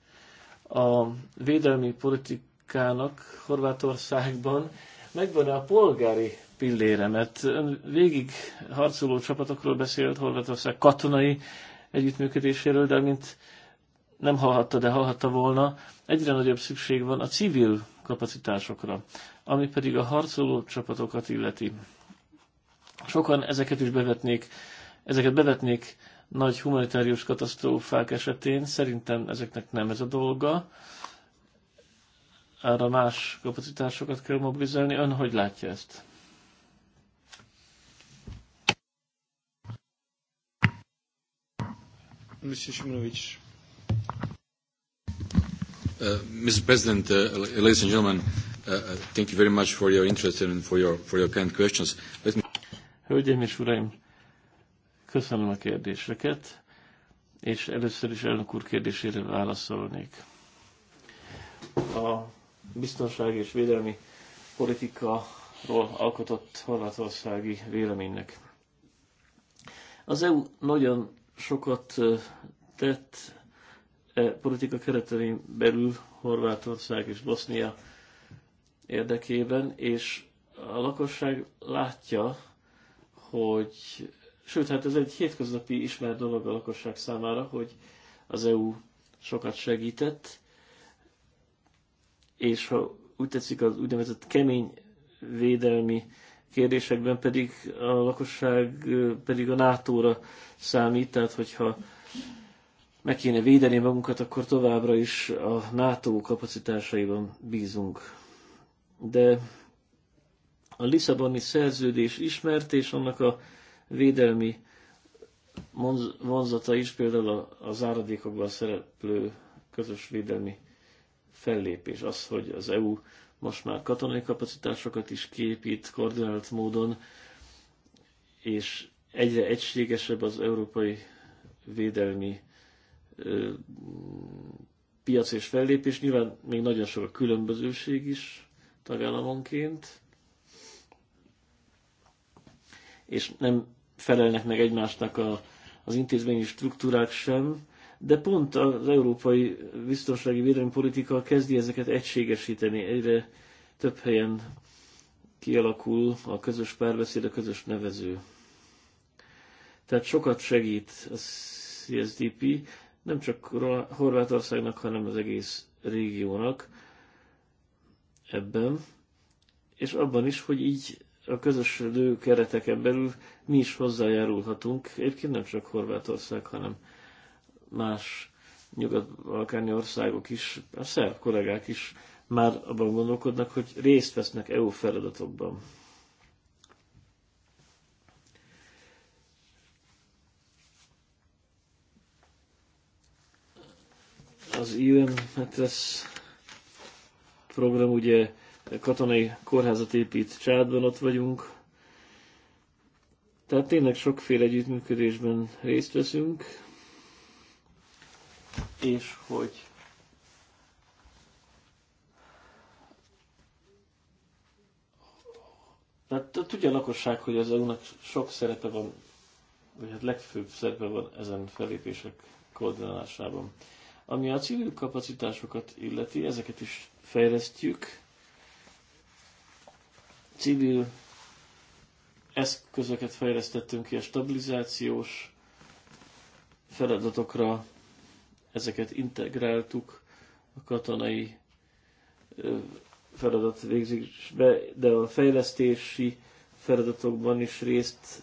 a védelmi politikának Horvátországban megvan-e a polgári pillére, mert ön végig harcoló csapatokról beszélt Horvátország katonai együttműködéséről, de mint nem hallhatta, de hallhatta volna, egyre nagyobb szükség van a civil kapacitásokra, ami pedig a harcoló csapatokat illeti. Sokan ezeket is bevetnék, ezeket bevetnék nagy humanitárius katasztrófák esetén. Szerintem ezeknek nem ez a dolga. Arra más kapacitásokat kell mobilizálni. Ön hogy látja ezt? Mr. Shimonovic. Uh, Mr. President, uh, ladies and gentlemen, uh, uh, thank you very much for your interest and for your, for your kind questions. Let me Hölgyeim és Uraim, köszönöm a kérdéseket, és először is elnök úr kérdésére válaszolnék. A biztonság és védelmi politika alkotott horvátországi véleménynek. Az EU nagyon sokat tett e politika keretein belül Horvátország és Bosznia érdekében, és a lakosság látja, hogy, sőt, hát ez egy hétköznapi ismert dolog a lakosság számára, hogy az EU sokat segített, és ha úgy tetszik, az úgynevezett kemény védelmi kérdésekben pedig a lakosság pedig a NATO-ra számít, tehát hogyha meg kéne védeni magunkat, akkor továbbra is a NATO kapacitásaiban bízunk. De a Lisszaboni szerződés ismert, és annak a védelmi vonzata is például az áradékokban szereplő közös védelmi fellépés. Az, hogy az EU most már katonai kapacitásokat is képít koordinált módon, és egyre egységesebb az európai védelmi ö, piac és fellépés. Nyilván még nagyon sok a különbözőség is tagállamonként, és nem felelnek meg egymásnak a, az intézményi struktúrák sem, de pont az európai biztonsági védelmi politika kezdi ezeket egységesíteni, egyre több helyen kialakul a közös párbeszéd, a közös nevező. Tehát sokat segít a CSDP, nem csak Horvátországnak, hanem az egész régiónak ebben, és abban is, hogy így a közös kereteken belül mi is hozzájárulhatunk, egyébként nem csak Horvátország, hanem más nyugat-balkáni országok is, a szerb kollégák is már abban gondolkodnak, hogy részt vesznek EU feladatokban. Az UN Metres program ugye katonai kórházat épít Csádban, ott vagyunk. Tehát tényleg sokféle együttműködésben részt veszünk, és hogy Tehát tudja a lakosság, hogy az EU-nak sok szerepe van, vagy hát legfőbb szerepe van ezen felépések koordinálásában. Ami a civil kapacitásokat illeti, ezeket is fejlesztjük, civil eszközöket fejlesztettünk ki a stabilizációs feladatokra, ezeket integráltuk a katonai feladat végzésbe, de a fejlesztési feladatokban is részt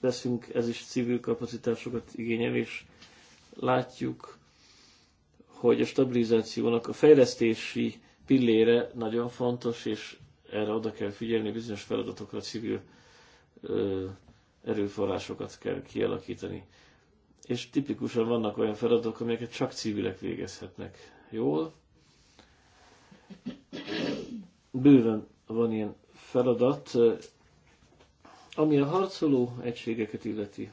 veszünk, ez is civil kapacitásokat igényel, és látjuk, hogy a stabilizációnak a fejlesztési pillére nagyon fontos, és erre oda kell figyelni, bizonyos feladatokra civil ö, erőforrásokat kell kialakítani. És tipikusan vannak olyan feladatok, amelyeket csak civilek végezhetnek jól. Bőven van ilyen feladat, ami a harcoló egységeket illeti.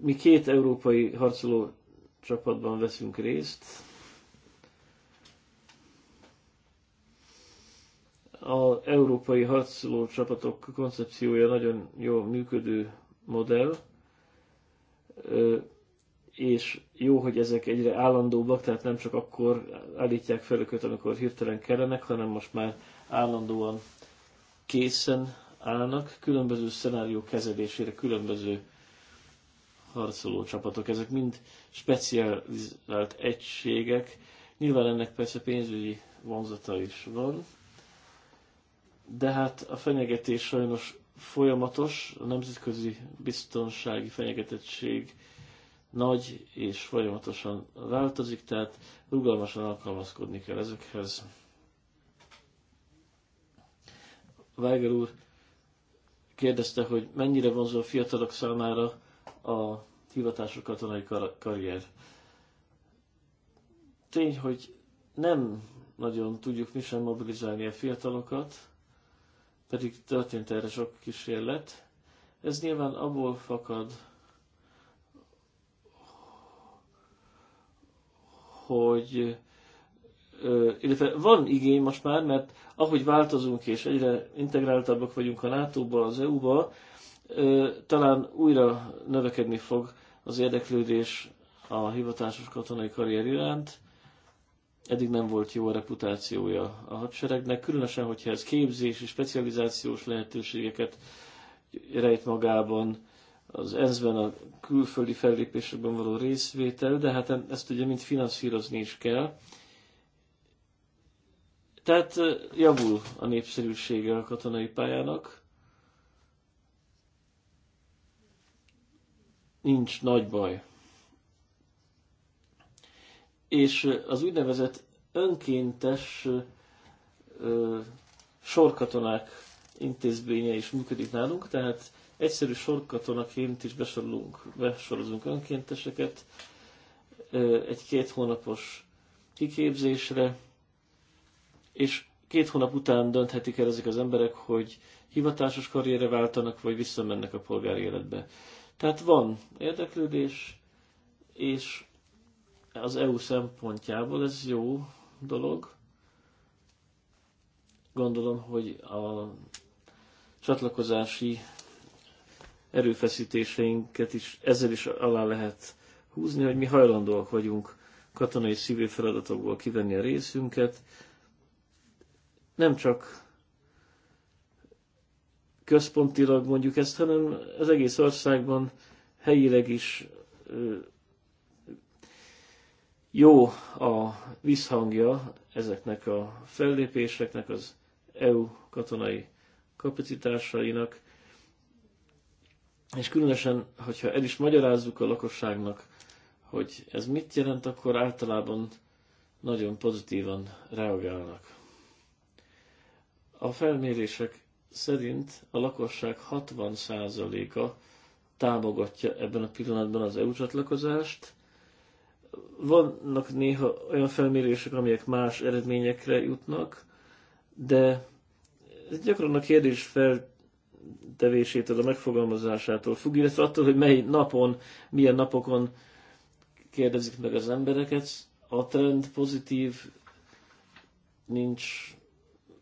Mi két európai harcoló csapatban veszünk részt, Az európai harcoló csapatok koncepciója nagyon jó működő modell, és jó, hogy ezek egyre állandóbbak, tehát nem csak akkor állítják fel őket, amikor hirtelen kellenek, hanem most már állandóan készen állnak különböző szenárió kezelésére, különböző harcoló csapatok. Ezek mind specializált egységek. Nyilván ennek persze pénzügyi vonzata is van, de hát a fenyegetés sajnos folyamatos, a nemzetközi biztonsági fenyegetettség nagy és folyamatosan változik, tehát rugalmasan alkalmazkodni kell ezekhez. Weiger úr kérdezte, hogy mennyire vonzó a fiatalok számára a hivatásos katonai kar- karrier. Tény, hogy nem nagyon tudjuk mi sem mobilizálni a fiatalokat, pedig történt erre sok kísérlet. Ez nyilván abból fakad, hogy illetve van igény most már, mert ahogy változunk és egyre integráltabbak vagyunk a NATO-ba, az EU-ba, talán újra növekedni fog az érdeklődés a hivatásos katonai karrier iránt, eddig nem volt jó a reputációja a hadseregnek, különösen, hogyha ez képzés és specializációs lehetőségeket rejt magában, az ENSZ-ben a külföldi fellépésekben való részvétel, de hát ezt ugye mind finanszírozni is kell. Tehát javul a népszerűsége a katonai pályának. Nincs nagy baj és az úgynevezett önkéntes ö, sorkatonák intézménye is működik nálunk, tehát egyszerű sorkatonaként is besorolunk, besorozunk önkénteseket ö, egy két hónapos kiképzésre, és két hónap után dönthetik el ezek az emberek, hogy hivatásos karriere váltanak, vagy visszamennek a polgári életbe. Tehát van érdeklődés, és az EU szempontjából ez jó dolog. Gondolom, hogy a csatlakozási erőfeszítéseinket is ezzel is alá lehet húzni, hogy mi hajlandóak vagyunk katonai civil feladatokból kivenni a részünket. Nem csak központilag mondjuk ezt, hanem az egész országban helyileg is jó a visszhangja ezeknek a fellépéseknek, az EU katonai kapacitásainak, és különösen, hogyha el is magyarázzuk a lakosságnak, hogy ez mit jelent, akkor általában nagyon pozitívan reagálnak. A felmérések szerint a lakosság 60%-a támogatja ebben a pillanatban az EU csatlakozást, vannak néha olyan felmérések, amelyek más eredményekre jutnak, de ez gyakran a kérdés feltevésétől, a megfogalmazásától függ, illetve attól, hogy mely napon, milyen napokon kérdezik meg az embereket. A trend pozitív, nincs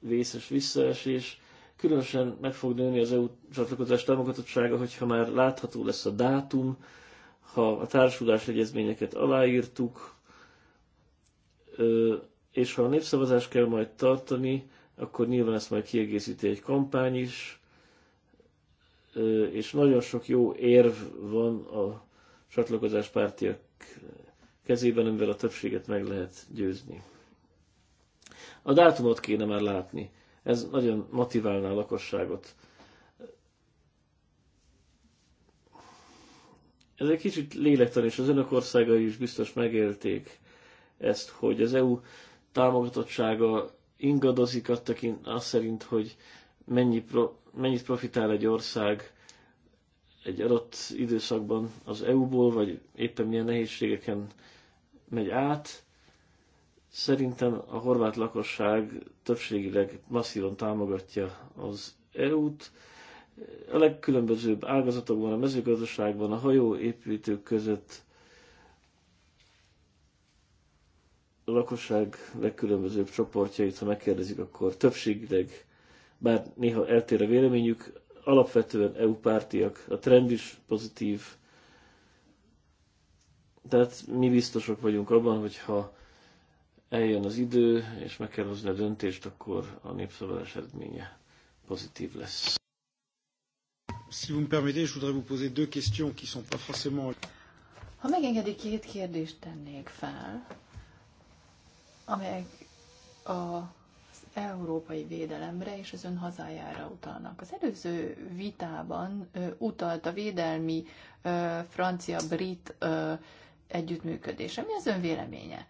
vészes visszaesés, különösen meg fog nőni az EU csatlakozás támogatottsága, hogyha már látható lesz a dátum, ha a társulás egyezményeket aláírtuk, és ha a népszavazás kell majd tartani, akkor nyilván ezt majd kiegészíti egy kampány is, és nagyon sok jó érv van a csatlakozás pártiak kezében, amivel a többséget meg lehet győzni. A dátumot kéne már látni. Ez nagyon motiválná a lakosságot Ez egy kicsit lélektan, és az önök országai is biztos megélték ezt, hogy az EU támogatottsága ingadozik azt, tekint, szerint, hogy mennyi pro, mennyit profitál egy ország egy adott időszakban az EU-ból, vagy éppen milyen nehézségeken megy át. Szerintem a horvát lakosság többségileg masszívan támogatja az EU-t, a legkülönbözőbb ágazatokban, a mezőgazdaságban, a hajóépítők között, a lakosság legkülönbözőbb csoportjait, ha megkérdezik, akkor többségileg, bár néha eltér a véleményük, alapvetően EU pártiak, a trend is pozitív. Tehát mi biztosak vagyunk abban, hogyha eljön az idő, és meg kell hozni a döntést, akkor a népszavazás eredménye pozitív lesz. Si vous me permettez, je voudrais vous poser deux questions qui sont pas forcément... Ha megengedi, két kérdést tennék fel, amelyek az európai védelemre és az ön hazájára utalnak. Az előző vitában ö, utalt a védelmi francia-brit együttműködésre. Mi az ön véleménye?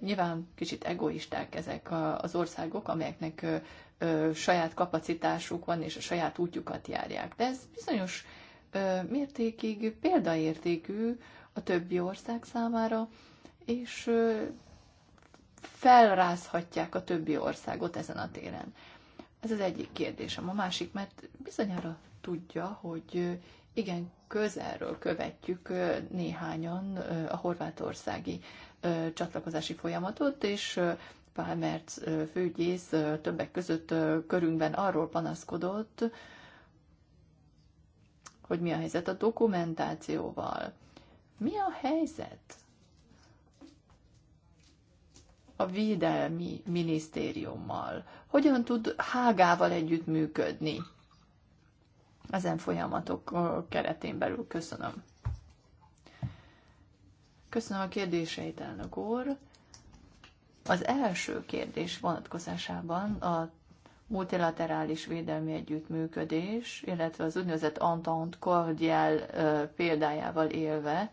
Nyilván kicsit egoisták ezek az országok, amelyeknek ö, saját kapacitásuk van, és a saját útjukat járják. De ez bizonyos ö, mértékig példaértékű a többi ország számára, és ö, felrázhatják a többi országot ezen a téren. Ez az egyik kérdésem. A másik, mert bizonyára tudja, hogy igen, közelről követjük néhányan a horvátországi csatlakozási folyamatot, és Pálmerc főgyész többek között körünkben arról panaszkodott, hogy mi a helyzet a dokumentációval. Mi a helyzet a védelmi minisztériummal? Hogyan tud Hágával együttműködni ezen folyamatok keretén belül? Köszönöm. Köszönöm a kérdéseit, elnök úr. Az első kérdés vonatkozásában a multilaterális védelmi együttműködés, illetve az úgynevezett Entente Cordial példájával élve,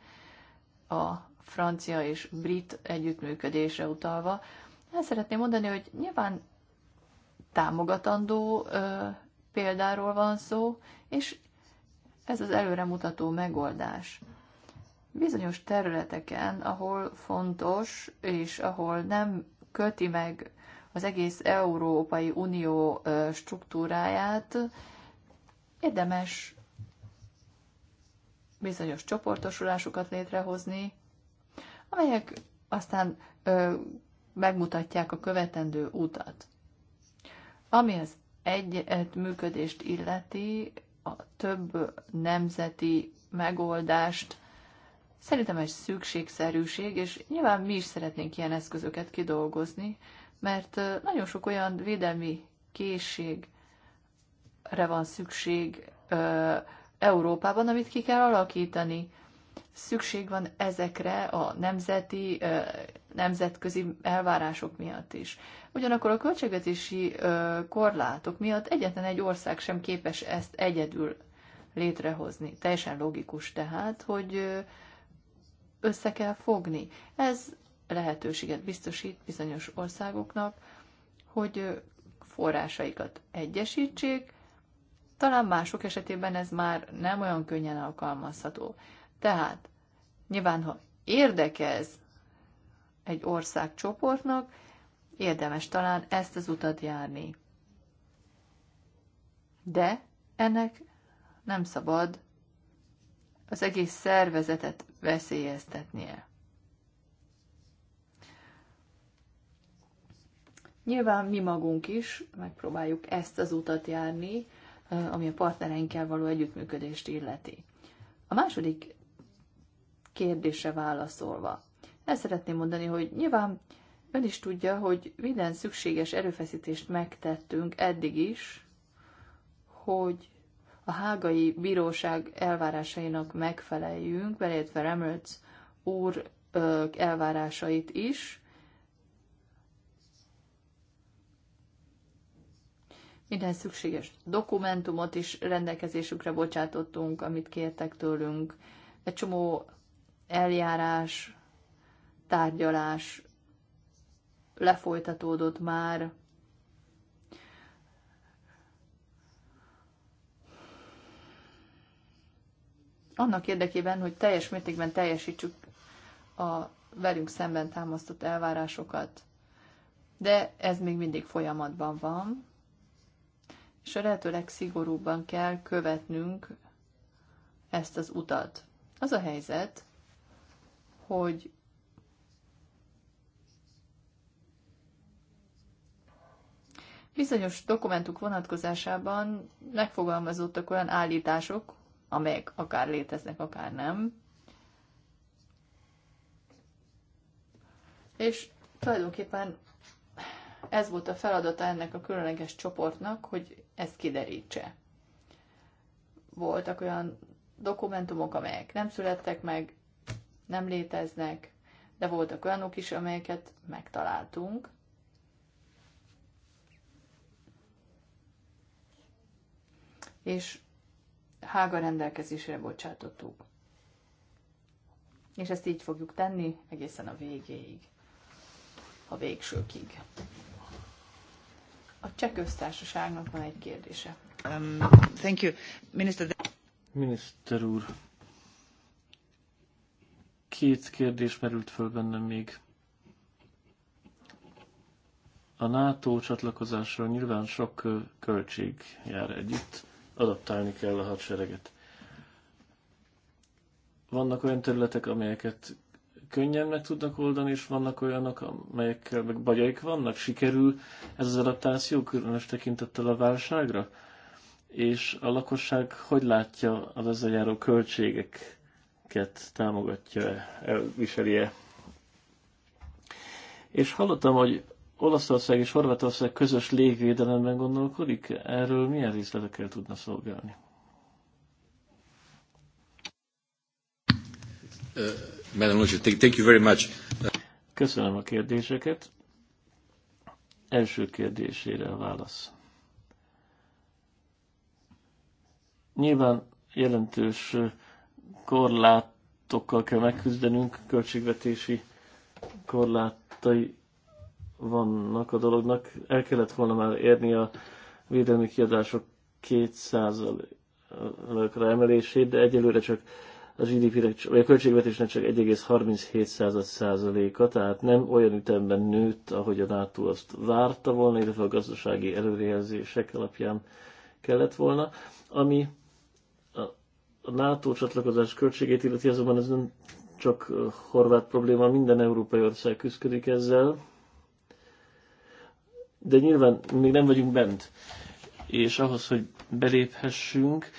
a francia és brit együttműködésre utalva, el szeretném mondani, hogy nyilván támogatandó példáról van szó, és ez az előremutató megoldás bizonyos területeken, ahol fontos, és ahol nem köti meg az egész Európai Unió struktúráját, érdemes bizonyos csoportosulásokat létrehozni, amelyek aztán ö, megmutatják a követendő utat. Ami az egyet működést illeti, a több nemzeti megoldást Szerintem ez szükségszerűség, és nyilván mi is szeretnénk ilyen eszközöket kidolgozni, mert nagyon sok olyan védelmi készségre van szükség Európában, amit ki kell alakítani. Szükség van ezekre a nemzeti, nemzetközi elvárások miatt is. Ugyanakkor a költségvetési korlátok miatt egyetlen egy ország sem képes ezt egyedül létrehozni. Teljesen logikus tehát, hogy össze kell fogni. Ez lehetőséget biztosít bizonyos országoknak, hogy forrásaikat egyesítsék, talán mások esetében ez már nem olyan könnyen alkalmazható. Tehát nyilván, ha érdekez egy ország csoportnak, érdemes talán ezt az utat járni. De ennek nem szabad az egész szervezetet veszélyeztetnie. Nyilván mi magunk is megpróbáljuk ezt az utat járni, ami a partnereinkkel való együttműködést illeti. A második kérdése válaszolva. Ezt szeretném mondani, hogy nyilván ön is tudja, hogy minden szükséges erőfeszítést megtettünk eddig is, hogy a hágai bíróság elvárásainak megfeleljünk, beleértve Remerts úr elvárásait is. Minden szükséges dokumentumot is rendelkezésükre bocsátottunk, amit kértek tőlünk. Egy csomó eljárás, tárgyalás lefolytatódott már, annak érdekében, hogy teljes mértékben teljesítsük a velünk szemben támasztott elvárásokat. De ez még mindig folyamatban van, és a lehető legszigorúbban kell követnünk ezt az utat. Az a helyzet, hogy bizonyos dokumentuk vonatkozásában megfogalmazottak olyan állítások, amelyek akár léteznek, akár nem. És tulajdonképpen ez volt a feladata ennek a különleges csoportnak, hogy ezt kiderítse. Voltak olyan dokumentumok, amelyek nem születtek meg, nem léteznek, de voltak olyanok is, amelyeket megtaláltunk. És Hága rendelkezésre bocsátottuk. És ezt így fogjuk tenni egészen a végéig, a végsőkig. A cseh köztársaságnak van egy kérdése. Um, thank you. Minister... Miniszter úr, két kérdés merült föl bennem még. A NATO csatlakozásról nyilván sok költség jár együtt adaptálni kell a hadsereget. Vannak olyan területek, amelyeket könnyen meg tudnak oldani, és vannak olyanok, amelyekkel meg bajaik vannak. Sikerül ez az adaptáció, különös tekintettel a válságra? És a lakosság hogy látja az ezzel járó költségeket, támogatja-e, elviseli-e? És hallottam, hogy Olaszország és Horvátország közös légvédelemben gondolkodik? Erről milyen részletekkel tudna szolgálni? Uh, Madam thank you very much. Köszönöm a kérdéseket. Első kérdésére a válasz. Nyilván jelentős uh, korlátokkal kell megküzdenünk, költségvetési korlátai vannak a dolognak. El kellett volna már érni a védelmi kiadások 200 ra emelését, de egyelőre csak a gdp vagy a költségvetésnek csak 1,37%-a, tehát nem olyan ütemben nőtt, ahogy a NATO azt várta volna, illetve a gazdasági előrejelzések alapján kellett volna. Ami a NATO csatlakozás költségét illeti, azonban ez nem csak horvát probléma, minden európai ország küzdik ezzel de nyilván még nem vagyunk bent, és ahhoz, hogy beléphessünk,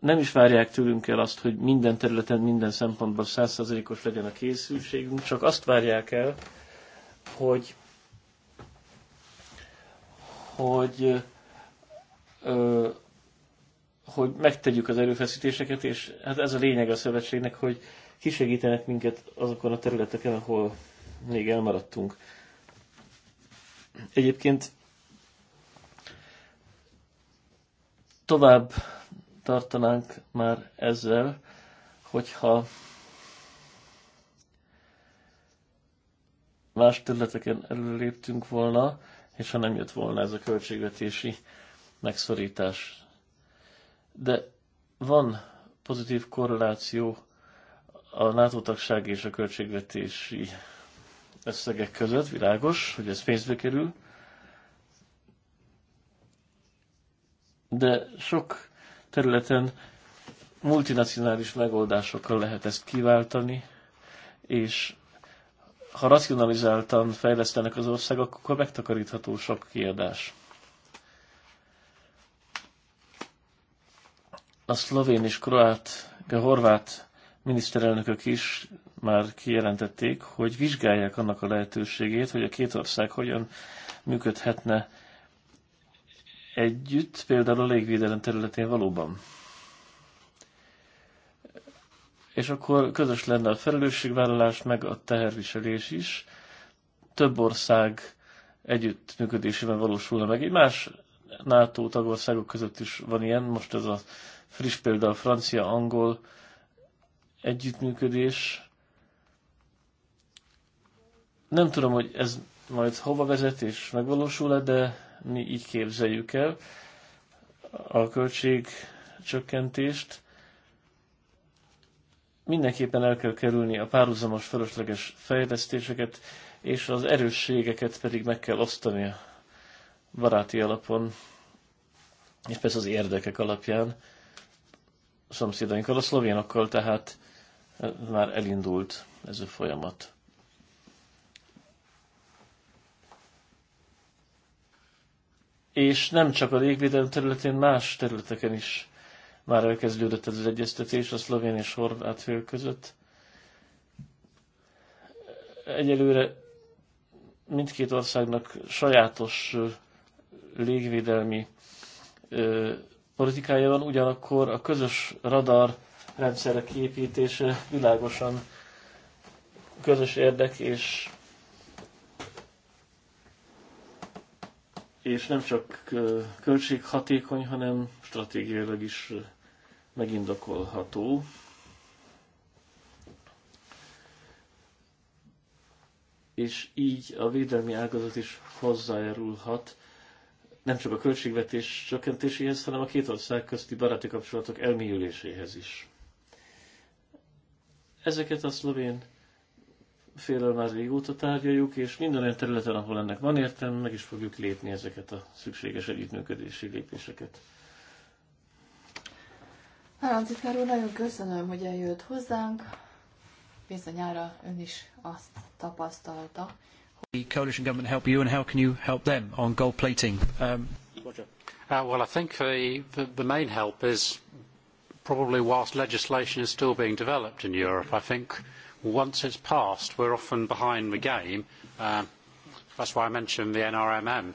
nem is várják tőlünk el azt, hogy minden területen, minden szempontból százszerzelékos legyen a készültségünk, csak azt várják el, hogy hogy ö, hogy megtegyük az erőfeszítéseket, és hát ez a lényeg a szövetségnek, hogy kisegítenek minket azokon a területeken, ahol még elmaradtunk. Egyébként tovább tartanánk már ezzel, hogyha más területeken előléptünk volna, és ha nem jött volna ez a költségvetési megszorítás. De van pozitív korreláció a NATO tagság és a költségvetési összegek között, világos, hogy ez pénzbe kerül, de sok területen multinacionális megoldásokkal lehet ezt kiváltani, és ha racionalizáltan fejlesztenek az országok, akkor megtakarítható sok kiadás. A szlovén és kroát, a horvát miniszterelnökök is már kijelentették, hogy vizsgálják annak a lehetőségét, hogy a két ország hogyan működhetne együtt, például a légvédelem területén valóban. És akkor közös lenne a felelősségvállalás, meg a teherviselés is. Több ország együttműködésében valósulna meg. Egy más NATO tagországok között is van ilyen, most ez a friss példa a francia-angol együttműködés, nem tudom, hogy ez majd hova vezet és megvalósul-e, de mi így képzeljük el a költségcsökkentést. Mindenképpen el kell kerülni a párhuzamos fölösleges fejlesztéseket, és az erősségeket pedig meg kell osztani a baráti alapon, és persze az érdekek alapján a szomszédainkkal, a szlovénokkal, tehát már elindult ez a folyamat. és nem csak a légvédelem területén, más területeken is már elkezdődött ez az egyeztetés a szlovén és horvát fél között. Egyelőre mindkét országnak sajátos légvédelmi ö, politikája van, ugyanakkor a közös radar rendszerek kiépítése világosan közös érdek és és nem csak költséghatékony, hanem stratégiailag is megindokolható. És így a védelmi ágazat is hozzájárulhat nem csak a költségvetés csökkentéséhez, hanem a két ország közti baráti kapcsolatok elmélyüléséhez is. Ezeket a szlovén félről már régóta tárgyaljuk, és minden olyan területen, ahol ennek van értelme, meg is fogjuk lépni ezeket a szükséges együttműködési lépéseket. Államtitkár úr, nagyon köszönöm, hogy eljött hozzánk. Bizonyára ön is azt tapasztalta. The coalition government help you and how can you help them on gold plating? Um... Uh, well, I think the, the main help is probably whilst legislation is still being developed in Europe. I think once it's passed, we're often behind the game. Um, that's why I mentioned the NRMM.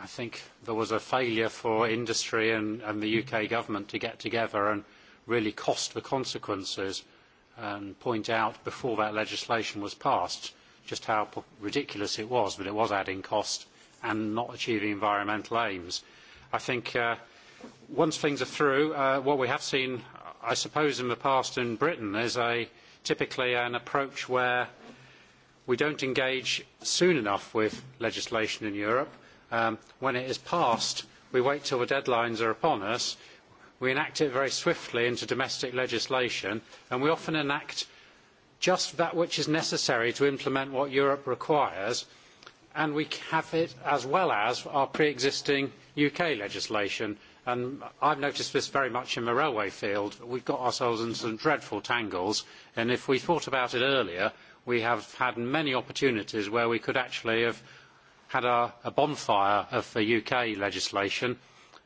I think there was a failure for industry and, and the UK government to get together and really cost the consequences and point out before that legislation was passed just how ridiculous it was that it was adding cost and not achieving environmental aims. I think uh, once things are through, uh, what we have seen, I suppose, in the past in Britain is a typically an approach where we don't engage soon enough with legislation in Europe. Um, when it is passed, we wait till the deadlines are upon us. We enact it very swiftly into domestic legislation, and we often enact just that which is necessary to implement what Europe requires, and we have it as well as our pre-existing UK legislation And I've noticed this very much in the railway field. We've got ourselves in some dreadful tangles, and if we thought about it earlier, we have had many opportunities where we could actually have had a, a bonfire of the UK legislation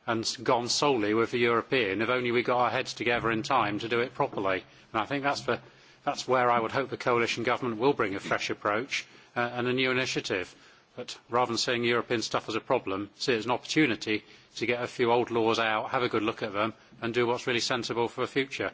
and gone solely with the European, if only we got our heads together in time to do it properly. And I think that's, the, that's where I would hope the coalition government will bring a fresh approach uh, and a new initiative. But rather than seeing European stuff as a problem, see it as an opportunity to get a few old laws out, have a good look at them, and do what's really sensible for the future.